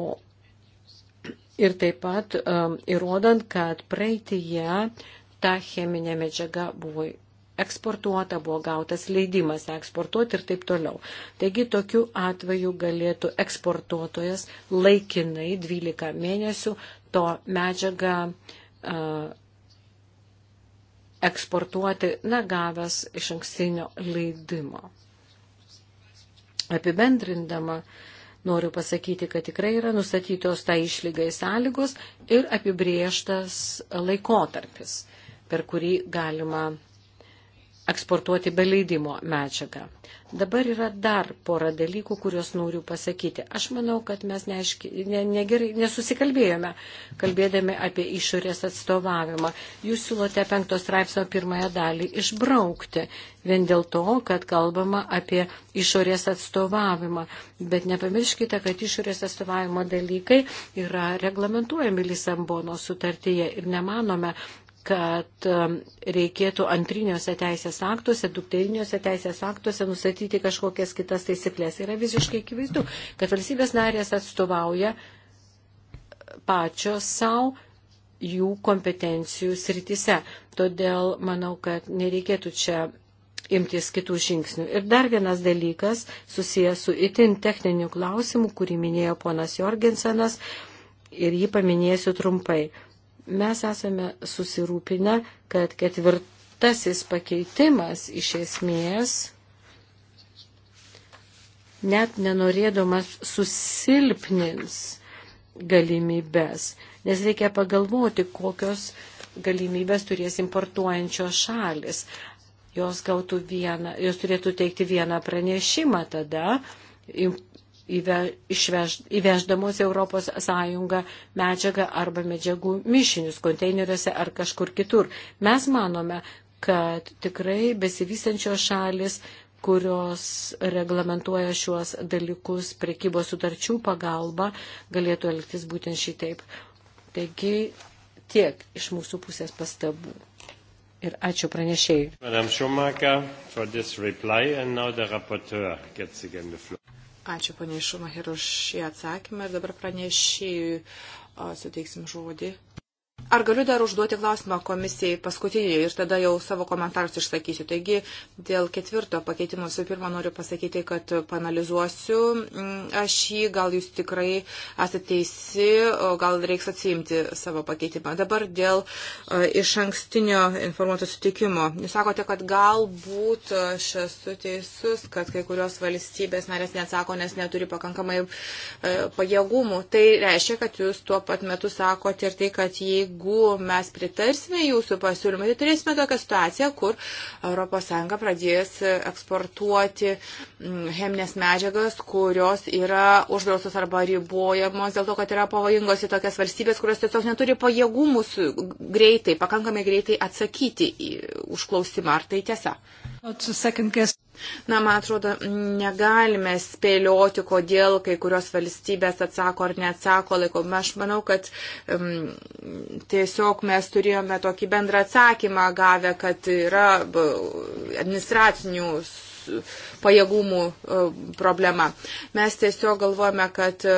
ir taip pat um, įrodant, kad praeitėje ta cheminė medžiaga buvo eksportuota, buvo gautas leidimas eksportuoti ir taip toliau. Taigi tokiu atveju galėtų eksportuotojas laikinai 12 mėnesių to medžiagą uh, eksportuoti negavęs iš ankstinio leidimo. Apibendrindama, noriu pasakyti, kad tikrai yra nustatytos tą tai išlygai sąlygos ir apibrieštas laikotarpis, per kurį galima eksportuoti be leidimo medžiagą. Dabar yra dar pora dalykų, kuriuos noriu pasakyti. Aš manau, kad mes neaiški, ne, negerai, nesusikalbėjome, kalbėdami apie išorės atstovavimą. Jūs siūlote penktos straipsnio pirmąją dalį išbraukti, vien dėl to, kad kalbama apie išorės atstovavimą. Bet nepamirškite, kad išorės atstovavimo dalykai yra reglamentuojami Lisabono sutartyje ir nemanome, kad um, reikėtų antriniuose teisės aktuose, dukteriniuose teisės aktuose nustatyti kažkokias kitas taisyklės. Yra visiškai akivaizdu, kad valstybės narės atstovauja pačios savo jų kompetencijų srityse. Todėl manau, kad nereikėtų čia imtis kitų žingsnių. Ir dar vienas dalykas susijęs su itin techniniu klausimu, kurį minėjo ponas Jorgensenas ir jį paminėsiu trumpai. Mes esame susirūpinę, kad ketvirtasis pakeitimas iš esmės, net nenorėdamas, susilpnins galimybės, nes reikia pagalvoti, kokios galimybės turės importuojančios šalis. Jos, vieną, jos turėtų teikti vieną pranešimą tada Išvež, įveždamos Europos Sąjungą medžiagą arba medžiagų mišinius konteineriuose ar kažkur kitur. Mes manome, kad tikrai besivysančios šalis, kurios reglamentuoja šiuos dalykus prekybos sutarčių pagalba, galėtų elgtis būtent šitaip. Taigi tiek iš mūsų pusės pastabų. Ir ačiū pranešėjai. Ačiū poniai Šumacher už šį atsakymą ir dabar pranešėjui suteiksim žodį. Ar galiu dar užduoti klausimą komisijai paskutinį ir tada jau savo komentarus išsakysiu. Taigi, dėl ketvirto pakeitimo visų pirma noriu pasakyti, kad panalizuosiu mm, aš jį, gal jūs tikrai esate teisi, gal reiks atsiimti savo pakeitimą. Dabar dėl e, iš ankstinio informuoto sutikimo. Jūs sakote, kad galbūt e, aš esu teisus, kad kai kurios valstybės narės neatsako, nes neturi pakankamai e, pajėgumų. Tai reiškia, kad jūs tuo pat metu sakote ir tai, kad jeigu jeigu mes pritarsime jūsų pasiūlymui, tai turėsime tokią situaciją, kur ES pradės eksportuoti mm, cheminės medžiagas, kurios yra uždraustos arba ribojamos dėl to, kad yra pavojingos į tokias valstybės, kurios tiesiog neturi pajėgumų greitai, pakankamai greitai atsakyti į užklausimą. Ar tai tiesa? Na, man atrodo, negalime spėlioti, kodėl kai kurios valstybės atsako ar neatsako laiko. Aš manau, kad um, tiesiog mes turėjome tokį bendrą atsakymą gavę, kad yra administracinių pajėgumų e, problema. Mes tiesiog galvojame, kad e,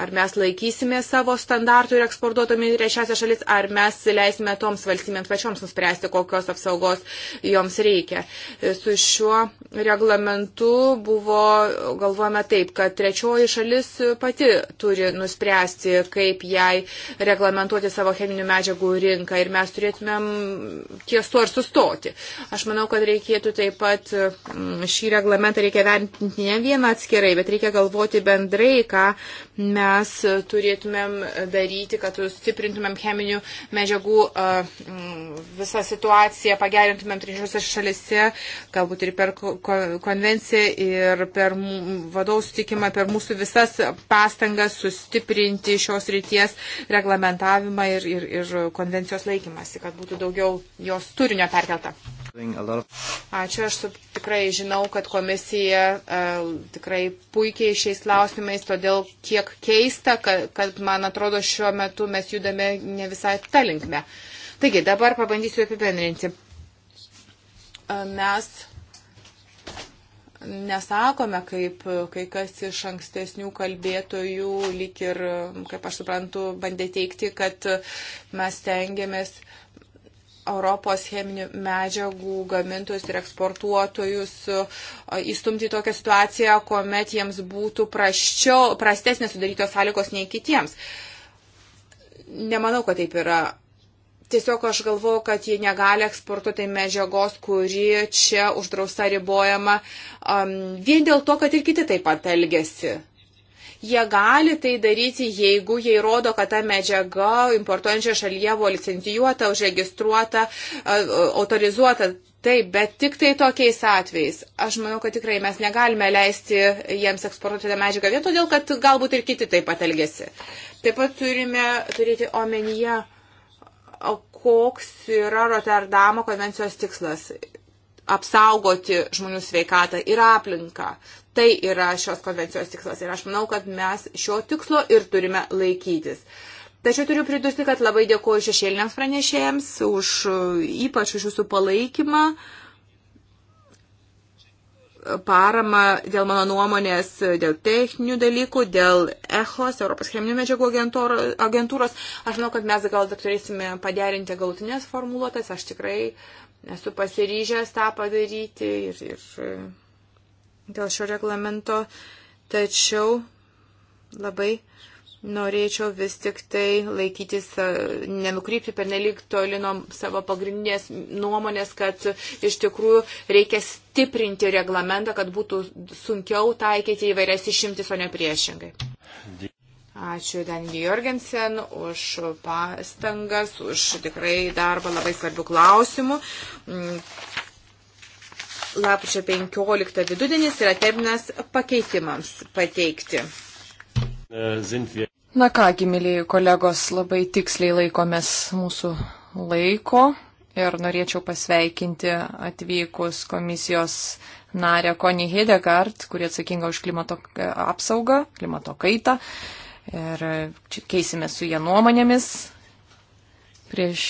ar mes laikysime savo standartų ir eksportuotume į trečiasią šalis, ar mes leisime toms valstybėms pačioms nuspręsti, kokios apsaugos joms reikia. E, su šiuo reglamentu buvo, galvojame taip, kad trečioji šalis pati turi nuspręsti, kaip jai reglamentuoti savo cheminių medžiagų rinką ir mes turėtumėm ties tuo ir sustoti. Aš manau, kad reikėtų taip pat šį reglamentą reikia vertinti ne vieną atskirai, bet reikia galvoti bendrai, ką mes turėtumėm daryti, kad sustiprintumėm cheminių medžiagų visą situaciją, pagerintumėm trečiose šalise, galbūt ir per konvenciją, ir per vadovų sutikimą, per mūsų visas pastangas sustiprinti šios ryties reglamentavimą ir, ir, ir konvencijos laikymasi, kad būtų daugiau jos turinio perkelta. Ačiū, aš tikrai žinau, kad komisija uh, tikrai puikiai šiais klausimais, todėl kiek keista, kad, kad man atrodo šiuo metu mes judame ne visai tą linkmę. Taigi, dabar pabandysiu apibendrinti. Uh, mes nesakome, kaip kai kas iš ankstesnių kalbėtojų, lyg ir, kaip aš suprantu, bandė teikti, kad mes tengiamės uh, Europos cheminių medžiagų gamintojus ir eksportuotojus įstumti į tokią situaciją, kuomet jiems būtų praščiau, prastesnės sudarytos sąlygos nei kitiems. Nemanau, kad taip yra. Tiesiog aš galvoju, kad jie negali eksportuoti medžiagos, kuri čia uždrausta ribojama, um, vien dėl to, kad ir kiti taip pat elgesi. Jie gali tai daryti, jeigu jie įrodo, kad ta medžiaga importuojančia šalyje buvo licencijuota, užregistruota, autorizuota. Taip, bet tik tai tokiais atvejais. Aš manau, kad tikrai mes negalime leisti jiems eksportuoti tą medžiagą vien todėl, kad galbūt ir kiti taip pat elgesi. Taip pat turime turėti omenyje, koks yra Rotterdamo konvencijos tikslas apsaugoti žmonių sveikatą ir aplinką. Tai yra šios konvencijos tikslas ir aš manau, kad mes šio tikslo ir turime laikytis. Tačiau turiu pridurti, kad labai dėkuoju šešėliniams pranešėjams už ypač už jūsų palaikymą, paramą dėl mano nuomonės, dėl techninių dalykų, dėl EHOS, Europos cheminių medžiagų agentūros. Aš manau, kad mes gal dar turėsime paderinti galutinės formuluotės. Aš tikrai esu pasiryžęs tą padaryti ir, ir dėl šio reglamento, tačiau labai norėčiau vis tik tai laikytis, nenukrypti per nelik toli nuo savo pagrindinės nuomonės, kad iš tikrųjų reikia stiprinti reglamentą, kad būtų sunkiau taikyti įvairias išimtis, o ne priešingai. Ačiū Dangi Jorgensen už pastangas, už tikrai darbą labai svarbių klausimų mm, lapkričio 15 vidudienis yra terminas pakeitimams pateikti. E, Na kągi, mėlyje kolegos, labai tiksliai laikomės mūsų laiko ir norėčiau pasveikinti atvykus komisijos narę Konį Hedegard, kuri atsakinga už klimato e, apsaugą, klimato kaitą. Ir keisime su jie nuomonėmis prieš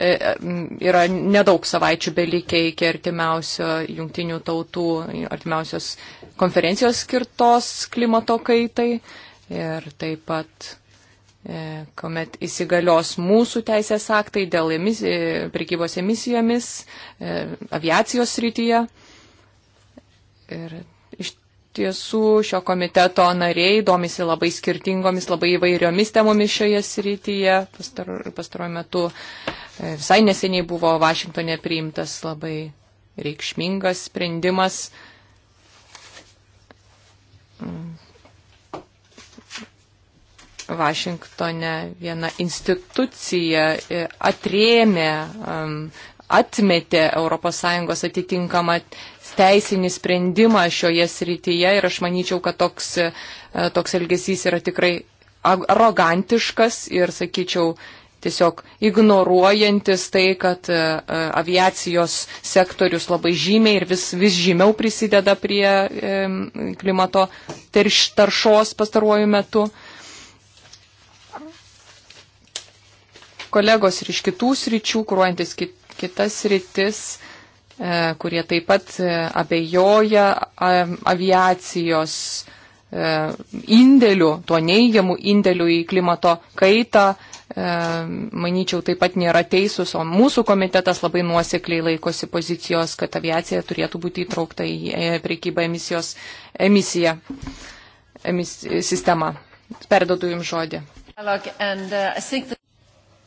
E, yra nedaug savaičių belikę iki artimiausio jungtinių tautų, artimiausios konferencijos skirtos klimato kaitai ir taip pat, e, kuomet įsigalios mūsų teisės aktai dėl emisi, e, prekybos emisijomis aviacijos srityje. Ir tiesų šio komiteto nariai domisi labai skirtingomis, labai įvairiomis temomis šioje srityje. Pastaruoju pastaru metu e, visai neseniai buvo Vašingtonė priimtas labai reikšmingas sprendimas. Vašingtone viena institucija e, atrėmė, atmetė ES atitinkamą teisinį sprendimą šioje srityje ir aš manyčiau, kad toks, e, toks elgesys yra tikrai arogantiškas ir, sakyčiau, tiesiog ignoruojantis tai, kad e, e, aviacijos sektorius labai žymiai ir vis, vis žymiau prisideda prie klimato terš, taršos pastaruoju metu. Kolegos ir iš kitų sričių, kruojantis kit, kitas sritis, E, kurie taip pat e, abejoja aviacijos e, indėlių, tuo neigiamų indėlių į klimato kaitą, manyčiau, taip pat nėra teisūs, o mūsų komitetas labai nuosekliai laikosi pozicijos, kad aviacija turėtų būti įtraukta į priekybą emisijos emisiją, emis, sistemą. Perdodu Jums žodį.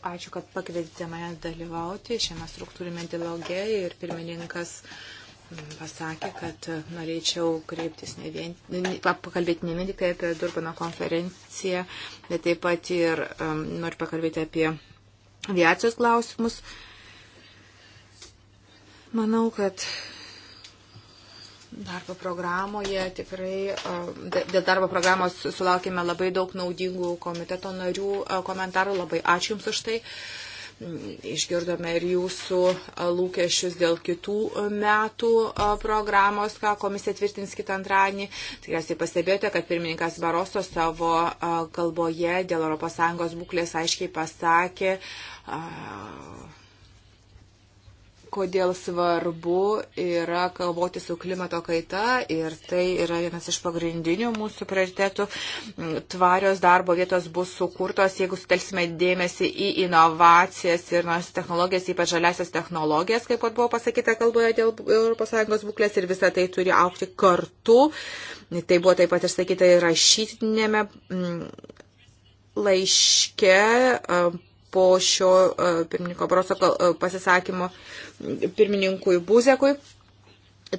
Ačiū, kad pakvietėte mane dalyvauti šiame struktūrime dialoge ir pirmininkas mm, pasakė, kad norėčiau kreiptis ne vien, pakalbėti ne vien tik tai apie Durbano konferenciją, bet taip pat ir um, noriu pakalbėti apie aviacijos klausimus. Manau, kad Darbo programoje tikrai, dėl darbo programos sulaukime labai daug naudingų komiteto narių komentarų. Labai ačiū Jums už tai. Išgirdome ir jūsų lūkesčius dėl kitų metų programos, ką komisija tvirtins kitą antradienį. Tikriausiai pastebėjote, kad pirmininkas Baroso savo kalboje dėl ES būklės aiškiai pasakė, kodėl svarbu yra kalvoti su klimato kaita ir tai yra vienas iš pagrindinių mūsų prioritetų. Tvarios darbo vietos bus sukurtos, jeigu sutelsime dėmesį į inovacijas ir nors technologijas, ypač žaliasias technologijas, kaip pat buvo pasakyta kalboje dėl ES būklės ir visą tai turi aukti kartu. Tai buvo taip pat išsakyta ir rašytinėme mm, laiške po šio e, pirmininko Brosoko e, pasisakymo pirmininkui Buzekui.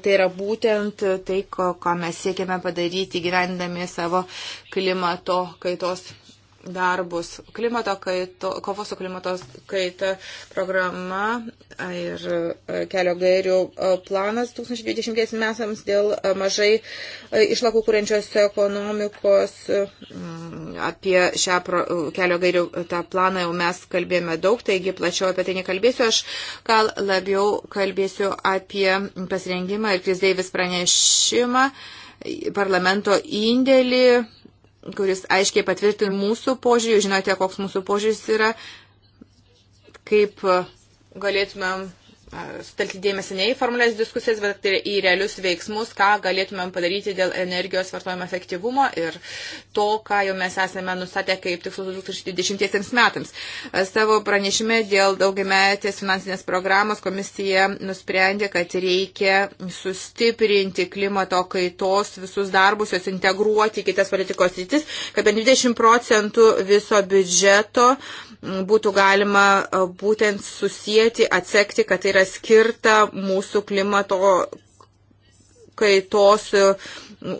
Tai yra būtent tai, ko, ko mes siekiame padaryti gyvendami savo klimato kaitos darbus. Klimato kaito, kovos su klimato kaita programa ir kelio gairių planas 2020 metams dėl mažai išlakų kuriančios ekonomikos. Mm, apie šią pro, kelio gairių tą planą jau mes kalbėjome daug, taigi plačiau apie tai nekalbėsiu. Aš gal labiau kalbėsiu apie pasirengimą ir Kris Deivis pranešimą parlamento indėlį kuris aiškiai patvirtina mūsų požiūrį, žinote, koks mūsų požiūris yra, kaip e, galėtumėm stelti dėmesį ne į formulės diskusijas, bet ir į realius veiksmus, ką galėtumėm padaryti dėl energijos vartojimo efektyvumo ir to, ką jau mes esame nustatę kaip tikslus 2020 metams. Savo pranešime dėl daugiametės finansinės programos komisija nusprendė, kad reikia sustiprinti klimato kaitos visus darbus, juos integruoti į kitas politikos rytis, kad 20 procentų viso biudžeto uh, būtų galima e, būtent susijęti, atsekti, kad tai yra skirta mūsų klimato kaitos e,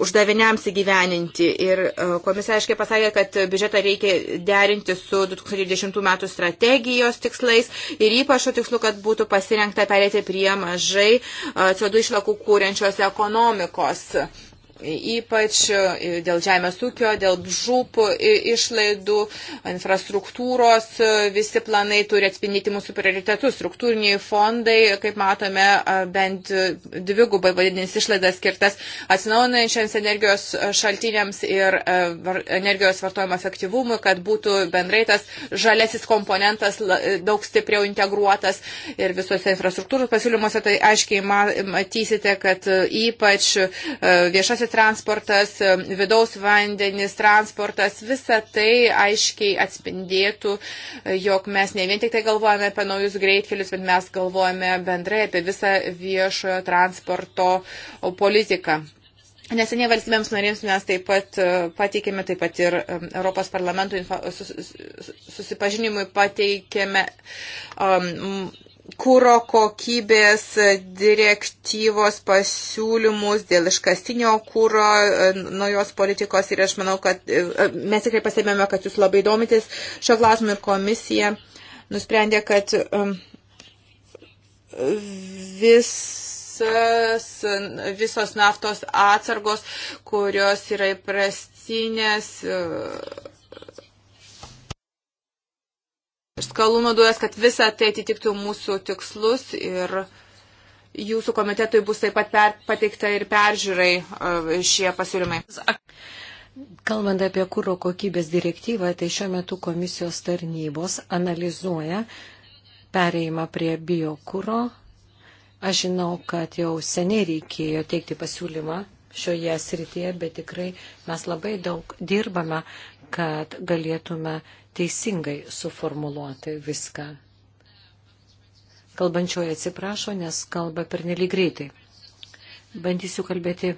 uždaviniams įgyveninti. Ir e, komisija aiškiai pasakė, kad biudžetą reikia derinti su 2010 metų strategijos tikslais ir ypač šio tikslu, kad būtų pasirengta perėti prie mažai CO2 išlakų kūrenčios ekonomikos ypač e, dėl žemės ūkio, dėl žūpų e, išlaidų, infrastruktūros, e, visi planai turi atspindyti mūsų prioritetus. Struktūriniai fondai, kaip matome, bent dvigubai vadinės išlaidas skirtas atsinaujančiams energijos šaltiniams ir energijos vartojimo efektyvumui, kad būtų bendrai tas žalesis komponentas daug stipriau integruotas ir visose infrastruktūros pasiūlymuose tai aiškiai matysite, kad ypač viešasis transportas, vidaus vandenis transportas, visa tai aiškiai atspindėtų, jog mes ne vien tik tai galvojame apie naujus greitkelius, bet mes galvojame bendrai apie visą viešojo transporto politiką. Neseniai valstybėms narėms mes taip pat e, pateikėme, taip pat ir e, Europos parlamento susipažinimui pateikėme um, kūro kokybės direktyvos pasiūlymus dėl iškastinio kūro e, naujos politikos ir aš manau, kad e, e, mes tikrai pasėmėme, kad jūs labai domitės šio klausimu ir komisija nusprendė, kad um, visas, visos naftos atsargos, kurios yra įprastinės skalūno dujas, kad visa tai atitiktų mūsų tikslus ir jūsų komitetui bus taip pat per, pateikta ir peržiūrai e, šie pasiūlymai. Kalbant apie kūro kokybės direktyvą, tai šiuo metu komisijos tarnybos analizuoja pereimą prie biokūro. Aš žinau, kad jau seniai reikėjo teikti pasiūlymą šioje srityje, bet tikrai mes labai daug dirbame, kad galėtume teisingai suformuluoti viską. Kalbančioji atsiprašo, nes kalba per nelį greitai. Bandysiu kalbėti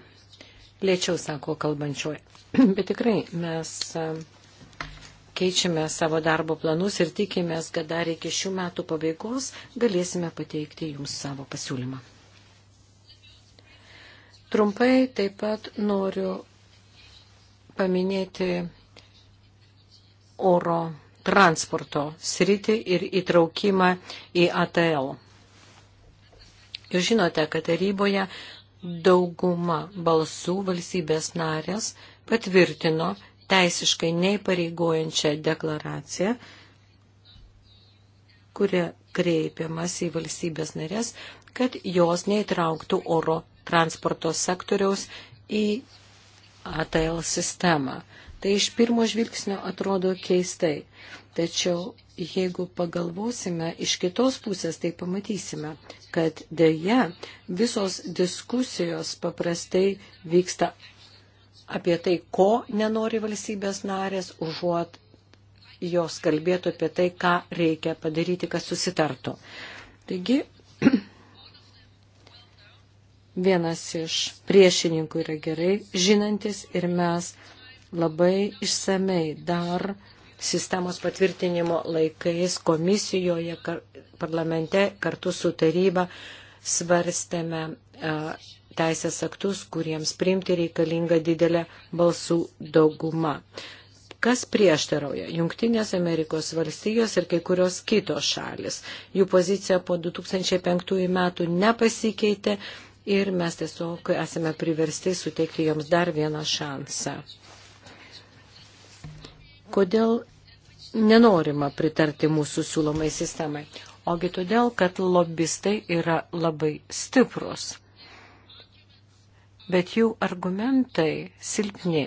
lėčiau, sako kalbančioji. [CLEARS THROAT] Bet tikrai mes keičiame savo darbo planus ir tikimės, kad dar iki šių metų pabaigos galėsime pateikti jums savo pasiūlymą. Trumpai taip pat noriu paminėti oro transporto sritį ir įtraukimą į ATL. Jūs žinote, kad taryboje dauguma balsų valstybės narės patvirtino teisiškai neįpareigojančią deklaraciją, kuria kreipiamas į valstybės narės, kad jos neįtrauktų oro transporto sektoriaus į ATL sistemą. Tai iš pirmo žvilgsnio atrodo keistai, tačiau jeigu pagalvosime iš kitos pusės, tai pamatysime, kad dėja visos diskusijos paprastai vyksta apie tai, ko nenori valstybės narės, užuot jos kalbėtų apie tai, ką reikia padaryti, kad susitartų. Taigi, [CLEARS THROAT] vienas iš priešininkų yra gerai žinantis ir mes labai išsamei dar sistemos patvirtinimo laikais komisijoje, kar, parlamente kartu su taryba svarstėme a, teisės aktus, kuriems priimti reikalinga didelė balsų dauguma. Kas prieštarauja? Junktinės Amerikos valstijos ir kai kurios kitos šalis. Jų pozicija po 2005 metų nepasikeitė ir mes tiesiog esame priversti suteikti joms dar vieną šansą. Kodėl nenorima pritarti mūsų siūlomai sistemai? Ogi todėl, kad lobistai yra labai stiprus, bet jų argumentai silpni.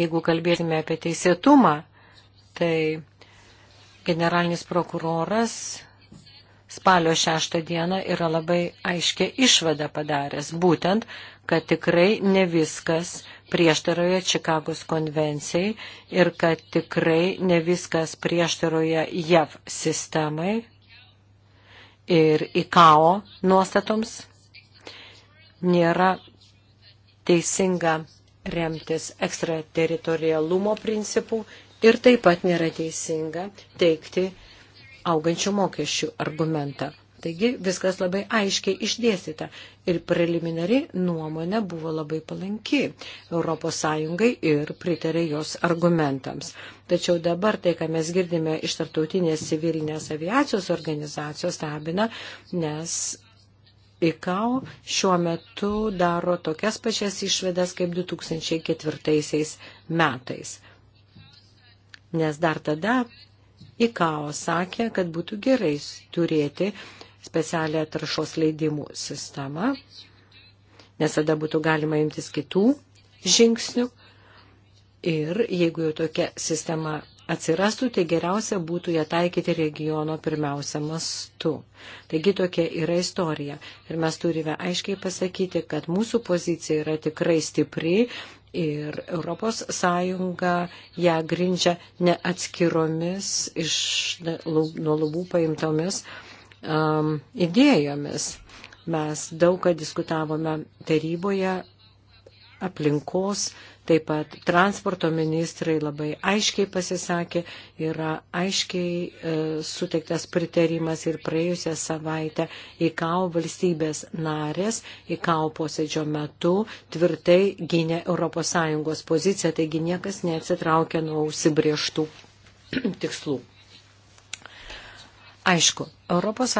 Jeigu kalbėtume apie teisėtumą, tai generalinis prokuroras spalio šeštą dieną yra labai aiškia išvada padaręs, būtent, kad tikrai ne viskas prieštaroje Čikagos konvencijai ir kad tikrai ne viskas prieštaroje JAV sistemai ir IKAO nuostatoms. Nėra teisinga remtis ekstrateritorialumo principų ir taip pat nėra teisinga teikti augančių mokesčių argumentą. Taigi viskas labai aiškiai išdėstyta ir preliminari nuomonė buvo labai palanki ES ir pritarė jos argumentams. Tačiau dabar tai, ką mes girdime iš tartautinės civilinės aviacijos organizacijos, stabina, nes ICAO šiuo metu daro tokias pačias išvedas kaip 2004 metais. Nes dar tada ICAO sakė, kad būtų gerai turėti specialią taršos leidimų sistemą, nes tada būtų galima imtis kitų žingsnių. Ir jeigu jau tokia sistema atsirastų, tai geriausia būtų ją taikyti regiono pirmiausia mastu. Taigi tokia yra istorija. Ir mes turime aiškiai pasakyti, kad mūsų pozicija yra tikrai stipri ir Europos Sąjunga ją grindžia ne atskiromis iš ne, nuo lubų paimtomis uh, um, idėjomis. Mes daug ką diskutavome taryboje aplinkos, taip pat transporto ministrai labai aiškiai pasisakė, yra aiškiai e, suteiktas pritarimas ir praėjusią savaitę IKAO valstybės narės IKAO posėdžio metu tvirtai gynė ES poziciją, taigi niekas neatsitraukė nuo užsibrieštų [CLEARS THROAT] tikslų. Aišku, ES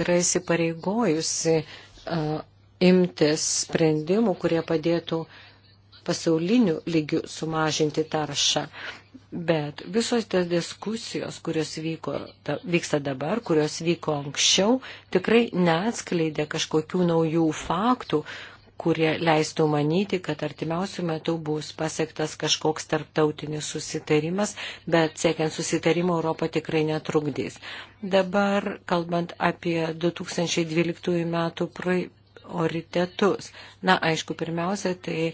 yra įsipareigojusi uh, imtis sprendimų, kurie padėtų pasauliniu lygiu sumažinti taršą. Bet visos tos diskusijos, kurios vyko, ta, vyksta dabar, kurios vyko anksčiau, tikrai neatskleidė kažkokių naujų faktų, kurie leistų manyti, kad artimiausių metų bus pasiektas kažkoks tarptautinis susitarimas, bet siekiant susitarimo Europą tikrai netrukdys. Dabar, kalbant apie 2012 metų prioritetus, na, aišku, pirmiausia, tai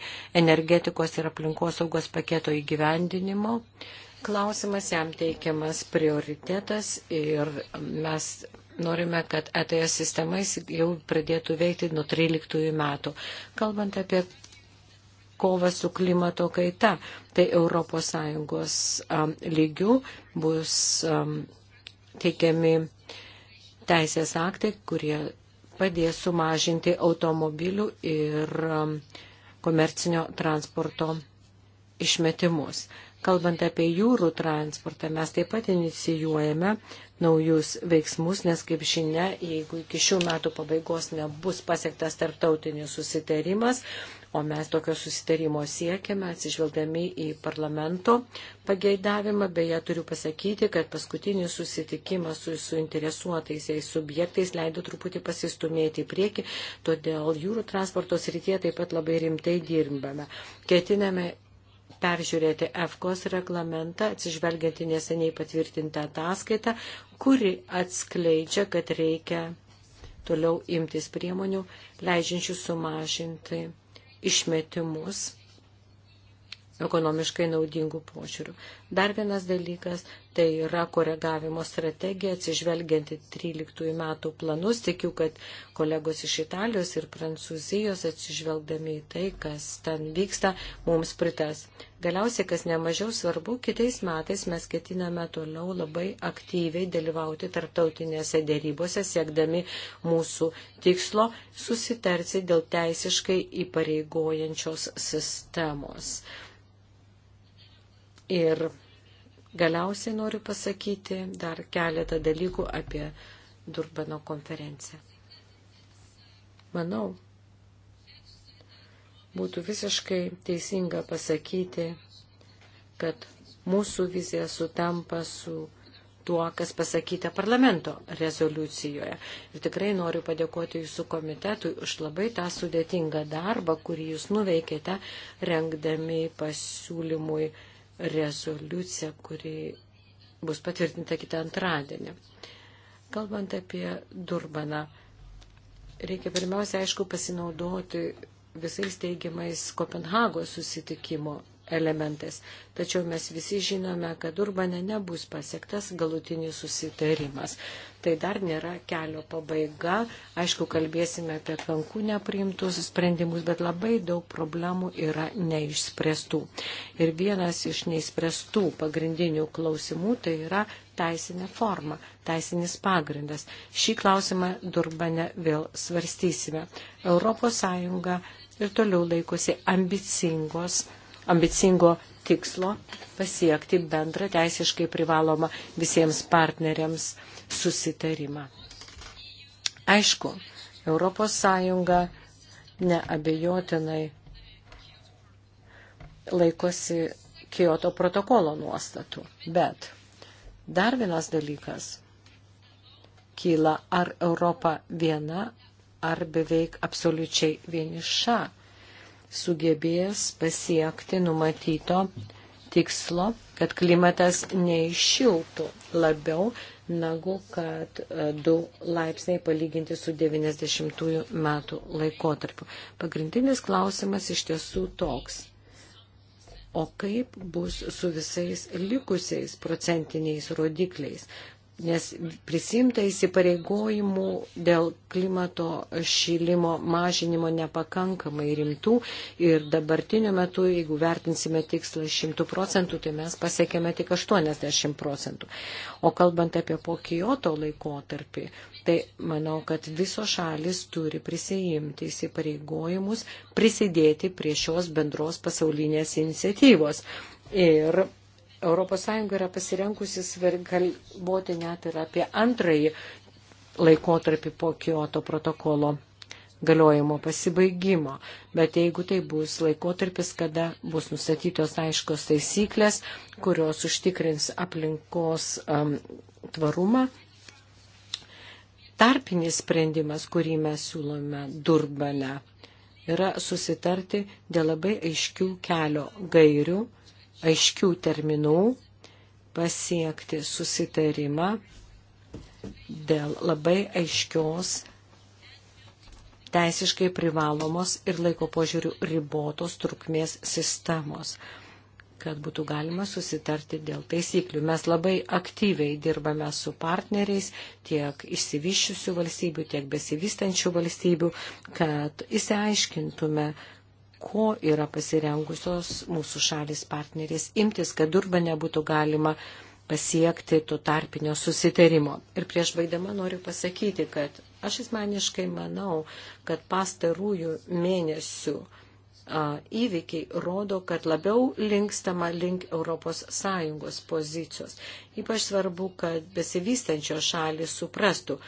energetikos ir aplinkosaugos paketo įgyvendinimo klausimas, jam teikiamas prioritetas ir mes norime, kad ETS sistema jau pradėtų veikti nuo 13 metų. Kalbant apie kovą su klimato kaita, tai ES um, lygių bus um, teikiami teisės aktai, kurie padės sumažinti automobilių ir um, komercinio transporto išmetimus. Kalbant apie jūrų transportą, mes taip pat inicijuojame naujus veiksmus, nes kaip žinia, jeigu iki šių metų pabaigos nebus pasiektas tarptautinis susitarimas, o mes tokio susitarimo siekiame, atsižvelgdami į parlamento pageidavimą. Beje, turiu pasakyti, kad paskutinis susitikimas su suinteresuotaisiais subjektais leido truputį pasistumėti į priekį, todėl jūrų transporto srityje taip pat labai rimtai dirbame. Ketiname peržiūrėti EFKOS reglamentą, atsižvelgianti neseniai patvirtintą ataskaitą, kuri atskleidžia, kad reikia toliau imtis priemonių, leidžiančių sumažinti išmetimus ekonomiškai naudingų požiūrių. Dar vienas dalykas - tai yra koregavimo strategija atsižvelgianti 13 metų planus. Tikiu, kad kolegos iš Italijos ir Prancūzijos atsižvelgdami į tai, kas ten vyksta, mums pritars. Galiausiai, kas nemažiau svarbu, kitais metais mes ketiname toliau labai aktyviai dalyvauti tarptautinėse dėrybose, siekdami mūsų tikslo susitarti dėl teisiškai įpareigojančios sistemos. Ir galiausiai noriu pasakyti dar keletą dalykų apie Durbano konferenciją. Manau, būtų visiškai teisinga pasakyti, kad mūsų vizija sutampa su tuo, kas pasakyta parlamento rezoliucijoje. Ir tikrai noriu padėkoti jūsų komitetui už labai tą sudėtingą darbą, kurį jūs nuveikėte, rengdami pasiūlymui rezoliuciją, kuri bus patvirtinta kitą antradienį. Kalbant apie Durbaną, reikia pirmiausia, aišku, pasinaudoti visais teigiamais Kopenhagos susitikimo elementais. Tačiau mes visi žinome, kad urbane nebus pasiektas galutinis susitarimas. Tai dar nėra kelio pabaiga. Aišku, kalbėsime apie kankų nepriimtus sprendimus, bet labai daug problemų yra neišspręstų. Ir vienas iš neišspręstų pagrindinių klausimų tai yra teisinė forma, teisinis pagrindas. Šį klausimą Durbane vėl svarstysime. ES ir toliau laikosi ambicingos ambicingo tikslo pasiekti bendrą teisiškai privalomą visiems partneriams susitarimą. Aišku, Europos Sąjunga neabejotinai laikosi Kyoto protokolo nuostatų. Bet dar vienas dalykas kyla, ar Europa viena, ar beveik absoliučiai vieniša sugebės pasiekti numatyto tikslo, kad klimatas neiššiltų labiau negu kad 2 e, laipsniai palyginti su 90 metų laikotarpiu. Pagrindinis klausimas iš tiesų toks. O kaip bus su visais likusiais procentiniais rodikliais? nes prisimta įsipareigojimų dėl klimato šilimo mažinimo nepakankamai rimtų ir dabartiniu metu, jeigu vertinsime tikslą 100 procentų, tai mes pasiekėme tik 80 procentų. O kalbant apie po Kyoto laikotarpį, tai manau, kad visos šalis turi prisijimti įsipareigojimus, prisidėti prie šios bendros pasaulinės iniciatyvos. Ir ES yra pasirenkusi kalboti net ir apie antrąjį laikotarpį po Kyoto protokolo galiojimo pasibaigimo. Bet jeigu tai bus laikotarpis, kada bus nustatytos aiškos taisyklės, kurios užtikrins aplinkos um, tvarumą, tarpinis sprendimas, kurį mes siūlome durbale, yra susitarti dėl labai aiškių kelio gairių aiškių terminų pasiekti susitarimą dėl labai aiškios teisiškai privalomos ir laiko požiūrių ribotos trukmės sistemos, kad būtų galima susitarti dėl taisyklių. Mes labai aktyviai dirbame su partneriais tiek išsivyščiusių valstybių, tiek besivystančių valstybių, kad įsiaiškintume, ko yra pasirengusios mūsų šalis partnerės imtis, kad Durbane būtų galima pasiekti to tarpinio susitarimo. Ir prieš baigdama noriu pasakyti, kad aš asmeniškai manau, kad pastarųjų mėnesių a, įvykiai rodo, kad labiau linkstama link ES pozicijos. Ypač svarbu, kad besivystančios šalis suprastų,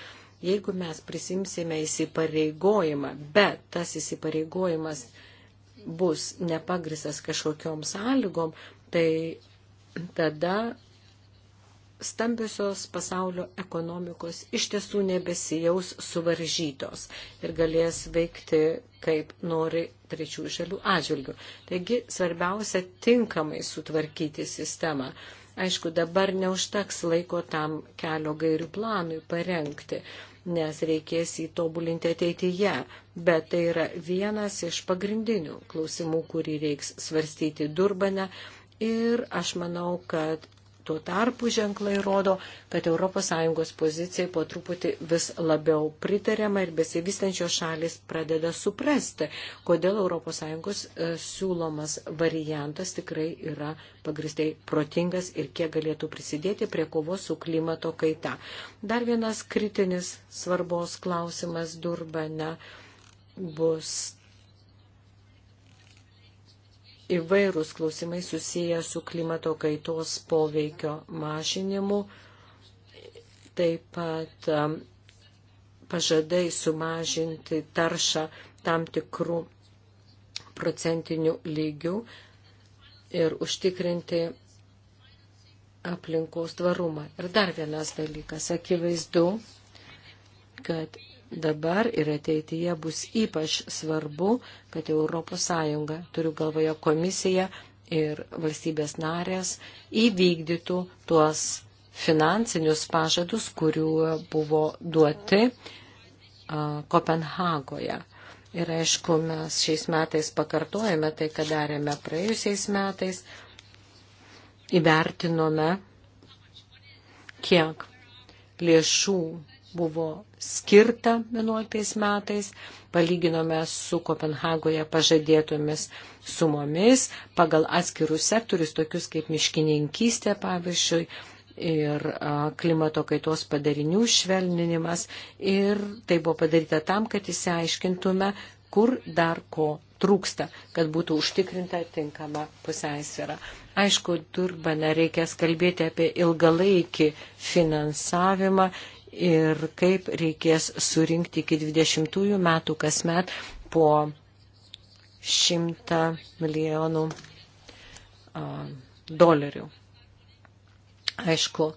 jeigu mes prisimsime įsipareigojimą, bet tas įsipareigojimas bus nepagrisas kažkokiom sąlygom, tai tada stambiosios pasaulio ekonomikos iš tiesų nebesijaus suvaržytos ir galės veikti kaip nori trečiųjų šalių atžvilgių. Taigi svarbiausia tinkamai sutvarkyti sistemą. Aišku, dabar neužteks laiko tam kelio gairių planui parengti, nes reikės įtobulinti ateityje. Bet tai yra vienas iš pagrindinių klausimų, kurį reiks svarstyti Durbane. Ir aš manau, kad Tuo tarpu ženklai rodo, kad ES pozicijai po truputį vis labiau pritariama ir besivystančios šalis pradeda suprasti, kodėl ES e, siūlomas variantas tikrai yra pagristai protingas ir kiek galėtų prisidėti prie kovos su klimato kaita. Dar vienas kritinis svarbos klausimas Durbane bus įvairūs klausimai susiję su klimato kaitos poveikio mažinimu, taip pat um, pažadai sumažinti taršą tam tikrų procentinių lygių ir užtikrinti aplinkos tvarumą. Ir dar vienas dalykas, akivaizdu, kad dabar ir ateityje bus ypač svarbu, kad ES, turiu galvoje komisiją ir valstybės narės, įvykdytų tuos finansinius pažadus, kurių buvo duoti Kopenhagoje. Ir aišku, mes šiais metais pakartojame tai, ką darėme praėjusiais metais, įvertinome, kiek lėšų buvo skirta 11 metais, palyginome su Kopenhagoje pažadėtomis sumomis pagal atskirus sektorius, tokius kaip miškininkystė, pavyzdžiui, ir klimato kaitos padarinių švelninimas. Ir tai buvo padaryta tam, kad įsiaiškintume, kur dar ko trūksta, kad būtų užtikrinta tinkama pusiaisvėra. Aišku, turbane reikės kalbėti apie ilgalaikį finansavimą ir kaip reikės surinkti iki 20 metų kasmet po 100 milijonų dolerių. Aišku,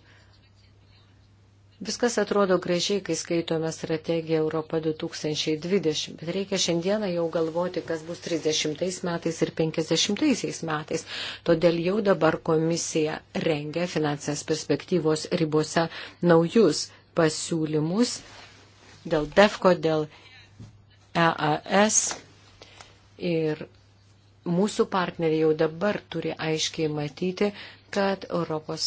viskas atrodo gražiai, kai skaitome strategiją Europą 2020, bet reikia šiandieną jau galvoti, kas bus 30 metais ir 50 metais. Todėl jau dabar komisija rengia finansinės perspektyvos ribose naujus pasiūlymus dėl DEFCO, dėl EAS ir mūsų partneriai jau dabar turi aiškiai matyti, kad ES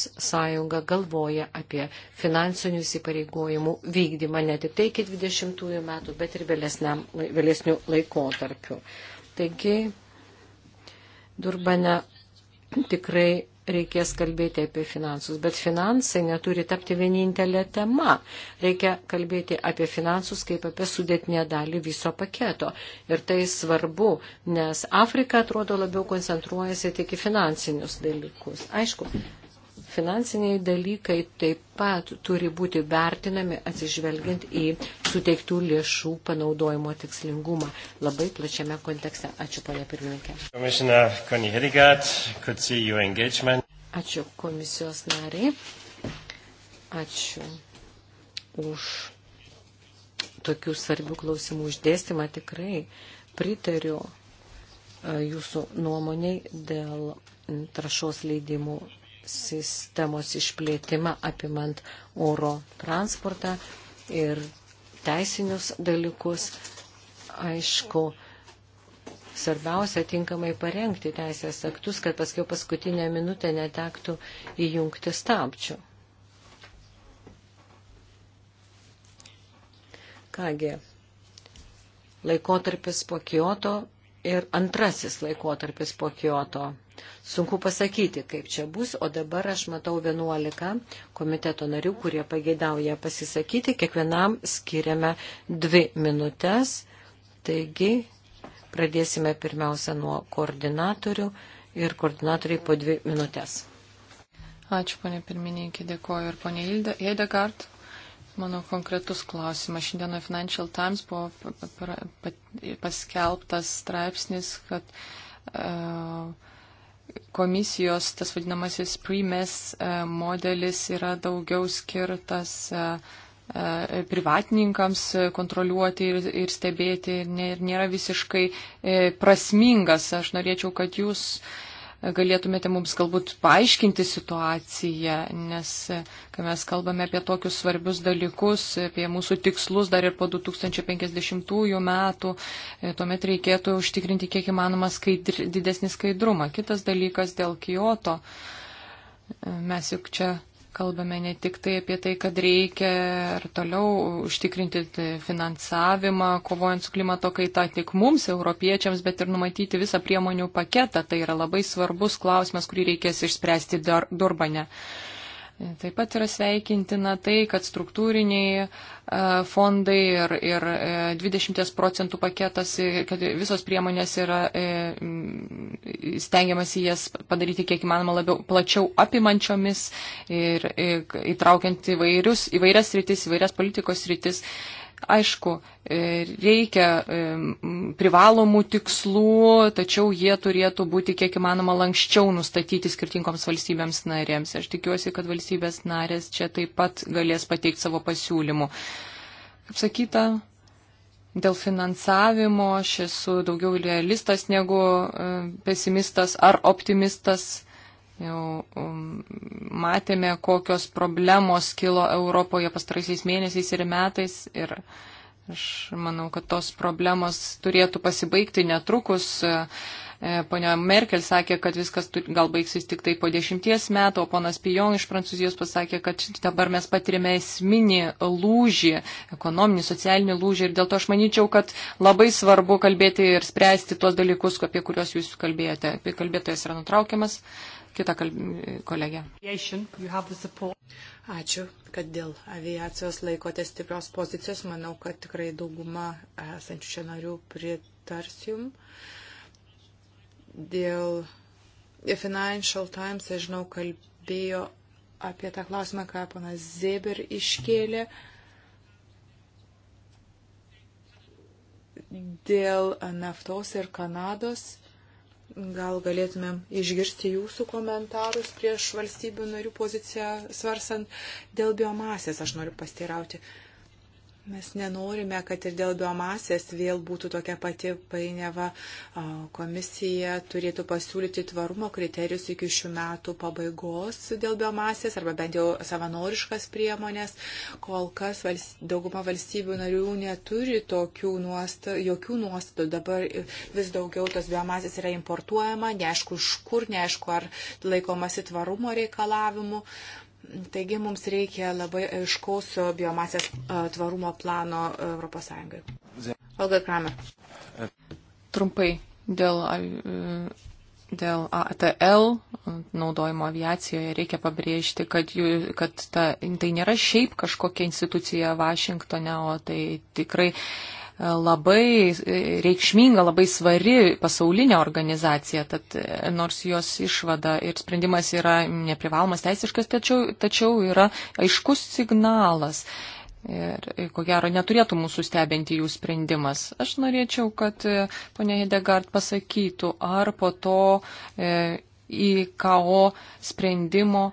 galvoja apie finansinius įpareigojimų vykdymą ne tik tai iki 20 metų, bet ir vėlesnių laikotarpių. Taigi, Durbane tikrai reikės kalbėti apie finansus, bet finansai neturi tapti vienintelė tema. Reikia kalbėti apie finansus kaip apie sudėtinę dalį viso paketo. Ir tai svarbu, nes Afrika atrodo labiau koncentruojasi tik į finansinius dalykus. Aišku, Finansiniai dalykai taip pat turi būti vertinami atsižvelgiant į suteiktų lėšų panaudojimo tikslingumą labai plačiame kontekste. Ačiū, ponia pirmininkė. Ačiū komisijos nariai. Ačiū už tokių svarbių klausimų uždėstymą. Tikrai pritariu e, jūsų nuomoniai dėl trašos leidimų sistemos išplėtimą apimant oro transportą ir teisinius dalykus. Aišku, svarbiausia tinkamai parengti teisės aktus, kad paskui paskutinę minutę netektų įjungti stabčių. Kągi, laikotarpis po Kyoto ir antrasis laikotarpis po Kyoto Sunku pasakyti, kaip čia bus, o dabar aš matau 11 komiteto narių, kurie pageidauja pasisakyti. Kiekvienam skiriame dvi minutės. Taigi, pradėsime pirmiausia nuo koordinatorių ir koordinatoriai po dvi minutės. Ačiū, ponė pirmininkė, dėkoju ir ponė Ilda Edegard. Mano konkretus klausimas. Šiandieno Financial Times buvo paskelbtas straipsnis, kad uh, komisijos tas vadinamasis primes e, modelis yra daugiau skirtas e, e, privatininkams kontroliuoti ir, ir stebėti ir nėra visiškai prasmingas. Aš norėčiau, kad jūs galėtumėte mums galbūt paaiškinti situaciją, nes e, kai mes kalbame apie tokius svarbius dalykus, apie mūsų tikslus dar ir po 2050 metų, e, tuomet reikėtų užtikrinti kiek įmanoma skaidr, didesnį skaidrumą. Kitas dalykas dėl Kyoto. E, mes juk čia kalbame ne tik tai apie tai, kad reikia ir toliau užtikrinti tai finansavimą, kovojant su klimato kaita tik mums, europiečiams, bet ir numatyti visą priemonių paketą. Tai yra labai svarbus klausimas, kurį reikės išspręsti Durbane. Dar, Taip pat yra sveikintina tai, kad struktūriniai e, fondai ir, ir 20 e, procentų paketas, e, kad visos priemonės yra stengiamasi jas padaryti kiek įmanoma labiau plačiau apimančiomis ir įtraukiant įvairius, įvairias rytis, įvairias politikos rytis. Aišku, e, reikia e, privalomų tikslų, tačiau jie turėtų būti kiek įmanoma lankščiau nustatyti skirtingoms valstybėms narėms. Aš tikiuosi, kad valstybės narės čia taip pat galės pateikti savo pasiūlymų. Kaip sakyta, dėl finansavimo aš esu daugiau realistas negu e, pesimistas ar optimistas Jau um, matėme, kokios problemos kilo Europoje pastaraisiais mėnesiais ir metais. Ir aš manau, kad tos problemos turėtų pasibaigti netrukus. E, Pone Merkel sakė, kad viskas gal baigsis tik tai po dešimties metų, o ponas Pijon iš Prancūzijos pasakė, kad dabar mes patirime esminį lūžį, ekonominį, socialinį lūžį ir dėl to aš manyčiau, kad labai svarbu kalbėti ir spręsti tuos dalykus, apie kuriuos jūs kalbėjote. Kalbėtojas yra nutraukiamas kitą kolegę. Ačiū, kad dėl aviacijos laikote stiprios pozicijos. Manau, kad tikrai dauguma esančių čia narių pritars jum. Dėl Financial Times, aš žinau, kalbėjo apie tą klausimą, ką panas Zeber iškėlė. Dėl naftos ir Kanados Gal galėtumėm išgirsti jūsų komentarus prieš valstybių narių poziciją svarsant dėl biomasės. Aš noriu pasteirauti, Mes nenorime, kad ir dėl biomasės vėl būtų tokia pati painiava. Komisija turėtų pasiūlyti tvarumo kriterijus iki šių metų pabaigos dėl biomasės arba bent jau savanoriškas priemonės. Kol kas vals, dauguma valstybių narių neturi nuosta, jokių nuostatų. Dabar vis daugiau tos biomasės yra importuojama, neaišku iš kur, neaišku ar laikomasi tvarumo reikalavimų. Uh, Taigi mums reikia labai aiškaus biomasės tvarumo plano ES. Olga Kramer. Trumpai dėl, dėl ATL naudojimo aviacijoje reikia pabrėžti, kad, jų, kad ta, tai nėra šiaip kažkokia institucija Vašingtone, o tai tikrai labai reikšminga, labai svari pasaulinė organizacija, tad e, nors jos išvada ir sprendimas yra neprivalomas teisiškas, tačiau, tačiau yra aiškus signalas. Ir e, ko gero neturėtų mūsų stebinti jų sprendimas. Aš norėčiau, kad e, ponia Hedegard pasakytų, ar po to e, IKO sprendimo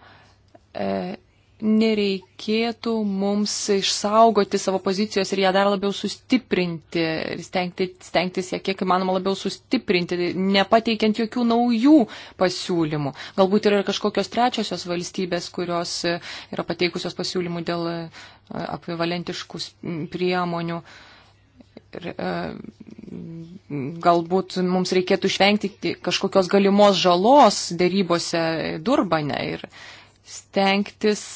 e, nereikėtų mums išsaugoti savo pozicijos ir ją dar labiau sustiprinti ir stengti, stengtis ją kiek įmanoma labiau sustiprinti, nepateikiant jokių naujų pasiūlymų. Galbūt yra kažkokios trečiosios valstybės, kurios yra pateikusios pasiūlymų dėl e, apvivalentiškų priemonių. Ir, e, galbūt mums reikėtų išvengti kažkokios galimos žalos dėrybose Durbane ir stengtis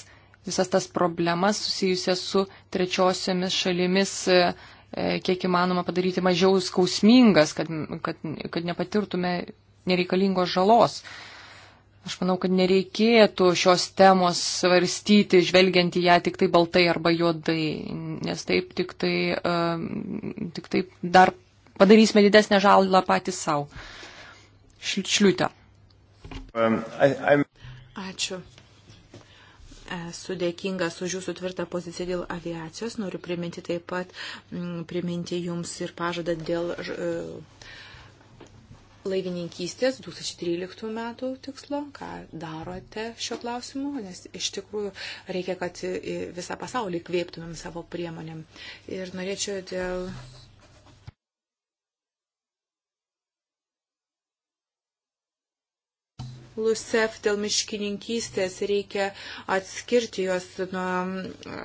visas tas problemas susijusias su trečiosiomis šalimis e, e, kiek įmanoma padaryti mažiau skausmingas, kad, kad, kad nepatirtume nereikalingos žalos. Aš manau, kad nereikėtų šios temos svarstyti, žvelgiant į ją tik tai baltai arba juodai, nes taip tik tai, uh, tik tai dar padarysime didesnę žalą patys savo. Šliutę. Um, Ačiū. Esu dėkingas už jūsų tvirtą poziciją dėl aviacijos. Noriu priminti taip pat, mm, priminti jums ir pažadą dėl e, laivininkystės 2013 metų tikslo, ką darote šiuo klausimu, nes iš tikrųjų reikia, kad visą pasaulį kvėptumėm savo priemonėm. Ir norėčiau dėl LUSEF dėl miškininkystės reikia atskirti juos nuo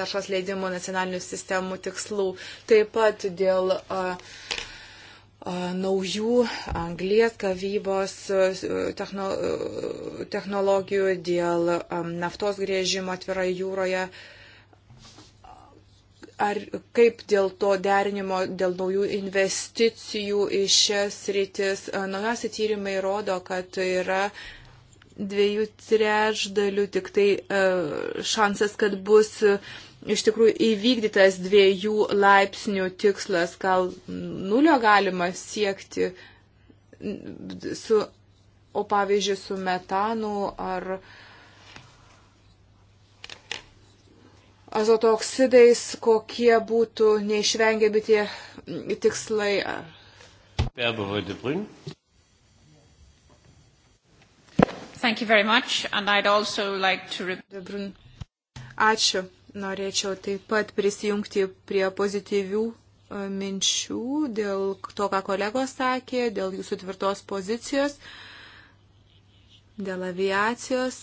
taršos leidimų nacionalinių sistemų tikslų. Taip pat dėl a, a, naujų anglies gavybos techno, technologijų, dėl a, naftos grėžimo atvirai jūroje. A, ar kaip dėl to derinimo, dėl naujų investicijų į šias rytis. Naujausi tyrimai rodo, kad yra dviejų trečdalių tik tai šansas, kad bus iš tikrųjų įvykdytas dviejų laipsnių tikslas, gal nulio galima siekti su, o pavyzdžiui, su metanu ar uh, azoto oksidais, kokie būtų neišvengiami tie tikslai. Thank you very much, and I'd also like to... Ačiū. Norėčiau taip pat prisijungti prie pozityvių e, minčių dėl to, ką kolegos sakė, dėl jūsų tvirtos pozicijos, dėl aviacijos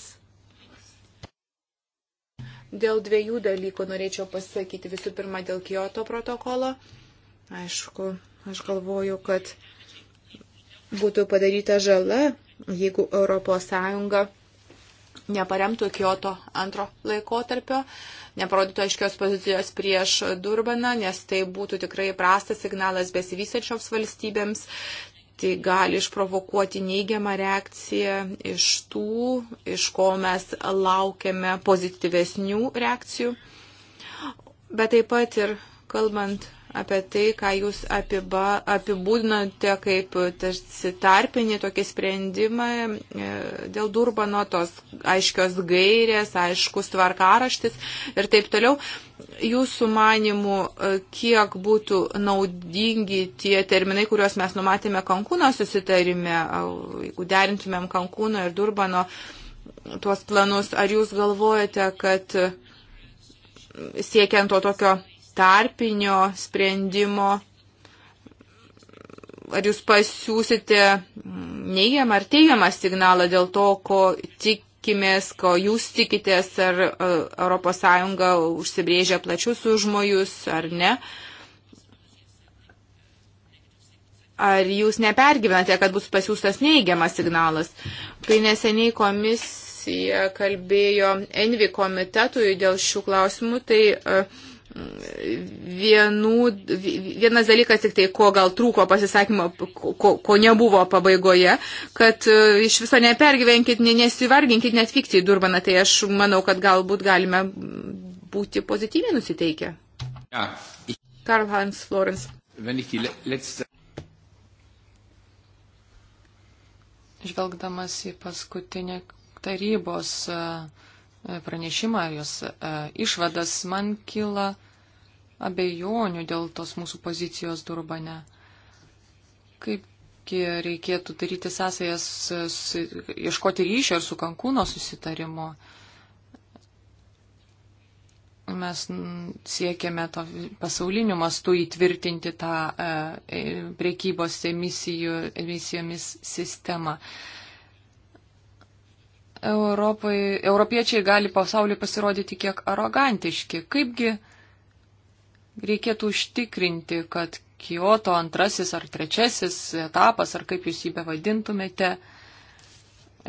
Dėl dviejų dalykų norėčiau pasakyti. Visų pirma, dėl Kyoto protokolo. Aišku, aš galvoju, kad būtų padaryta žala, jeigu ES neparemtų Kyoto antro laikotarpio, neparodytų aiškios pozicijos prieš Durbaną, nes tai būtų tikrai prastas signalas besivysačioms valstybėms, tai gali išprovokuoti neigiamą reakciją iš tų, iš ko mes laukiame pozityvesnių reakcijų. Bet taip pat ir kalbant apie tai, ką jūs apiba, apibūdinote kaip tarsi tarpinį tokį sprendimą e, dėl Durbano, tos aiškios gairės, aiškus tvarkaraštis ir taip toliau. Jūsų manimų, e, kiek būtų naudingi tie terminai, kuriuos mes numatėme Kankūno susitarime, jeigu derintumėm Kankūno ir Durbano tuos planus, ar jūs galvojate, kad siekiant to tokio tarpinio sprendimo ar jūs pasiūsite neigiamą ar teigiamą signalą dėl to, ko tikimės, ko jūs tikitės, ar ES užsibrėžia plačius užmojus ar ne. Ar jūs nepergyvenate, kad bus pasiūstas neigiamas signalas? Kai neseniai komisija kalbėjo Envi komitetui dėl šių klausimų, tai uh, vienų, vienas dalykas tik tai, ko gal trūko pasisakymo, ko, ko nebuvo pabaigoje, kad e, iš viso nepergyvenkit, nesivarginkit net vykti į Durbaną, tai aš manau, kad galbūt galime būti pozityviai nusiteikę. Ja. Karl Hans Florens. Žvelgdamas į paskutinį tarybos e, pranešimą, jos e, išvadas man kyla abejonių dėl tos mūsų pozicijos Durbane. Kaipgi reikėtų daryti sąsajas, ieškoti ryšio ir su Kankūno susitarimu. Mes siekiame to pasauliniu mastu įtvirtinti tą e, priekybos emisijų, emisijomis sistemą. Europai, europiečiai gali pasauliu pasirodyti kiek arogantiški. Kaipgi reikėtų užtikrinti, kad Kyoto antrasis ar trečiasis etapas, ar kaip jūs jį bevadintumėte,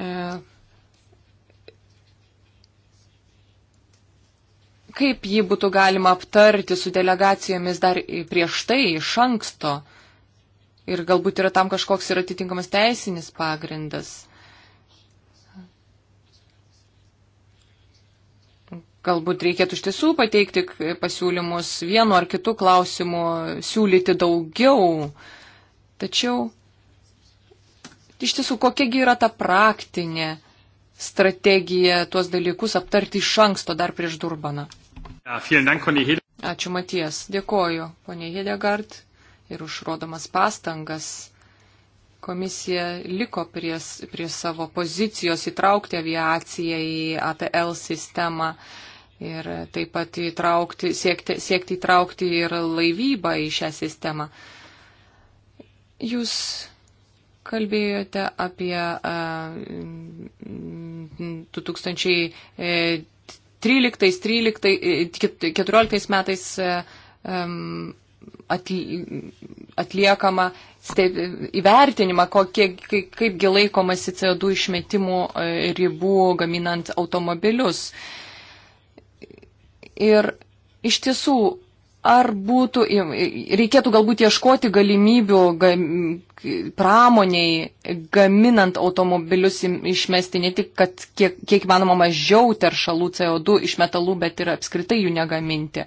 e, kaip jį būtų galima aptarti su delegacijomis dar prieš tai, iš anksto. Ir galbūt yra tam kažkoks ir atitinkamas teisinis pagrindas. Galbūt reikėtų iš tiesų pateikti pasiūlymus vienu ar kitu klausimu, siūlyti daugiau. Tačiau iš tiesų, kokiagi yra ta praktinė strategija tuos dalykus aptarti iš anksto dar prieš Durbaną? Ačiū Maties, dėkoju, ponė Hedegard, ir užrodomas pastangas komisija liko prie, prie savo pozicijos įtraukti aviaciją į ATL sistemą ir taip pat įtraukti, siekti, siekti įtraukti ir laivybą į šią sistemą. Jūs kalbėjote apie 2013-2014 e, e, metais e, atliekamą įvertinimą, kokie, kaipgi laikomasi CO2 išmetimų ribų gaminant automobilius. Uh, Ir iš tiesų, ar būtų, reikėtų galbūt ieškoti galimybių gam, pramoniai, gaminant automobilius išmesti ne tik, kad kiek, kiek manoma mažiau teršalų CO2 iš metalų, bet ir apskritai jų negaminti.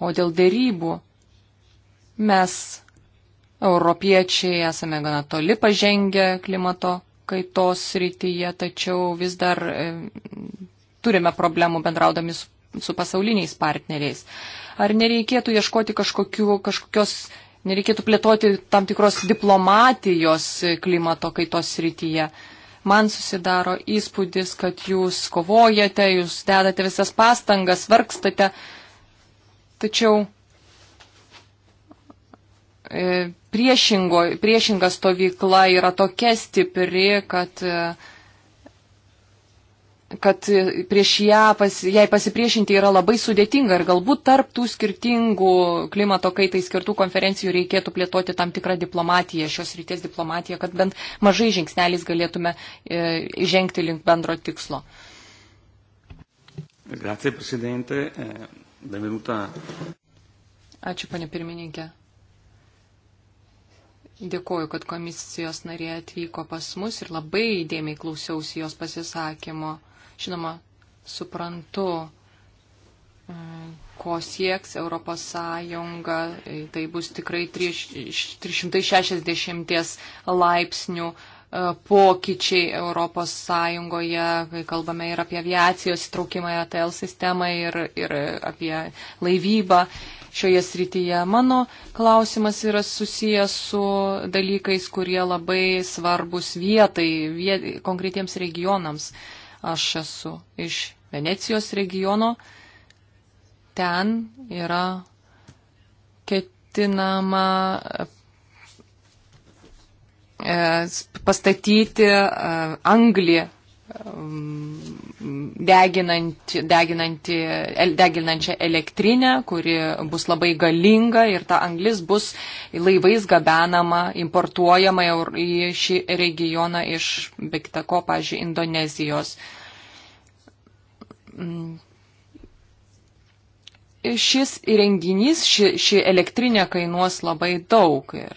O dėl dėrybų mes, europiečiai, esame gana toli pažengę klimato kaitos rytyje, tačiau vis dar e, turime problemų bendraudami su su pasauliniais partneriais. Ar nereikėtų ieškoti kažkokiu, kažkokios, nereikėtų plėtoti tam tikros diplomatijos klimato kaitos rytyje? man susidaro įspūdis, kad jūs kovojate, jūs dedate visas pastangas, vargstate. Tačiau e, priešingo, priešinga stovykla yra tokia stipri, kad uh, kad prieš ją, pas, jai pasipriešinti yra labai sudėtinga ir galbūt tarp tų skirtingų klimato kaitai skirtų konferencijų reikėtų plėtoti tam tikrą diplomatiją, šios ryties diplomatiją, kad bent mažai žingsneliais galėtume e, žengti link bendro tikslo. Grazie, prezidente. E, benvenuta. Ačiū, panė pirmininkė. Dėkuoju, kad komisijos narė atvyko pas mus ir labai įdėmiai klausiausi jos pasisakymo. Žinoma, suprantu, mm, ko sieks Europos Sąjunga, tai bus tikrai 360 laipsnių e, pokyčiai Europos Sąjungoje, kai kalbame ir apie aviacijos įtraukimą į ATL sistemą ir, ir apie laivybą šioje srityje. Mano klausimas yra susijęs su dalykais, kurie labai svarbus vietai, viet, konkretiems regionams. Uh, Aš esu iš Venecijos regiono. Ten yra ketinama e, pastatyti e, anglį deginanti, deginanti, deginančią elektrinę, kuri bus labai galinga ir ta anglis bus laivais gabenama, importuojama į šį regioną iš, be kitako, pažiūrėjau, Indonezijos. Mm. šis įrenginys, ši, ši elektrinė kainuos labai daug. Ir,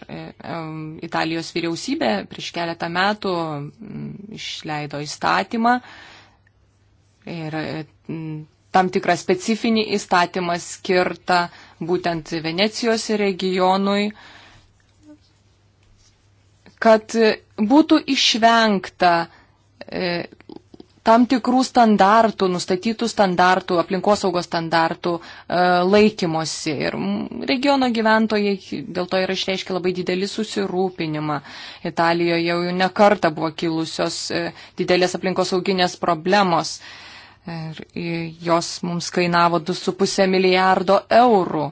Italijos vyriausybė prieš keletą metų mm, išleido įstatymą ir mm, tam tikrą specifinį įstatymą skirtą būtent Venecijos regionui, kad būtų išvengta e, tam tikrų standartų, nustatytų standartų, aplinkosaugos standartų e, laikymosi. Ir regiono gyventojai dėl to yra išreiškia labai didelį susirūpinimą. Italijoje jau nekarta buvo kilusios e, didelės aplinkosauginės problemos. Ir jos mums kainavo 2,5 milijardo eurų.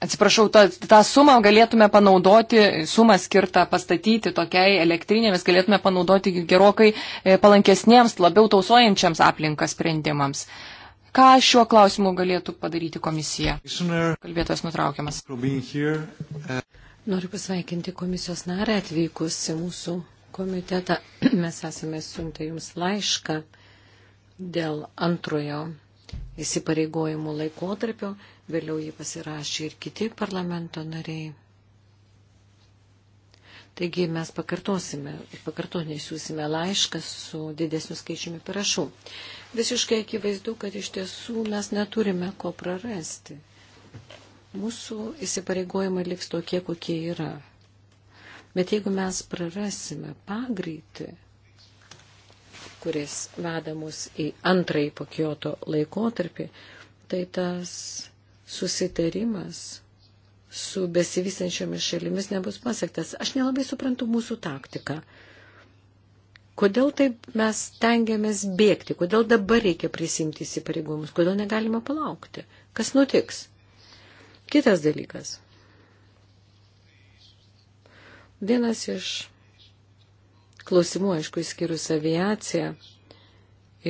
Atsiprašau, tą, tą sumą galėtume panaudoti, sumą skirtą pastatyti tokiai elektrinė, mes galėtume panaudoti gerokai e, palankesniems, labiau tausojančiams aplinką sprendimams. Ką šiuo klausimu galėtų padaryti komisija? Kalbėtojas nutraukiamas. Uh, Noriu pasveikinti komisijos narę atvykus į mūsų komitetą. [CLEARS THROAT] Mes esame siuntę jums laišką dėl antrojo įsipareigojimų laikotarpio Vėliau jį pasirašė ir kiti parlamento nariai. Taigi mes pakartosime, pakartotinai siūsime laišką su didesniu skaičiumi parašų. Visiškai akivaizdu, kad iš tiesų mes neturime ko prarasti. Mūsų įsipareigojimai liks tokie, kokie yra. Bet jeigu mes prarasime pagreitį, kuris veda mus į antrąjį po Kyoto laikotarpį, tai tas susitarimas su besivysančiomis šalimis nebus pasiektas. Aš nelabai suprantu mūsų taktiką. Kodėl taip mes tengiamės bėgti? Kodėl dabar reikia prisimti įsipareigomus? Kodėl negalima palaukti? Kas nutiks? Kitas dalykas. Vienas iš klausimų, aišku, įskyrus aviaciją,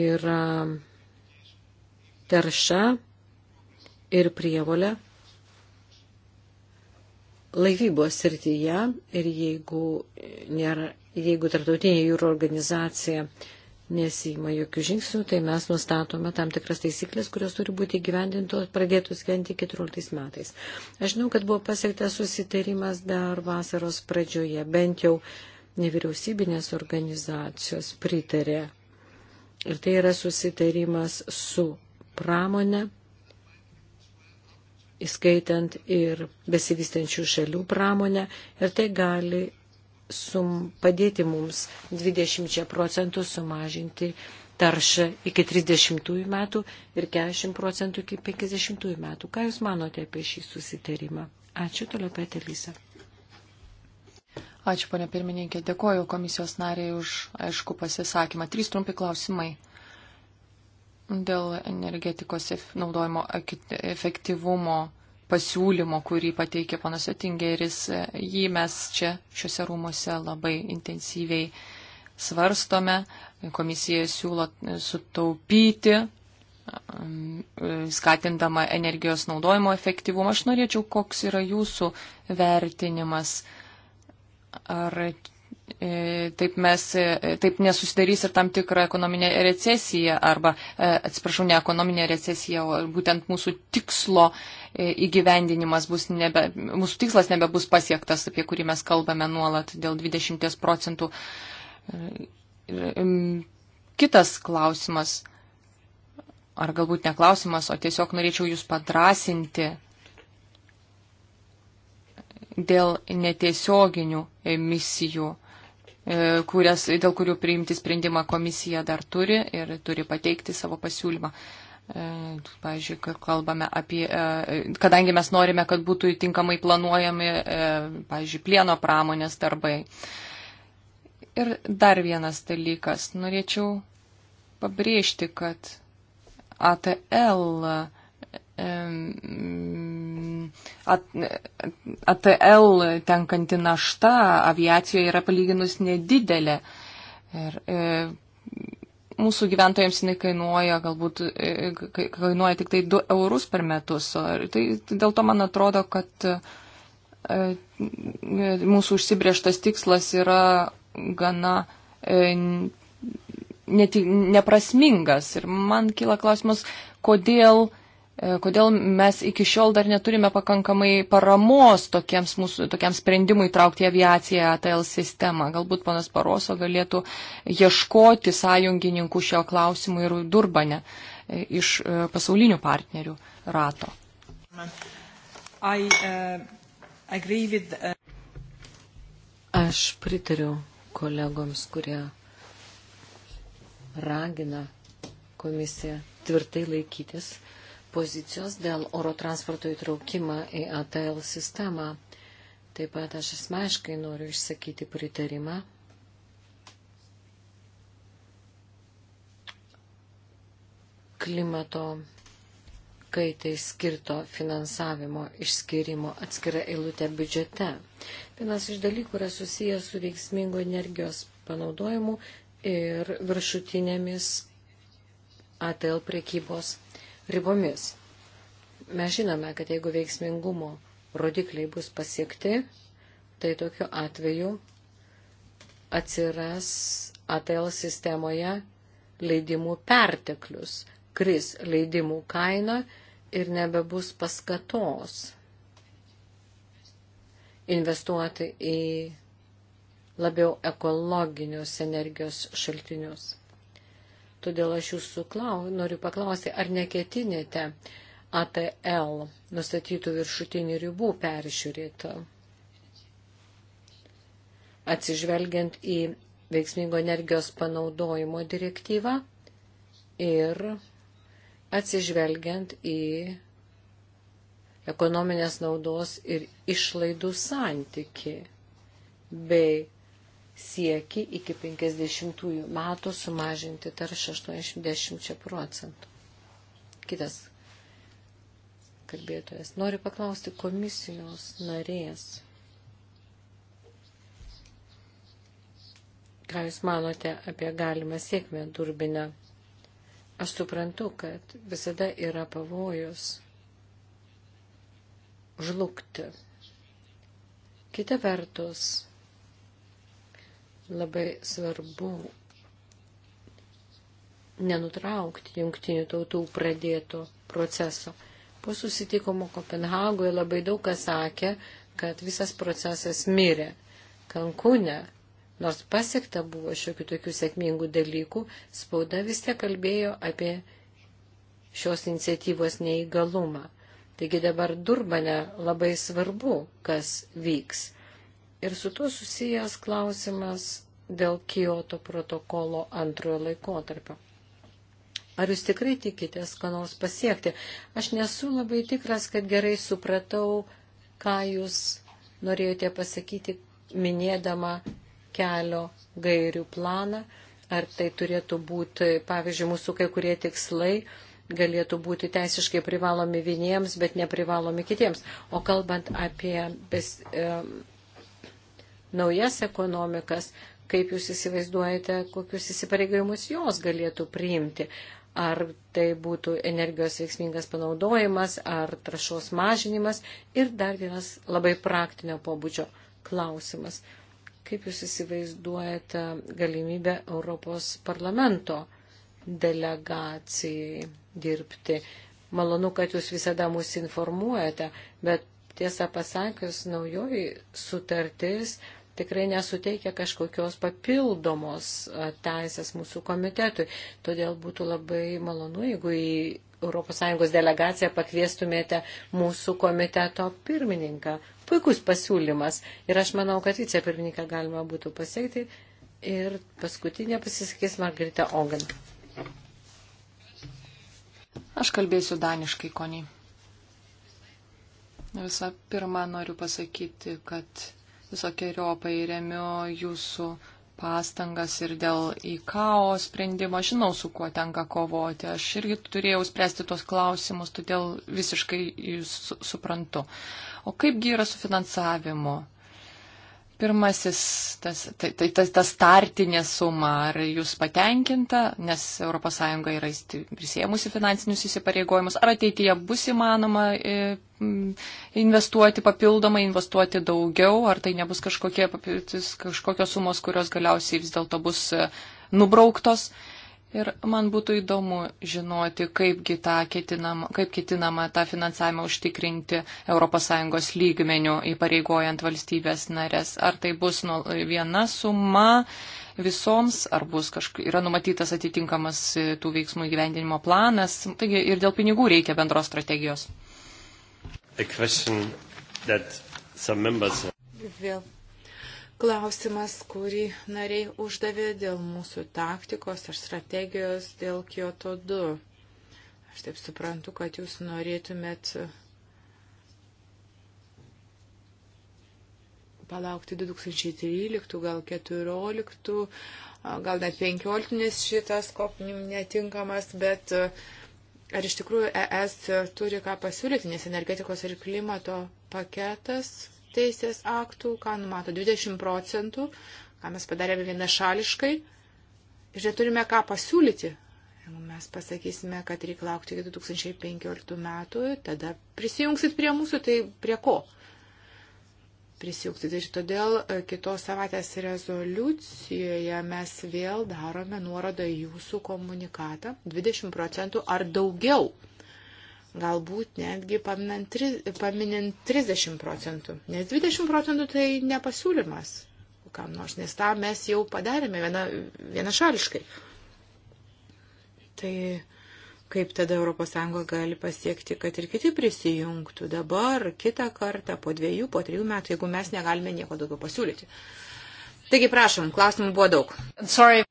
yra tarša ir prievolę laivybos srityje ir jeigu, nėra, jeigu tarptautinė jūro organizacija nesima jokių žingsnių, tai mes nustatome tam tikras taisyklės, kurios turi būti gyvendintos, pradėtos gyventi 14 metais. Aš žinau, kad buvo pasiektas susitarimas dar vasaros pradžioje, bent jau nevyriausybinės organizacijos pritarė. Ir tai yra susitarimas su pramonė įskaitant ir besivystančių šalių pramonę, ir tai gali sum, padėti mums 20 procentų sumažinti taršą iki 30 metų ir 40 procentų iki 50 metų. Ką Jūs manote apie šį susitarimą? Ačiū toliau, Petelisa. Ačiū, ponia pirmininkė. Dėkoju komisijos nariai už aišku pasisakymą. Trys trumpi klausimai dėl energetikos naudojimo efektyvumo pasiūlymo, kurį pateikė panas Otingeris. Jį mes čia šiuose rūmose labai intensyviai svarstome. Komisija siūlo sutaupyti, skatindama energijos naudojimo efektyvumą. Aš norėčiau, koks yra jūsų vertinimas. Ar E, taip mes, e, taip nesusidarys ir tam tikrą ekonominę recesiją, arba, e, atsiprašau, ne ekonominę recesiją, o būtent mūsų tikslo įgyvendinimas bus nebe, mūsų tikslas nebebus pasiektas, apie kurį mes kalbame nuolat dėl 20 procentų. Kitas klausimas, ar galbūt ne klausimas, o tiesiog norėčiau jūs padrasinti dėl netiesioginių misijų E, kurias, dėl kurių priimti sprendimą komisija dar turi ir turi pateikti savo pasiūlymą. E, pavyzdžiui, kalbame apie, e, kadangi mes norime, kad būtų tinkamai planuojami, pavyzdžiui, plieno pramonės darbai. Ir dar vienas dalykas. Norėčiau pabrėžti, kad ATL ATL tenkanti našta aviacijoje yra palyginus nedidelė. Ir e, mūsų gyventojams jinai kainuoja galbūt e, kainuoja tik tai 2 eurus per metus. Tai, tai dėl to man atrodo, kad e, mūsų užsibrieštas tikslas yra gana neti, neprasmingas. Ir man kyla klausimas, kodėl E, kodėl mes iki šiol dar neturime pakankamai paramos tokiems, mūsų, tokiems sprendimui traukti aviaciją ATL sistemą? Galbūt panas Paroso galėtų ieškoti sąjungininkų šio klausimu ir Durbane e, iš e, pasaulinių partnerių rato. I, uh, with, uh... Aš pritariu kolegoms, kurie ragina komisiją tvirtai laikytis pozicijos dėl oro transporto įtraukimą į ATL sistemą. Taip pat aš asmeniškai noriu išsakyti pritarimą klimato kaitai skirto finansavimo išskirimo atskira eilutė biudžete. Vienas iš dalykų yra susijęs su veiksmingo energijos panaudojimu ir viršutinėmis ATL prekybos ribomis. Mes žinome, kad jeigu veiksmingumo rodikliai bus pasiekti, tai tokiu atveju atsiras ATL sistemoje leidimų perteklius, kris leidimų kaina ir nebebus paskatos investuoti į labiau ekologinius energijos šaltinius. Todėl aš jūsų klau, noriu paklausti, ar neketinėte ATL nustatytų viršutinių ribų peržiūrėti, atsižvelgiant į veiksmingo energijos panaudojimo direktyvą ir atsižvelgiant į ekonominės naudos ir išlaidų santyki bei sieki iki 50 metų sumažinti taršą 80 procentų. Kitas kalbėtojas. Noriu paklausti komisijos narės. Ką Jūs manote apie galimą sėkmę durbinę? Aš suprantu, kad visada yra pavojus žlugti. Kita vertus, Labai svarbu nenutraukti jungtinių tautų pradėto proceso. Po susitikimo Kopenhagoje labai daug kas sakė, kad visas procesas mirė. Kankūne, nors pasiekta buvo šiokių tokių sėkmingų dalykų, spauda vis tiek kalbėjo apie šios iniciatyvos neįgalumą. Taigi dabar Durbane labai svarbu, kas vyks. Ir su tuo susijęs klausimas dėl Kyoto protokolo antrojo laikotarpio. Ar jūs tikrai tikitės, ką nors pasiekti? Aš nesu labai tikras, kad gerai supratau, ką jūs norėjote pasakyti, minėdama kelio gairių planą. Ar tai turėtų būti, pavyzdžiui, mūsų kai kurie tikslai galėtų būti teisiškai privalomi vieniems, bet neprivalomi kitiems. O kalbant apie bes, e, naujas ekonomikas, kaip jūs įsivaizduojate, kokius įsipareigojimus jos galėtų priimti. Ar tai būtų energijos veiksmingas panaudojimas, ar trašos mažinimas. Ir dar vienas labai praktinio pobūdžio klausimas. Kaip jūs įsivaizduojate galimybę Europos parlamento delegacijai dirbti? Malonu, kad jūs visada mus informuojate, bet tiesą pasakius, naujoji sutartis tikrai nesuteikia kažkokios papildomos teisės mūsų komitetui. Todėl būtų labai malonu, jeigu į ES delegaciją pakviestumėte mūsų komiteto pirmininką. Puikus pasiūlymas ir aš manau, kad vicepirmininką galima būtų pasiekti. Ir paskutinė pasisakys Margarita Ogan. Aš kalbėsiu daniškai, Koniai. Visą pirma, noriu pasakyti, kad visokiojopai remiu jūsų pastangas ir dėl IKO sprendimo. Žinau, su kuo tenka kovoti. Aš irgi turėjau spręsti tos klausimus, todėl visiškai jūs suprantu. O kaipgi yra su finansavimu? pirmasis, tas, tai, tai tas, tas startinė suma, ar jūs patenkinta, nes ES yra prisėmusi finansinius įsipareigojimus, ar ateityje bus įmanoma e, investuoti papildomai, investuoti daugiau, ar tai nebus kažkokie, kažkokios sumos, kurios galiausiai vis dėlto bus e, nubrauktos. Ir man būtų įdomu žinoti, kaipgi tą ketinama, kaip ketinama tą finansavimą užtikrinti ES lygmenių, įpareigojant valstybės narės. Ar tai bus nu, viena suma visoms, ar bus kažkaip, yra numatytas atitinkamas tų veiksmų įgyvendinimo planas. Taigi ir dėl pinigų reikia bendros strategijos. Vėl klausimas, kurį nariai uždavė dėl mūsų taktikos ar strategijos dėl Kyoto 2. Aš taip suprantu, kad jūs norėtumėt palaukti 2013, gal 2014, gal net 2015, nes šitas kop netinkamas, bet e, ar iš tikrųjų ES turi ką pasiūlyti, nes energetikos ir klimato paketas teisės aktų, ką numato 20 procentų, ką mes padarėme vienašališkai. Ir neturime ką pasiūlyti. Jeigu mes pasakysime, kad reikia laukti iki 2015 metų, tada prisijungsit prie mūsų, tai prie ko? Prisijungti. Tai todėl e, kitos savaitės rezoliucijoje mes vėl darome nuorodą į jūsų komunikatą 20 procentų ar daugiau galbūt netgi paminint 30 procentų, nes 20 procentų tai nepasiūlymas kam nors, nes tą mes jau padarėme viena, vienašališkai. Tai kaip tada ES gali pasiekti, kad ir kiti prisijungtų dabar, kitą kartą, po dviejų, po trijų metų, jeigu mes negalime nieko daugiau pasiūlyti. Taigi, prašom, klausimų buvo daug. Sorry.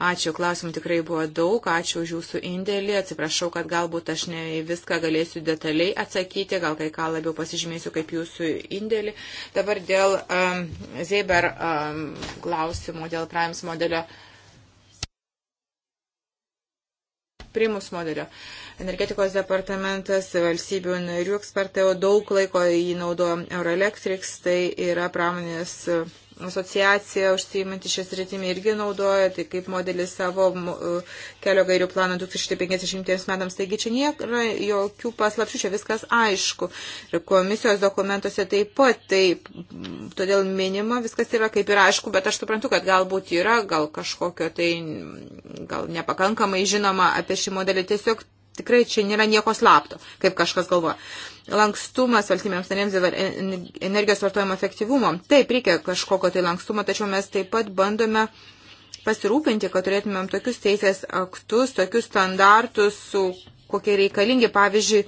Ačiū, klausimų tikrai buvo daug, ačiū už jūsų indėlį, atsiprašau, kad galbūt aš ne viską galėsiu detaliai atsakyti, gal kai ką labiau pasižymėsiu kaip jūsų indėlį. Dabar dėl um, Zeber um, klausimų, dėl Primes modelio. primus modelio. Energetikos departamentas, valstybių narių ekspertai jau daug laiko jį naudojo Eurelektriks, tai yra pramonės asociacija užsiimanti šią sritimį irgi naudoja, tai kaip modelį savo kelio gairių planą 2050 metams. Taigi čia nėra jokių paslapčių, čia viskas aišku. Ir komisijos dokumentuose taip pat, taip, todėl minima viskas yra kaip ir aišku, bet aš suprantu, kad galbūt yra, gal kažkokio tai, gal nepakankamai žinoma apie šį modelį. Tiesiog Tikrai čia nėra nieko slapto, kaip kažkas galvoja. Lankstumas valstybėms narėms dėl energijos vartojimo efektyvumo. Taip, reikia kažkokio tai lankstumo, tačiau mes taip pat bandome pasirūpinti, kad turėtumėm tokius teisės aktus, tokius standartus, su kokie reikalingi. Pavyzdžiui,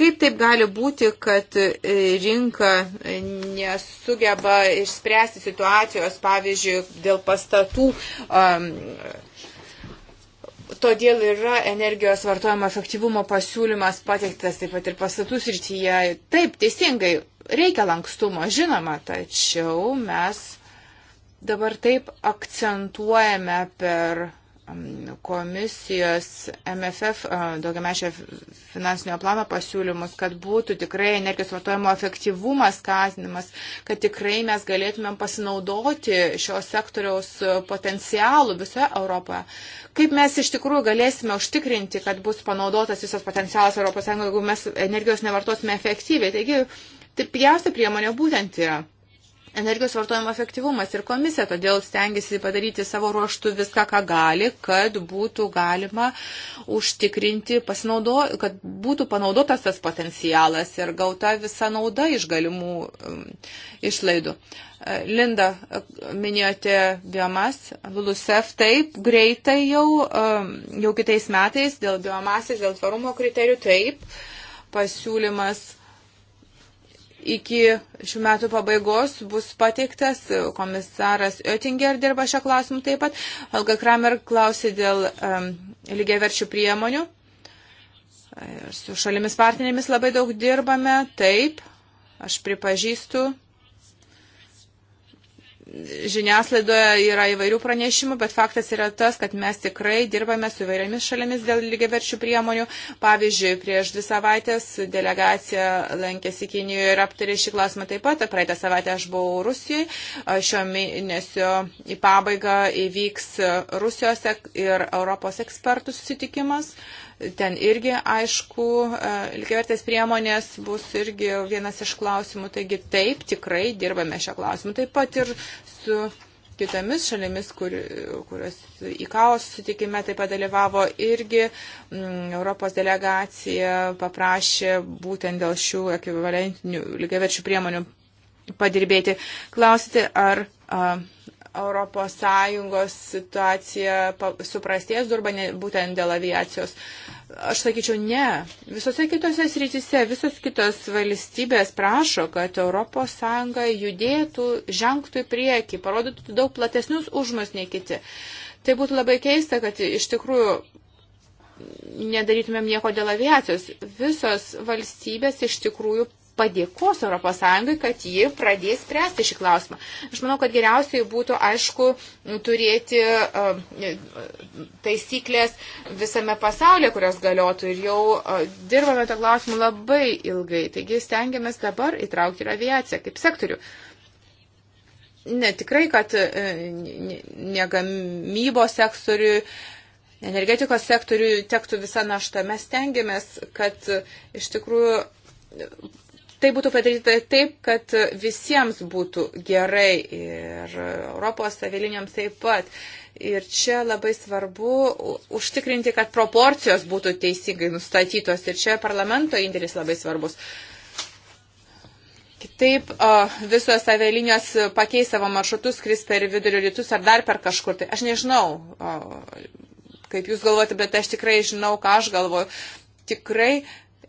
kaip taip gali būti, kad e, rinka nesugeba išspręsti situacijos, pavyzdžiui, dėl pastatų. Um, Todėl yra energijos vartojimo efektyvumo pasiūlymas pateiktas taip pat ir pastatų srityje. Taip, teisingai, reikia lankstumo, žinoma, tačiau mes dabar taip akcentuojame per komisijos MFF e, daugiamečio finansinio plano pasiūlymus, kad būtų tikrai energijos vartojimo efektyvumas skatinimas, kad tikrai mes galėtumėm pasinaudoti šio sektoriaus potencialų visoje Europoje. Kaip mes iš tikrųjų galėsime užtikrinti, kad bus panaudotas visas potencialas ES, jeigu mes energijos nevartosime efektyviai. Taigi, tai pigiausia priemonė būtent yra energijos vartojimo efektyvumas ir komisija todėl stengiasi padaryti savo ruoštų viską, ką gali, kad būtų galima užtikrinti, pasinaudo, kad būtų panaudotas tas potencialas ir gauta visa nauda iš galimų um, išlaidų. E, Linda, e, minėjote biomas, LULUSEF taip, greitai jau, um, jau kitais metais dėl biomasės, dėl tvarumo kriterijų taip, pasiūlymas iki šių metų pabaigos bus pateiktas. Komisaras Oettinger dirba šią klausimą taip pat. Olga Kramer klausė dėl um, lygiaverčių priemonių. Ir su šalimis partnerėmis labai daug dirbame. Taip, aš pripažįstu, žiniaslaidoje yra įvairių pranešimų, bet faktas yra tas, kad mes tikrai dirbame su įvairiamis šalimis dėl lygiaverčių priemonių. Pavyzdžiui, prieš dvi savaitės delegacija lankėsi Kinijoje ir aptarė šį klausimą taip pat. Praeitą savaitę aš buvau Rusijoje. Šio mėnesio į pabaigą įvyks Rusijos ir Europos ekspertų susitikimas. Uh, Ten irgi, aišku, e, lygiavertės priemonės bus irgi vienas iš klausimų. Taigi taip, tikrai dirbame šią klausimą. Taip pat ir su kitomis šalimis, kur, kurios į kaos sutikime taip pat dalyvavo irgi m, mm, Europos delegacija paprašė būtent dėl šių ekvivalentinių lygiaverčių priemonių padirbėti. Klausite, ar a, ES situacija suprasties durbanė būtent dėl aviacijos. Aš sakyčiau, ne. Visose kitose srityse, visos kitos valstybės prašo, kad ES judėtų, žengtų į priekį, parodytų daug platesnius užmas nei kiti. Tai būtų labai keista, kad iš tikrųjų nedarytumėm nieko dėl aviacijos. Visos valstybės iš tikrųjų padėkos ES, kad ji pradės spręsti šį klausimą. Aš manau, kad geriausiai būtų, aišku, turėti e, taisyklės visame pasaulyje, kurios galiotų. Ir jau e, dirbame tą klausimą labai ilgai. Taigi stengiamės dabar įtraukti ir aviaciją kaip sektorių. Ne, tikrai, kad e, negamybos sektoriui energetikos sektoriui tektų visa našta. Mes tengiamės, kad iš tikrųjų tai būtų padaryta taip, kad visiems būtų gerai ir Europos avialinijoms taip pat. Ir čia labai svarbu užtikrinti, kad proporcijos būtų teisingai nustatytos ir čia parlamento indėlis labai svarbus. Kitaip visos avialinijos pakeis savo maršrutus, kris per vidurio rytus ar dar per kažkur. Tai aš nežinau, kaip jūs galvojate, bet aš tikrai žinau, ką aš galvoju. Tikrai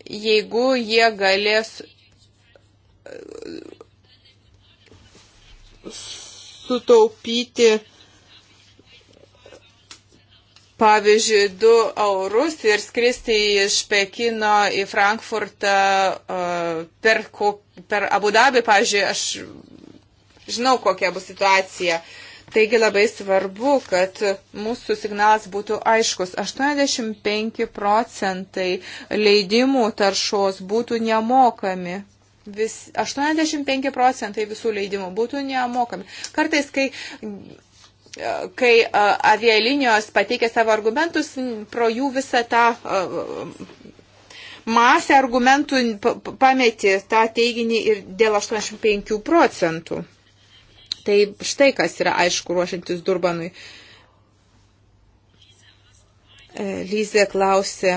jeigu jie galės sutaupyti pavyzdžiui, 2 eurus ir skristi iš Pekino į Frankfurtą e, per, per Abu Dabį, pavyzdžiui, aš žinau, kokia bus situacija. Taigi labai svarbu, kad mūsų signalas būtų aiškus. 85 procentai leidimų taršos būtų nemokami. Vis, 85 procentai visų leidimų būtų nemokami. Kartais, kai kai avialinijos pateikė savo argumentus, pro jų visą tą masę argumentų pameti tą teiginį ir dėl 85 procentų. Tai štai kas yra aišku ruošiantis Durbanui. E, Lyzė klausė,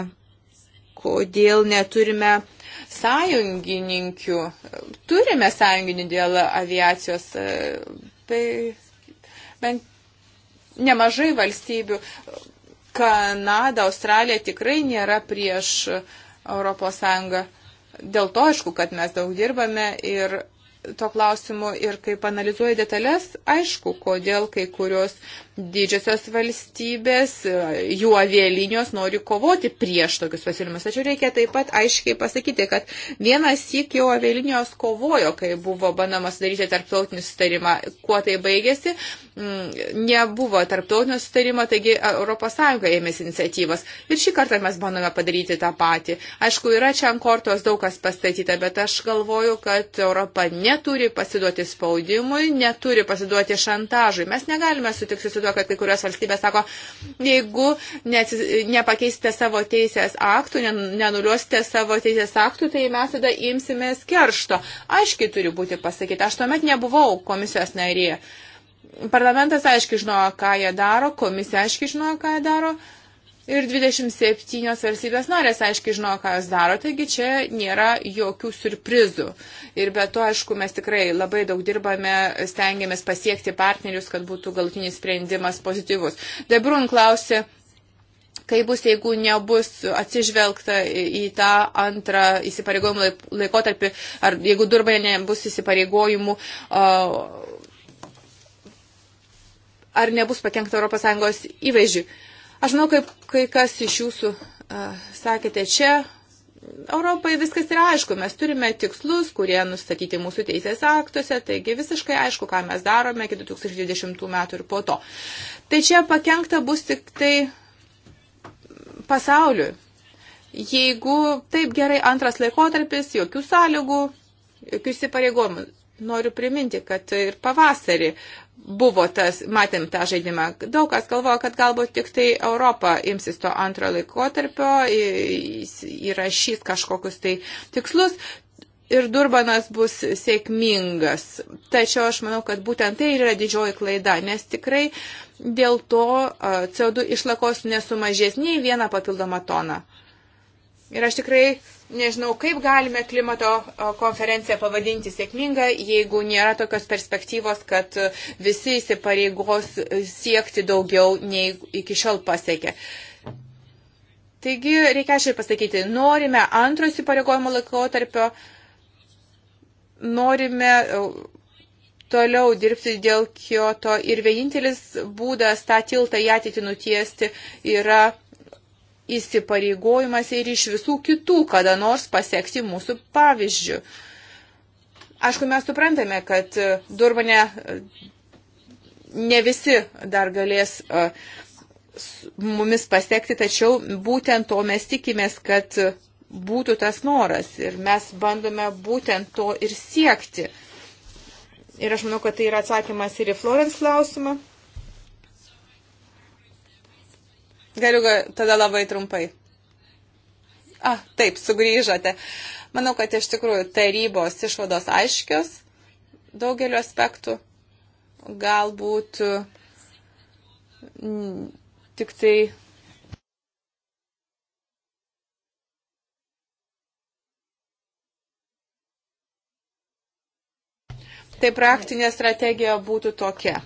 kodėl neturime sąjungininkių. Turime sąjunginių dėl aviacijos. E, tai bent nemažai valstybių. Kanada, Australija tikrai nėra prieš Europos Sąjungą. Dėl to, aišku, kad mes daug dirbame ir to klausimu ir kaip analizuoja detalės, aišku, kodėl kai kurios didžiosios valstybės, jų avialinios nori kovoti prieš tokius pasiūlymus. Tačiau reikia taip pat aiškiai pasakyti, kad vienas sik jau avialinijos kovojo, kai buvo bandama sudaryti tarptautinį sutarimą. Kuo tai baigėsi? Mm, nebuvo tarptautinio sutarimo, taigi ES ėmėsi iniciatyvos. Ir šį kartą mes bandome padaryti tą patį. Aišku, yra čia ant kortos daug kas pastatyta, bet aš galvoju, kad Europa neturi pasiduoti spaudimui, neturi pasiduoti šantažui. Mes negalime sutikti su matome, kad kai kurios valstybės sako, jeigu nepakeisite savo teisės aktų, nenuliuosite savo teisės aktų, tai mes tada imsimės keršto. Aiškiai turi būti pasakyta, aš tuomet nebuvau komisijos narė. Parlamentas aiškiai žinojo, ką jie daro, komisija aiškiai žinojo, ką jie daro. Ir 27 valstybės narės aiškiai žino, ką jūs daro, taigi čia nėra jokių surprizų. Ir be to, aišku, mes tikrai labai daug dirbame, stengiamės pasiekti partnerius, kad būtų galutinis sprendimas pozityvus. Debrun klausė, kaip bus, jeigu nebus atsižvelgta į tą antrą įsipareigojimų laikotarpį, ar jeigu durbai nebus įsipareigojimų. Uh, ar nebus pakenkta ES įvaizdžiui. Aš manau, kaip kai kas iš jūsų uh, sakėte čia, Europai viskas yra aišku, mes turime tikslus, kurie nustatyti mūsų teisės aktuose, taigi visiškai aišku, ką mes darome iki 2020 metų ir po to. Tai čia pakengta bus tik tai pasauliui. Jeigu taip gerai antras laikotarpis, jokių sąlygų, jokių įsipareigojimų. Noriu priminti, kad ir pavasarį buvo tas, matėm tą žaidimą. Daug kas galvoja, kad galbūt tik tai Europa imsis to antrojo laikotarpio, įrašys kažkokius tai tikslus. Ir Durbanas bus sėkmingas. Tačiau aš manau, kad būtent tai yra didžioji klaida, nes tikrai dėl to CO2 išlakos nesumažės nei vieną papildomą toną. Ir aš tikrai nežinau, kaip galime klimato konferenciją pavadinti sėkmingą, jeigu nėra tokios perspektyvos, kad visi įsipareigos siekti daugiau nei iki šiol pasiekė. Taigi, reikia šiai pasakyti, norime antro įsipareigojimo laikotarpio, norime toliau dirbti dėl Kyoto ir vienintelis būdas tą tiltą į ateitį nutiesti yra įsipareigojimas ir iš visų kitų kada nors pasiekti mūsų pavyzdžių. Aišku, mes suprantame, kad e, Durbane ne visi dar galės e, mumis pasiekti, tačiau būtent to mes tikimės, kad būtų tas noras ir mes bandome būtent to ir siekti. Ir aš manau, kad tai yra atsakymas ir į Florence klausimą. Galiu tada labai trumpai. A, taip, sugrįžote. Manau, kad iš tikrųjų tarybos išvados aiškios daugeliu aspektų. Galbūt mm, tik tai Tai praktinė strategija būtų tokia.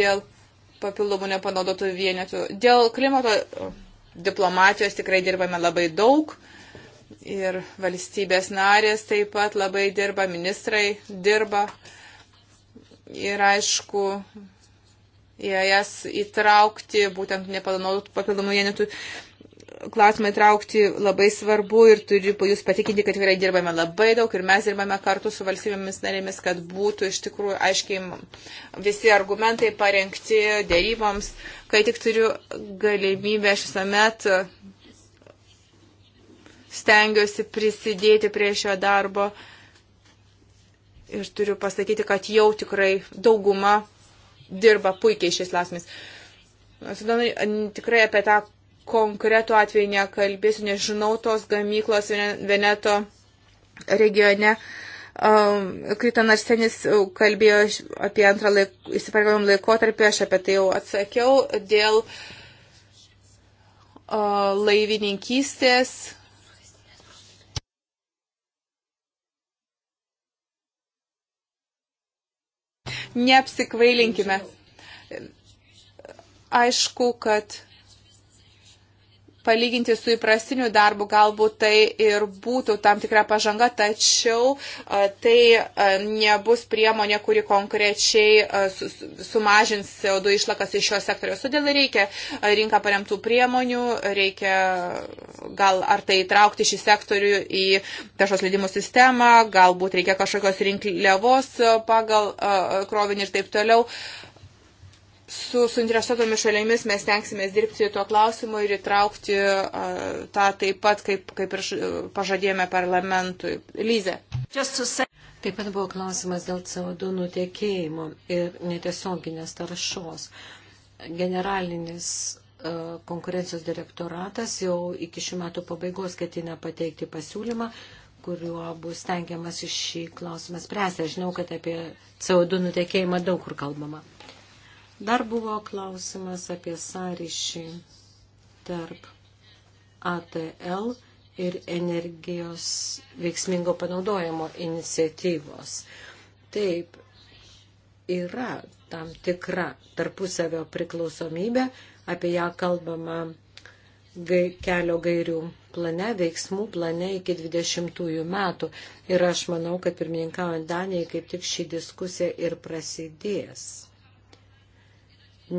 dėl papildomų nepanaudotų vienetų. Dėl klimato diplomatijos tikrai dirbame labai daug ir valstybės narės taip pat labai dirba, ministrai dirba ir aišku, į jas įtraukti būtent nepanaudotų papildomų vienetų klausimą įtraukti labai svarbu ir turiu jūs patikinti, kad tikrai dirbame labai daug ir mes dirbame kartu su valstybėmis narėmis, kad būtų iš tikrųjų aiškiai visi argumentai parengti dėryboms. Kai tik turiu galimybę, aš visuomet stengiuosi prisidėti prie šio darbo ir turiu pasakyti, kad jau tikrai dauguma dirba puikiai šiais lasmės. Sudanai, tikrai apie tą konkretų atvejį nekalbėsiu, nežinau tos gamyklos Veneto regione. Um, Kriton Arsenis kalbėjo apie antrą laik, įsipareigojimą laikotarpį, aš apie tai jau atsakiau, dėl uh, laivininkystės neapsikvailinkime. Aišku, kad palyginti su įprastiniu darbu, galbūt tai ir būtų tam tikra pažanga, tačiau tai nebus priemonė, kuri konkrečiai sumažins CO2 išlakas iš šio sektoriaus. Todėl reikia rinką paremtų priemonių, reikia gal ar tai įtraukti šį sektorių į taršos leidimų sistemą, galbūt reikia kažkokios rinkliavos pagal krovinį ir taip toliau. Uh, su suinteresuotomis šalėmis mes tenksimės dirbti tuo klausimu ir įtraukti uh, tą taip pat, kaip, kaip ir pažadėjome parlamentui. Lyze. Say... Taip pat buvo klausimas dėl CO2 nutekėjimo ir netiesioginės taršos. Generalinis uh, konkurencijos direktoratas jau iki šių metų pabaigos ketina pateikti pasiūlymą, kuriuo bus tengiamas iš šį klausimą spręsti. Aš žinau, kad apie CO2 nutekėjimą daug kur kalbama. Dar buvo klausimas apie sąryšį tarp ATL ir energijos veiksmingo panaudojimo iniciatyvos. Taip, yra tam tikra tarpusavio priklausomybė, apie ją kalbama gai, kelio gairių plane, veiksmų plane iki 20 metų. Ir aš manau, kad pirmininkaujant Danijai kaip tik ši diskusija ir prasidės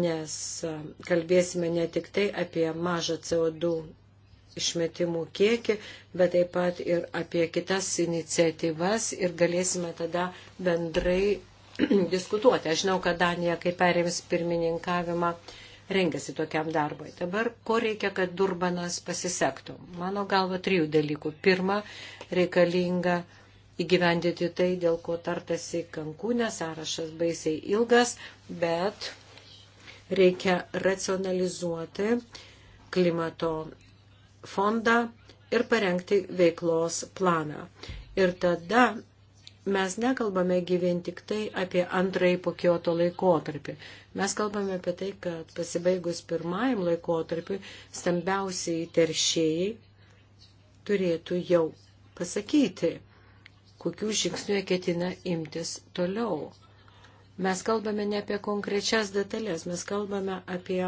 nes e, kalbėsime ne tik tai apie mažą CO2 išmetimų kiekį, bet taip pat ir apie kitas iniciatyvas ir galėsime tada bendrai [CLEARS THROAT] diskutuoti. Aš žinau, kad Danija, kai perėms pirmininkavimą, rengiasi tokiam darbui. Dabar, ko reikia, kad Durbanas pasisektų? Mano galva, trijų dalykų. Pirma, reikalinga įgyvendyti tai, dėl ko tartasi Kankūnė, sąrašas baisiai ilgas, bet Reikia racionalizuoti klimato fondą ir parengti veiklos planą. Ir tada mes nekalbame gyvien tik tai apie antrąjį po kioto laikotarpį. Mes kalbame apie tai, kad pasibaigus pirmajam laikotarpiu stambiausiai teršėjai turėtų jau pasakyti, kokių žingsnių ketina imtis toliau. Mes kalbame ne apie konkrečias detalės, mes kalbame apie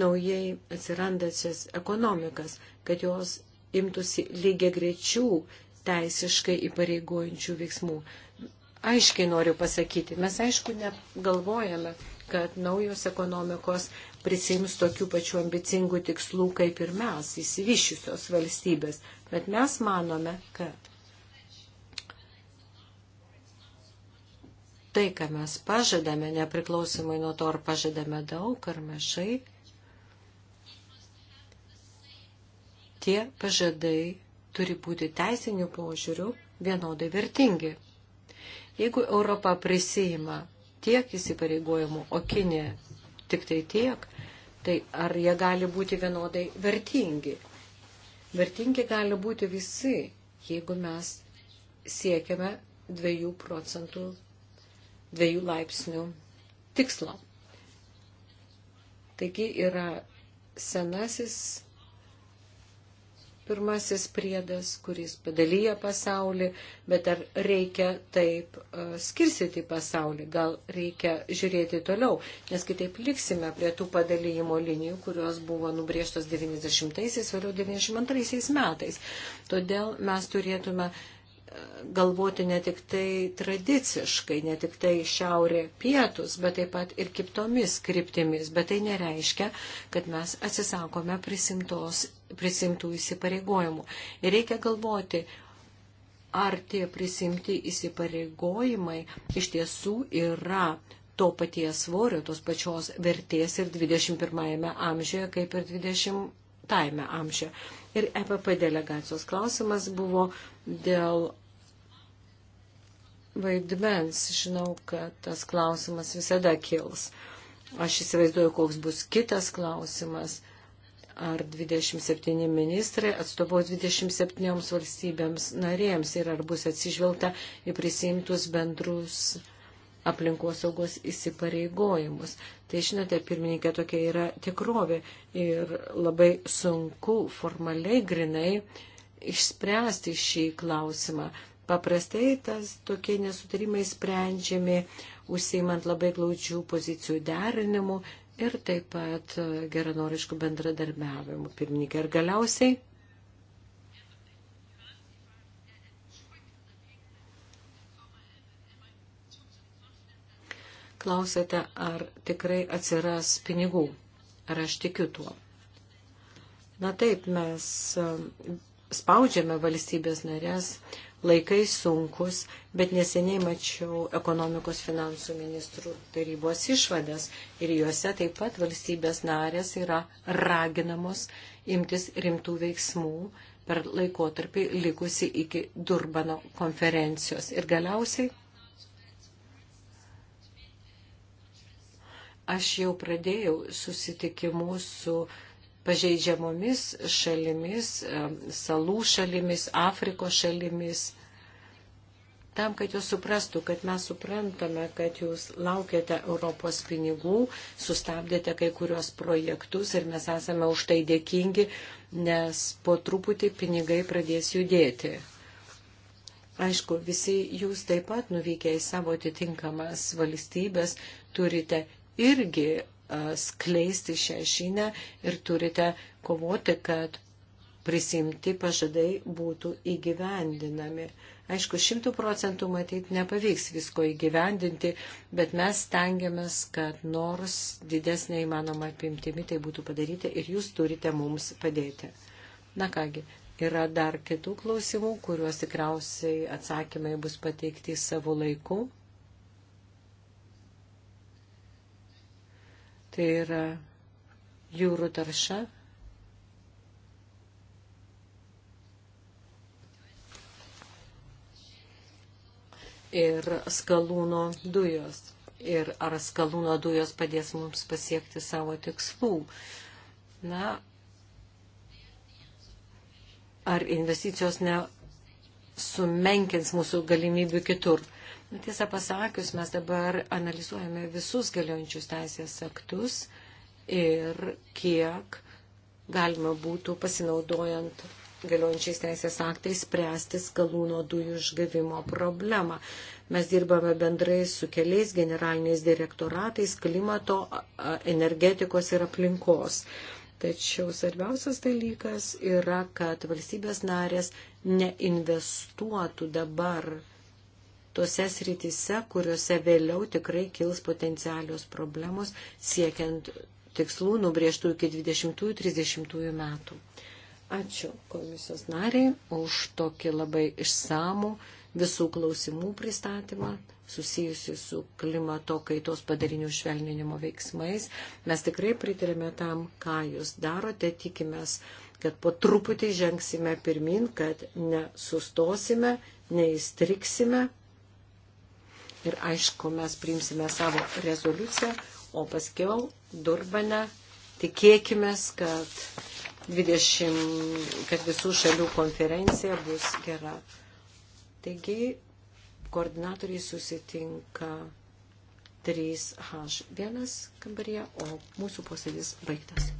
naujai atsirandačias ekonomikas, kad jos imtųsi lygiai grečių teisiškai įpareigojančių veiksmų. Aiškiai noriu pasakyti, mes aišku negalvojame, kad naujos ekonomikos prisims tokių pačių ambicingų tikslų kaip ir mes, įsivyšiusios valstybės, bet mes manome, kad tai, ką mes pažadame, nepriklausomai nuo to, ar pažadame daug ar mažai, tie pažadai turi būti teisinių požiūrių vienodai vertingi. Jeigu Europa prisima tiek įsipareigojimų, o Kinė tik tai tiek, tai ar jie gali būti vienodai vertingi? Vertingi gali būti visi, jeigu mes siekiame 2 procentų dviejų laipsnių tikslo. Taigi yra senasis pirmasis priedas, kuris padalyja pasaulį, bet ar reikia taip uh, e, skirsyti pasaulį, gal reikia žiūrėti toliau, nes kitaip liksime prie tų padalyjimo linijų, kurios buvo nubrėžtos 90-aisiais, vėliau 92-aisiais metais. Todėl mes turėtume uh, galvoti ne tik tai tradiciškai, ne tik tai šiaurė pietus, bet taip pat ir kitomis kryptimis. Bet tai nereiškia, kad mes atsisakome prisimtų įsipareigojimų. Ir reikia galvoti, ar tie prisimti įsipareigojimai iš tiesų yra to paties svorio, tos pačios vertės ir 21 amžiuje, kaip ir 20 taime amžiuje. Ir EPP delegacijos klausimas buvo dėl vaidmens. Žinau, kad tas klausimas visada kils. Aš įsivaizduoju, koks bus kitas klausimas. Ar 27 ministrai atstovaus 27 valstybėms narėms ir ar bus atsižvelgta į prisimtus bendrus aplinkosaugos įsipareigojimus. Tai žinote, pirmininkė tokia yra tikrovė ir labai sunku formaliai grinai išspręsti šį klausimą, Paprastai tas tokie nesutarimai sprendžiami, užsiimant labai glaudžių pozicijų derinimu ir taip pat e, geranoriškų bendradarbiavimų pirmininkė. Ir galiausiai klausėte, ar tikrai atsiras pinigų, ar aš tikiu tuo. Na taip, mes e, spaudžiame valstybės narės laikai sunkus, bet neseniai mačiau ekonomikos finansų ministrų tarybos išvadas ir juose taip pat valstybės narės yra raginamos imtis rimtų veiksmų per laikotarpį likusi iki Durbano konferencijos. Ir galiausiai aš jau pradėjau susitikimus su pažeidžiamomis šalimis, salų šalimis, Afrikos šalimis, tam, kad jūs suprastų, kad mes suprantame, kad jūs laukiate Europos pinigų, sustabdėte kai kurios projektus ir mes esame už tai dėkingi, nes po truputį pinigai pradės judėti. Aišku, visi jūs taip pat nuvykę į savo atitinkamas valstybės turite irgi skleisti šią žinę ir turite kovoti, kad prisimti pažadai būtų įgyvendinami. Aišku, šimtų procentų matyti nepavyks visko įgyvendinti, bet mes stengiamės, kad nors didesnė įmanoma apimtimi tai būtų padaryti ir jūs turite mums padėti. Na kągi, yra dar kitų klausimų, kuriuos tikriausiai atsakymai bus pateikti savo laiku. Tai yra jūrų tarša. Ir skalūno dujos. Ir ar skalūno dujos padės mums pasiekti savo tikslų. Na, ar investicijos nesumenkins mūsų galimybių kitur. Tiesą pasakius, mes dabar analizuojame visus galiojančius teisės aktus ir kiek galima būtų pasinaudojant galiojančiais teisės aktais spręsti skalūno dujų išgavimo problemą. Mes dirbame bendrai su keliais generaliniais direktoratais klimato, energetikos ir aplinkos. Tačiau svarbiausias dalykas yra, kad valstybės narės neinvestuotų dabar tose srityse, kuriuose vėliau tikrai kils potencialios problemos siekiant tikslų nubrieštų iki 20-30 metų. Ačiū komisijos nariai už tokį labai išsamų visų klausimų pristatymą susijusi su klimato kaitos padarinių švelninimo veiksmais. Mes tikrai pritarėme tam, ką jūs darote, tikimės, kad po truputį žengsime pirmin, kad nesustosime, neįstriksime Ir aišku, mes priimsime savo rezoliuciją, o paskiau Durbane tikėkime, kad, 20, kad visų šalių konferencija bus gera. Taigi, koordinatoriai susitinka 3H1 kambaryje, o mūsų posėdis baigtas.